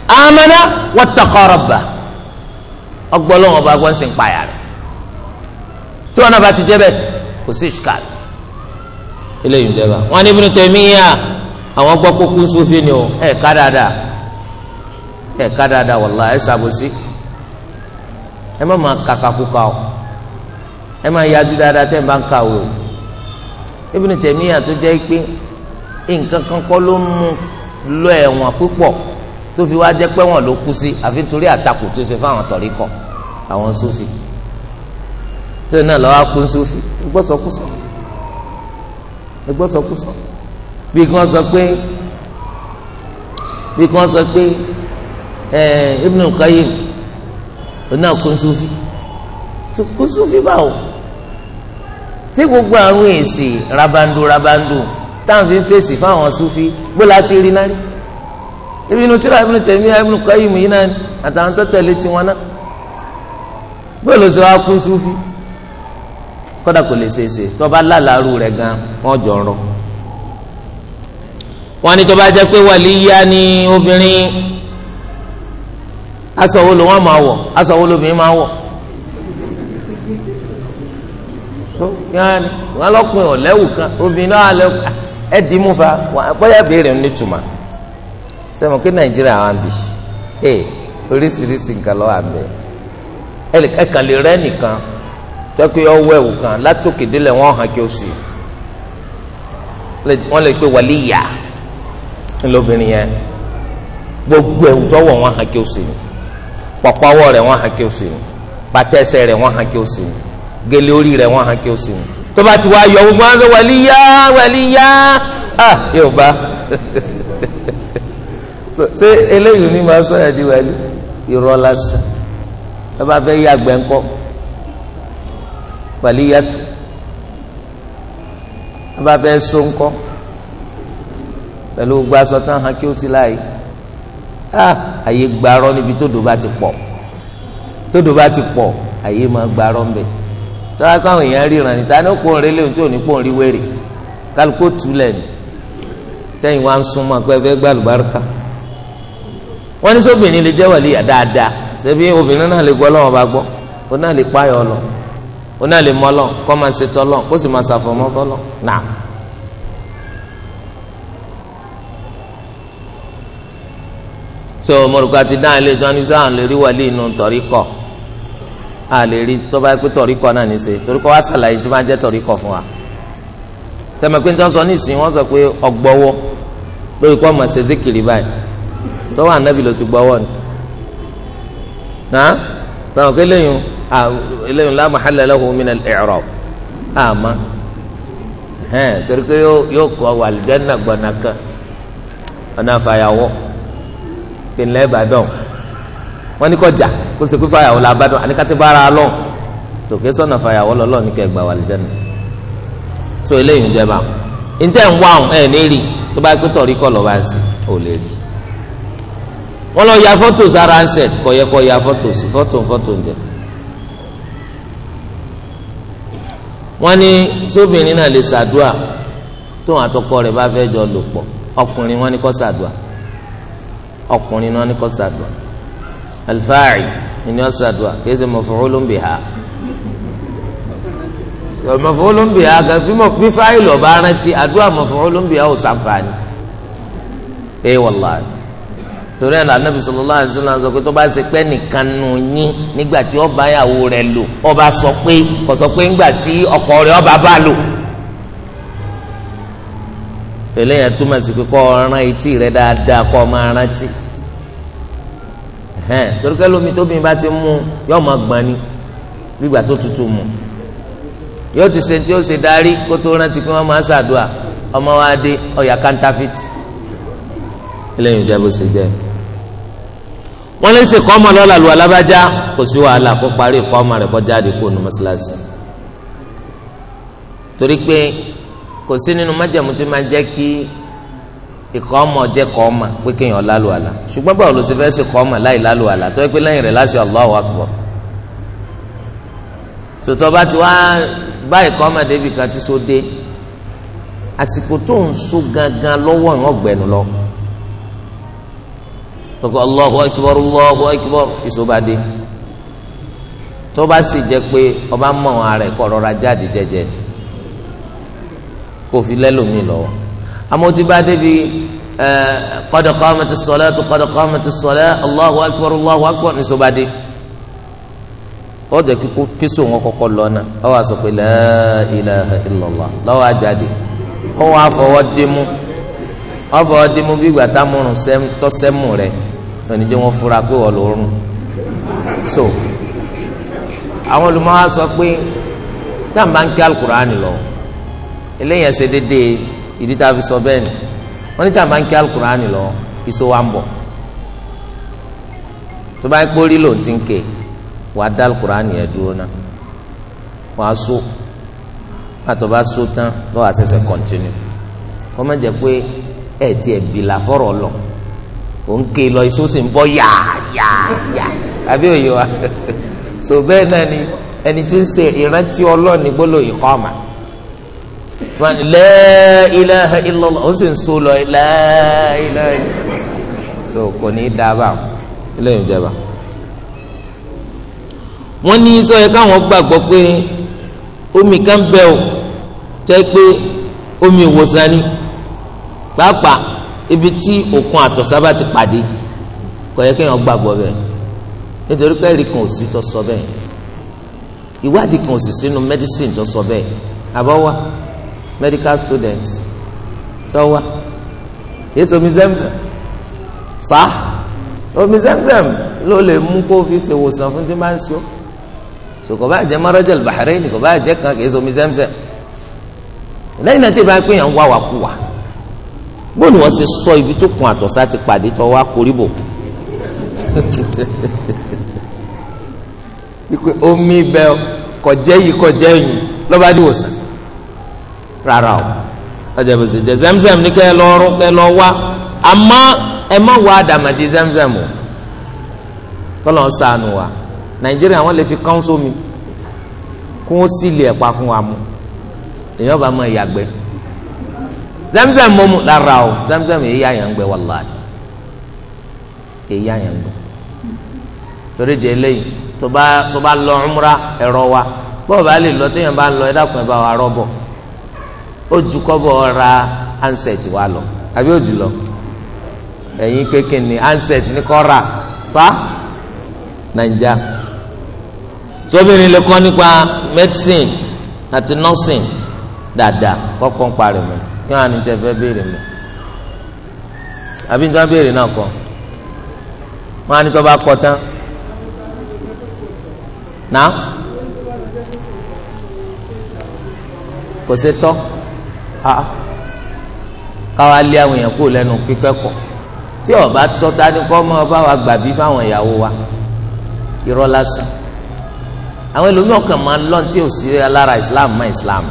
amana wattaqa rabbah ọgbọ́lọ́wọ́n ọba gbọ́n sì tí wọn bá ti jẹ́ kò sí eléyìí jẹba wọn ní Ibn Taymiyyah àwọn kókó sófin ni o ká dáadáa ẹ má ẹ máa yájú dáadáa tẹ́ ẹ bá ń kàwé o tó jẹ́ pé nǹkan kan kọ́ tó fi wá jẹ́ pé wọ́n ló kú sí àfi torí àtakò tó ṣe fáwọn tọ̀rí kọ àwọn sufi tó náà lọ́wọ́ kú sufi ìgbọ́sọkúsọ ìgbọ́sọkúsọ bí kan sọ pé bí kan sọ pé ẹ Ibn Qayyim oná kú sufi kú sufi báwo tí gbogbo àwọn èsì rabandu rabandu táwọn fi ń fèsì fáwọn sufi gbọ́dọ̀ láti rí náà rí. ibi inú tíra Ibn Taymiyyah Ibn Qayyim yìí náà àtàwọn tó tẹ̀lé tiwọn náà bóyá ló ṣe wá kún Sufi kódà kò lè ṣeéṣe tó bá lálàárù rẹ̀ gan wọ́n jọ rọ. wọn ni tó bá jẹ́ pé wàlíyá ni obìnrin aṣọ wo ló máa aṣọ wo máa kan obìnrin náà fa béèrè ní tùmọ̀. sẹ́wọ̀n kí nàìjíríà wà ń bì ee oríṣiríṣi nǹkan lọ́wọ́ à ń bẹ̀ ẹ̀kan lè rẹ́ nìkan tẹ́kọ̀ yọ wọ ẹ̀wù kan látòkè délẹ̀ wọ́n hàn kí o sì wọ́n lè pe wàlíyà ńlọbìnrin yẹn gbogbo ẹ̀wù tọ́wọ̀ wọ́n hàn kí o sì pọ̀pọ́wọ́ rẹ̀ wọ́n hàn kí o sì bàtà ẹsẹ̀ rẹ̀ wọ́n hàn kí o sì gèlè orí rẹ̀ wọ́n hàn kí o sì tó bá ti wá yọ gbogbo wọn lọ wàlíyà wàlíyà ah yóò bá ṣé eléyìí ni màá sọ̀rọ̀ di wẹ̀lú irọ́ lásán lọ́ba fẹ́ yàgbẹ́ ńkọ́ pẹ̀lú yàtọ̀ lọ́ba fẹ́ so ńkọ́ pẹ̀lú gbàsọ̀ tán hàn kí ó sì láàyè ah, àyè gbàrọ́ níbi tó dò bá ti pọ̀ tó dò bá ti pọ̀ àyè máa gbàrọ́ ńbẹ tọ́wá káwọn èèyàn ríran ní ta ni ó pòun rí léwu tí ò ní pòun rí wèrè kálukó tu lẹ̀ tẹ́yìn wá ń súnmọ́ pé ẹ fẹ́ wọ́n ní sóbìnrin lè jẹ́ wàlíyà dáadáa ṣebí obìnrin náà lè gbọ́ lọ́wọ́ bá gbọ́ ó náà lè páyọ̀ lọ ó náà lè mọ́ lọ kó máa ṣe tọ́lọ́ kó sì máa ṣàfọ̀mọ́ fọ́lọ́ náà. tó mọ̀rùkà ti dáhùn ilé ìjọ ní sáà lè rí wàlíì inú tọ̀rí kọ̀ a lè rí tó bá pé tọ̀rí kọ̀ náà ní ṣe torí kọ́ wá ṣàlàyé tí máa jẹ́ tọ̀rí kọ̀ fún wa sẹ́mi pé ń tán sọ nísìnyí wọ́n sọ pé ọgbọ́wọ́ lórí kọ́ máa ṣe zikiri báyìí sọ́wọ́ ànábì ló ti gbọ́wọ́ ni náà sọ̀rọ̀ kí eléyìí eléyìí la mahalla lahu min al-i'rab àmọ́ hẹ́n torí pé yóò kọ́ wàlìjẹ́nà gbọ̀nà kan ọ̀nà àfàyàwọ́ pínlẹ̀ ìbàdàn wọ́n ní kọjá kó sì pé fàyàwọ́ la bá dùn àníkàtí bára lọ́n tòkè sọ̀nà fàyàwọ́ lọ́lọ́ ní kẹgbà wàlìjẹ́nà so eléyìí ń jẹba ntẹ̀ ń wá ẹ̀ ní rí tó bá pẹ́ tọ̀rí kọ́ lọ́ba ń sìn ò lè rí wọ́n lọ ya fọ́tò sára ń sẹ̀t kọ̀ yẹ kọ́ ya fọ́tò sí fọ́tò fọ́tò ń jẹ. wọ́n ní sóbìnrin náà lè ṣàdúà tóun àtọkọ rẹ̀ bá fẹ́ jọ lò pọ̀ ọkùnrin wọ́n ní kó ṣàdúà ọkùnrin wọ́n ní kó ṣàdúà alfa'i ni wọ́n ṣàdúà kìí ṣe maf'ulun biha maf'ulun biha gàfi mọ̀ bí fáìlì ọ̀bá rántí àdúà maf'ulun biha ò sàǹfààní. ẹ wàlláhi. torí ẹ̀la anabi sallallahu alaihi pé tó bá ṣe pé nìkan nù yín nígbà tí ọba ìyàwó rẹ̀ lò ọba sọ pé kò pé ńgbà ọkọ rẹ̀ ọba bá lò. eléyà túmọ̀ sí pé kọ́ ọ̀ràn etí dáadáa kọ́ ọ torí kẹ́ lómi tóbi bá ti mú yóò gbọ́n ni nígbà tó tutù mu yóò ti ṣe tí ó ṣe darí kó tó rántí pé wọ́n máa ọmọ eléyìí jẹ́ bó ṣe jẹ́ wọ́n lè ṣe kọ́mọ lọ́la lu alábàjá kò sí wàhálà kó parí kọ́mọ rẹ̀ kó jáde kó nu mọ́ṣáláṣí torí pé kò sí nínú májẹ̀mú tí máa jẹ́ kí ìkọ́ ọmọ jẹ́ kọ́ ọmọ pé kéèyàn lálù àlà ṣùgbọ́n báwo ló fẹ́ ṣe kọ́ ọmọ láì lálù àlà tó yẹ pé lẹ́yìn rẹ̀ láṣẹ Allahu Akbar tòtọ́ bá ti wá bá ìkọ́ ọmọ débi kan ti so dé àsìkò tó ń so gangan lọ́wọ́ ìwọ̀n gbẹ̀nu lọ́wọ́ sọ pé Allahu Akbar Allahu Akbar ìṣòbàdé tó bá sì jẹ́ pé ọba mọ ara ẹ kọ rọra jáde jẹ́jẹ́ kò fi lẹ́lòmíì lọ́wọ́ àmọ́ tí bá débi ẹ qad qamatis salatu qad qamatis salat Allahu Akbar Allahu Akbar ìṣòbàdé ó jẹ́ kíkó kíso wọn kọ́kọ́ lọ náà ọ wá sọ pé la ilaha illallah lọ́wọ́ dimu ọfọwọ́ dimu bí gbàtà múrun tọ́sẹ́mù rẹ̀ oníjẹ́ wọn fura pé wọ́n lòórùn so àwọn olùmọ̀wá sọ pé táwọn bá ń kí alukur'an lọ eléyìí ẹsẹ̀ déédéé ìdí tá a fi sọ bẹ́ẹ̀ ni wọ́n ní táwọn bá ń kí alukur'an lọ iṣó wa ń bọ̀ tó bá ń kpórí lòun ti ń ké wàá dá alukur'an yẹn dúró náà wàá so àtọ̀ bá so tán lọ́wọ́ àṣẹṣẹ kọ́ntínú kọ́mẹ́jẹ pé ẹ̀ tiẹ̀ bìlà fọ́rọ̀ lọ òun ké lọ iṣó sì ń bọ́ yáyáyá àbí òye wa so bẹ́ẹ̀ náà ni ẹni tí ń ṣe ìrántí ọlọ́ọ̀ni gbọ́dọ̀ ìkọ́mà la ilaha illallah ó sì ń so lọ la ilaha so kò ní í dábàá ilé ìjọba wọ́n ní sọ yẹ káwọn gbàgbọ́ pé omi kan bẹ o jẹ́ pé omi ìwòsàn ni pàápàá ibi tí òkun àtọ̀sábà ti pàdé kò yẹ kéèyàn gbàgbọ́ bẹ́ẹ̀ nítorí pé ẹ̀rí kan ò sí tó sọ bẹ́ẹ̀ ìwádìí kan ò sì sínú medicine tó sọ bẹ́ẹ̀ àbọ̀wá medical student tọ́wá èso omi zemzem fa omi zemzem ló lè mú kó fi ṣe wòsàn fún tí máa ń sọ so kò bá jẹ marajal bahrain kò bá jẹ kan èso omi zemzem lẹ́yìn náà tí ì bá pè yàn ń wá wàkúwà. Wa bó ni wọ́n ṣe sọ ibi tó kun àtọ̀sá ti pàdé tó wá koríbò wípé omi bẹ kọjẹ́ yìí kọjẹ́ yìí lọ́ba dí wòsàn rárá o ọjà bẹ̀sẹ̀ jẹ zamzam ní kẹ́ ẹ lọ rún kẹ́ ẹ lọ wá àmọ́ ẹ má wá àdàmàdì zamzam o kọ́lọ̀ ń sànù wa nàìjíríà wọ́n lè fi kán sómi kún ó sì lè ẹ̀pà fún wa mu èèyàn bá mọ ìyàgbẹ́. zamzam mọ́ mu o zamzam èyí àyàn gbẹ wàláì èyí àyàn ya torí de eléyìí tó bá tó bá lọ ọmúra ẹ̀rọ wa bọ́ọ̀ bá lè lọ téèyàn bá lọ ẹ dákun ẹ bá wa rọ́bọ̀ ó ju kọ́bọ̀ ra handset wa lọ àbí ó jù lọ ẹ̀yin kékeré ni handset ni kọ́ ra sá nàìjà sóbìnrin lè kọ́ nípa medicine àti nursing dáadáa kọ́kọ́ ń parí mi. kí wọn àní fẹ béèrè mi àbí níta béèrè náà kọ wọn àní tó bá kọ tán nà kò ṣe tọ a káwa lé àwọn èèyàn kúrò lẹ́nu kíkẹ́kọ̀ọ́ tí ọba tọ tani kọ ọba wa gbàbí fáwọn ìyàwó wa irọ́ lásán àwọn ẹlòmíràn máa ń lọ́n tí ò sí alára islam mọ́ islam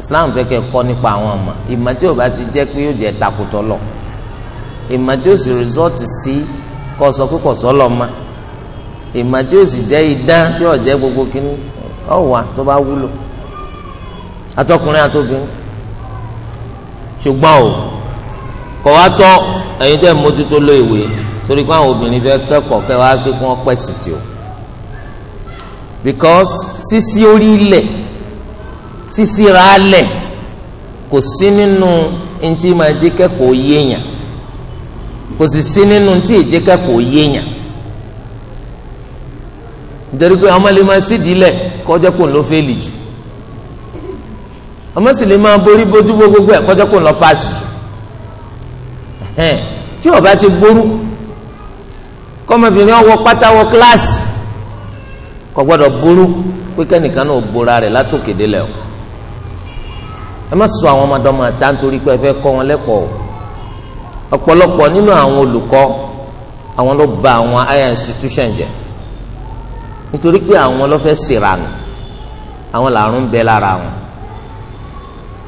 islam fẹ́ kẹ́ kọ́ nípa àwọn ọmọ ìmọ̀ tí o bá ti jẹ́ pé yóò jẹ́ takùtọ̀ lọ ìmọ̀ tí o sì rìsọ́ọ̀tì sí kọ́ sọ pé kọ̀ sọ́lọ̀ ma ìmọ̀ tí o sì jẹ́ idán tí o jẹ́ gbogbo kínní ọ̀wà tó bá wúlò atọkùnrin atọkùnrin ṣùgbọ́n o kọ̀ wá tọ́ ẹ̀yin tẹ́ mójútó ló ìwé torí pé àwọn obìnrin fẹ́ kẹ́kọ̀ọ́ kẹ́ wá pé kí wọ́n pẹ̀sì tì o because sísí orí ilẹ̀ sísíra alẹ̀ kò sí nínú ntí máa jẹ́ kẹ́kọ̀ọ́ yéèyàn kò sì sí nínú ntí ìjẹ́ kẹ́kọ̀ọ́ yéèyàn nítorí pé ọmọ lè máa sídìí lẹ̀ kọjá kò ń lọ fẹ́ẹ́lì jù ọmọ sì lè máa borí bójú bó gbogbo ẹ̀ kọjá kò ń lọ jù tí ó ti gbóru kọ́mọbìnrin ọwọ́ pátáwọ́ kíláàsì kò gbọ́dọ̀ gbóru pé náà gbóra látòkèdè ẹ má sọ àwọn ọmọdọmọ àtá nítorí pé ẹ fẹ́ kọ́ wọn lẹ́kọ̀ọ́ ọ̀pọ̀lọpọ̀ nínú àwọn olùkọ́ àwọn ló ba àwọn higher institution jẹ nítorí pé àwọn ló fẹ́ ṣèrànù àwọn làrún bẹ lára wọn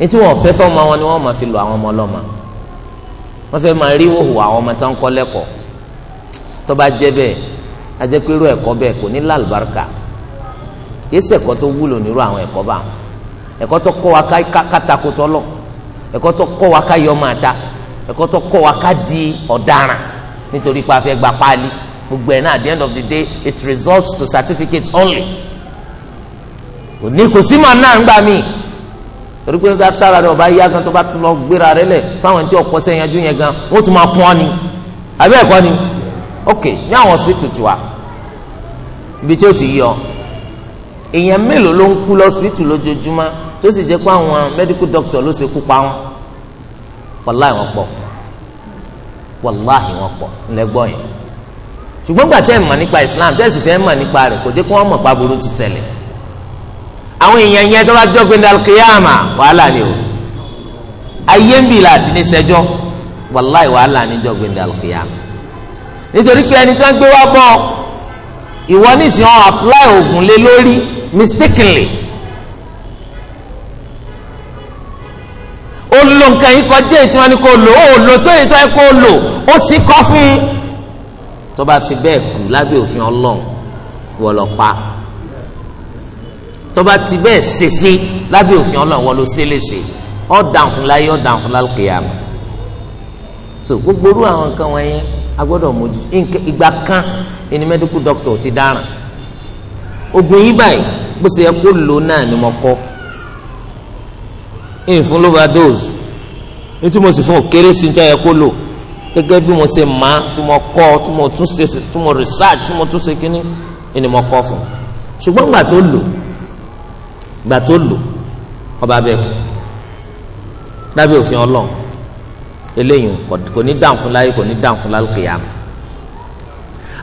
ètí wọn fẹ́ fẹ́ ọmọ wọn ni wọ́n máa fi lọ àwọn ọmọ ọlọ́mọ wọ́n fẹ́ máa rí wòhù àwọn ọmọ tó ń kọ́ lẹ́kọ̀ọ́ tó bá jẹ́ bẹ́ẹ̀ ajẹ́pẹ́rú ẹ̀kọ́ bẹ́ẹ̀ kò ní lálùbáríkà yẹ́sẹ̀ tó wúlò nírú àwọn ẹ̀kọ́ báwọn ẹ̀kọ́ tó kọ́ wa ká takòtò lọ ẹ̀kọ́ tó kọ́ wa ká yọ da ẹ̀kọ́ tó kọ́ wa di ọ̀daràn nítorí pé a fẹ́ gba páálí gbogbo ẹ̀ náà at the end of the day it results to certificate only òní kò sí màá náà ń gbà mí torí pé nígbà tára rẹ ọba yá gan tó bá tún lọ gbéra rẹ lẹ fáwọn tí ọkọ sẹ́yìn ajú yẹn gan ó tún máa pọn ni àbí ẹ̀kọ́ ni ok ní àwọn hospital tiwa ibi tí ó ti yọ èèyàn mélòó ló ń kú lọ́sibítù lójoojúmọ́ tó sì jẹ́ pé àwọn medical doctor ló ṣe kú pa wọn wàláì wọn pọ̀ wàláì wọn pọ̀ nípa Islam tẹ́ ẹ̀ sì fẹ́ mọ̀ nípa rẹ̀ kò jẹ́ kó wọ́n mọ̀ pa burú ti tẹ̀lé àwọn èèyàn yẹn tó bá jọ pé wàhálà ni o ayé ń bì láti ní ìwọ nísìnyí wọn apply oògùn lé lórí mistakenly ó lo nǹkan yìí kọjá èyí tí wọn ní kó lò ó lò tó èyí tó yẹ kó lò ó sì kọ́ fún un tó bá fi bẹ́ẹ̀ kú lábẹ́ òfin ọlọ́run wọ́n lọ pa tó bá ti bẹ́ẹ̀ ṣèṣe lábẹ́ òfin ọlọ́run wọ́n lọ ṣẹlẹ̀ṣẹ̀ ọ̀ dàǹfùn láyé ọ̀ dàǹfùn lálùkìyàmù so gbogbo orú àwọn nǹkan wọ̀nyẹn agbọ́dọ̀ mójútó ìgbà kan ẹni medical doctor ti dáràn oògùn yìí báyìí bó ṣe yẹ kó lò náà ni mo kọ́ ìfún lóbadose ètí mo sì fún òkèrè sí ní ẹ̀yẹ kó lò gẹ́gẹ́ bí mo ṣe máa tí mo kọ́ tí mo tún ṣe tí mo research tí mo tún ṣe kínní ẹni mo kọ́ fún ṣùgbọ́n gbà tó lò gbà tó lò ọba bẹ́ẹ̀ kú lábẹ́ òfin ọlọ́run eléyìí kò ní dáhùn fún láyé kò ní dáhùn fún lálùkìyà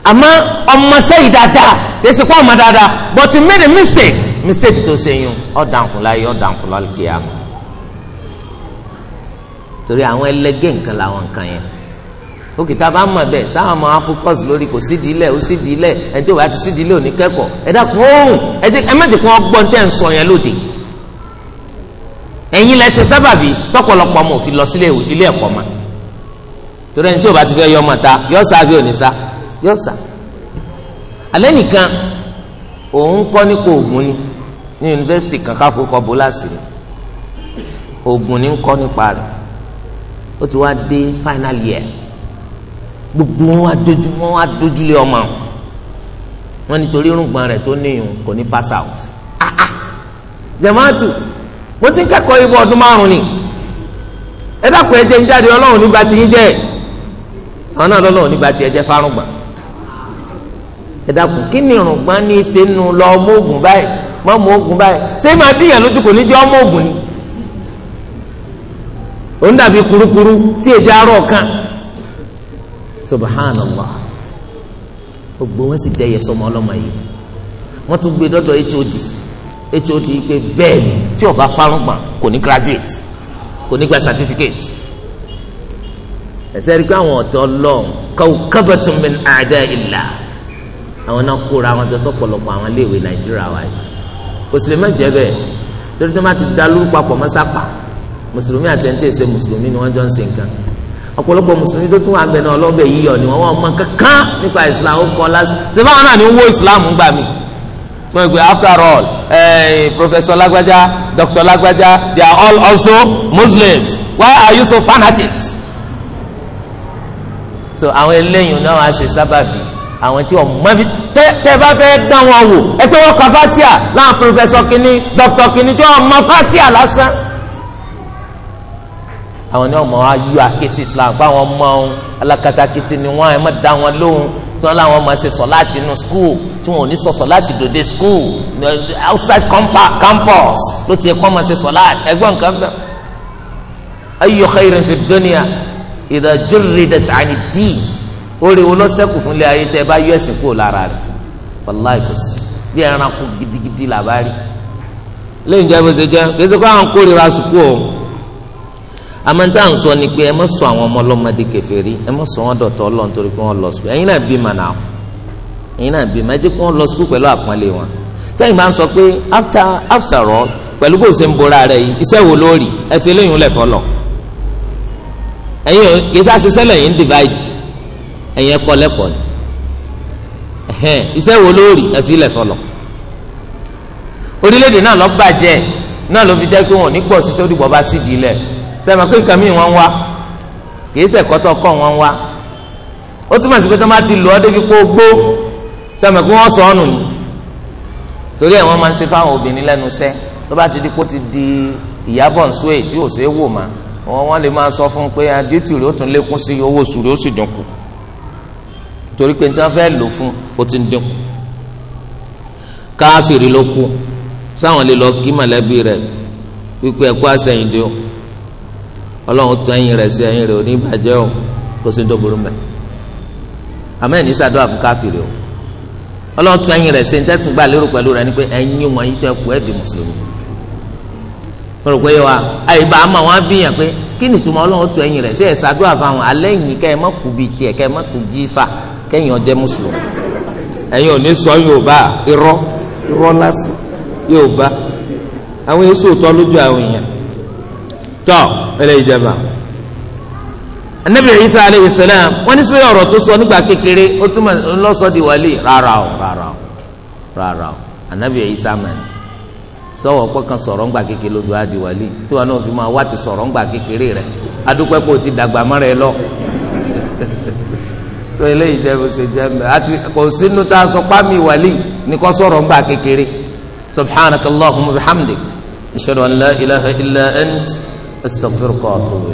àmọ́ ọmọ sẹ́yìn dáadáa èsì pọ̀ ọmọ dáadáa but you made a mistake mistake tó ṣe yun ọ̀ dáhùn fún láyé ọ̀ dáhùn fún lálùkìyà torí àwọn ẹlẹgẹ́ nǹkan làwọn nǹkan yẹn òkè tá a bá mọ̀ bẹ́ẹ̀ sáwọn ọmọ akókò lórí kò sídìí lẹ̀ ó sídìí lẹ̀ ẹni tí ò ti sídìí lẹ̀ ò ní kẹ́kọ̀ọ́ ẹ dákun ó hùn ẹ má ti kún ń sọ yẹn lóde ẹ̀yin lẹsẹ sábàbí tọ̀pọ̀lọpọ̀ ọmọ òfin lọ sílé ilé ẹ̀kọ́ ma torí ẹni tí o bá ti fẹ́ yọ ọmọ ta yọ sá bí òní sá yọ sá alẹ́ nìkan òun kọ́ nípa ògùn ni ní yunifásitì kankan fòkọ bóláàsì ni ògùn ni ń kọ́ nípa rẹ̀ ó ti wá dé final year gbogbo wọn wá dojú wọn wá dojú lé ọmọ wọn nítorí irùngbọ̀n rẹ̀ tó níyùn kò ní pass out ah, ah. jamaatu mo ti ń kẹ́kọ̀ọ́ ibú ọdún márùn ni ẹ dákun ẹ jẹ́ ń jáde ọlọ́run nígbà tí ń jẹ́ kí ni ìrùngbọ́n ní í ṣe ọmọ ogun báyìí mọ́ ogun báyìí ṣé máa díyàn lójú kò ní ọmọ ogun ni kurukuru tí èjì arọ kan subhanallah gbogbo wọn sì dẹyẹ sọmọ ọlọmọ yìí wọn tún gbé dọdọ ètò di pé bẹ́ẹ̀ ni tí o fárúgbọ̀n kò ní graduate kò ní gba certificate ẹsẹ̀ rí pé àwọn ọ̀tọ̀ lọ kawkabatun min a'da'illah àwọn náà kóra àwọn tó sọ̀pọ̀lọpọ̀ àwọn iléèwé nàìjíríà wa yìí kò sì lè má jẹ́ bẹ́ẹ̀ torí tí wọ́n ti da lóru papọ̀ mọ́sápà mùsùlùmí àti ẹni tí èsè mùsùlùmí ni wọ́n jọ ń ṣe nǹkan ọ̀pọ̀lọpọ̀ mùsùlùmí tó tún wà bẹ̀ náà yíyọ ni wọ́n wọ́n mọ kankan nípa ìsìlámù kọ́ lásìkò wọ́n gbé after all eh, professor lágbájá doctor lágbájá they are all also muslims why are you so fanatics. so àwọn eléyìí náà wá ṣe sábàbí àwọn tí wọn mọ fi tẹ tẹ bá fẹ́ dán wọn wò ẹ pé wọn kọ fatia láwọn professor kínní doctor kínní tí wọn mọ fatia lásán àwọn ní ọmọ wa yọ àkíyèsí islam pé àwọn ọmọ ọhún alákatakítí ni wọn ẹ má dá wọn lóhùn tí wọn láwọn máa ṣe sọ láti inú school tí wọn ò ní sọ sọ láti dòde school outside campus ló ti yẹ kó máa ṣe sọ láti ẹgbọn nǹkan bẹ́ẹ̀. ayyu khairin fi dunya idha jurridat 'ani d-din orí wo ló ṣẹ́kù fúnlẹ̀ ayé tẹ́ ẹ bá yọ ẹ̀sìn kúrò lára rẹ̀ wàláì kò sí bí ẹranko gidigidi làbá rí lẹ́yìn jẹ́ bó ṣe jẹ́ kí ẹ sọ pé àwọn kórìíra sùkúù amanta ń sọ ni pé ẹ má sọ àwọn ọmọ ọlọ́mọdé kèfèrí ẹ má sọ wọn dọ̀tọ̀ Ọlọ́run torí pé wọ́n lọ sùkúl ẹ̀yin náà bí mà náà ẹ̀yin náà bí mà ẹ jẹ́ kí lọ sùkúl pẹ̀lú àpọ́nlé wọn tẹ́yìn bá ń sọ pé after after all pẹ̀lú bó ṣe ń bora rẹ̀ yìí iṣẹ́ wo lórí ẹ fi eléyìí lẹ̀ fọlọ̀ ẹ̀yin kì í sá ṣiṣẹ́ lẹ́yìn divide ẹ̀yin ẹ̀kọ́ lẹ́kọ̀ọ́ ni iṣẹ́ wo lórí ẹ fi lẹ̀ fọlọ̀ orílẹ̀ náà lọ bàjẹ́ náà ló fi jẹ́ pé wọn ò ní gbọ́ sẹ́mi pé nǹkan mìíràn wọ́n ń wá kì í sẹ̀kọ́ tó kọ́ wọ́n ń wá ó túmọ̀ sí pé tó máa ti lọ́ débi pé ó gbó sẹ́mi pé wọ́n sọ ọ́ nù ní torí ẹ̀ wọ́n máa ń ṣe fáwọn obìnrin lẹ́nu iṣẹ́ tó bá ti di kó ti di ìyàbọ̀ nsú èyí tí ò ṣe é wò mà wọ́n wọ́n lè máa sọ fún un pé adétù ah, rẹ̀ ó tún lékún sí owó oṣù rẹ̀ ó sì dínkù torí pé nítorí fẹ́ lò fún ó ti ń dínkù káfíìrì ló kú sáwọn lè lọ kí mọ̀lẹ́bí rẹ̀ wípé ẹ̀kú àṣẹyìndé ọlọ́run tún ẹ̀yìn rẹ̀ sí ẹ̀yìn rẹ̀ oníbàjẹ́ o kò sí dóburú mẹ́ àmọ́ ẹ̀ ní sàdúrà fún káfíìrì o ọlọ́run tún ẹ̀yìn rẹ̀ sí ẹ̀yìn tẹ́tùn gbà lérò pẹ̀lú rẹ̀ ni pé ẹ̀yìn wọn yìí tẹ́ kú ẹ̀ di mùsùlùmí mo rò pé wa àyíbá àmọ́ wọn bíyàn pé kí ni ìtumọ̀ ọlọ́run tún ẹ̀yìn rẹ̀ sí ẹ̀ sàdúrà fáwọn alẹ́ yìí kẹ́ ẹ má kú bíi tiẹ̀ kẹ́ ẹ má kú jí fà kẹ́yìn ọjẹ́ mùsùlùmí ẹ̀yin ò ní sọ Yorùbá irọ́ irọ́ lásì Yorùbá tọ́ ẹlẹ́ ìjẹba anabi isa aleyhi salam wọ́n ní sọyọ ọ̀rọ̀ tó sọ nígbà kékeré ó túmọ̀ ńlọsọ di wàlíì rárá o rárá o rárá o anabi isa mẹni sọwọ ọpọ kan sọ̀rọ̀ ńgbà kékeré lójú adi wàlíì tí wọn náà fi máa wá ti sọ̀rọ̀ ńgbà kékeré rẹ̀ adúpẹ́ kó o ti dàgbà mọ́ra ẹ lọ so eléyìí jẹ́ bó ṣe jẹ́ àti kò sínú tá a sọ pàmì wàlíì ní kò sọ̀rọ̀ ńgbà kékeré subhanakallahumma bihamdik ashhadu an la ilaha illa ant. استغفرك واتوب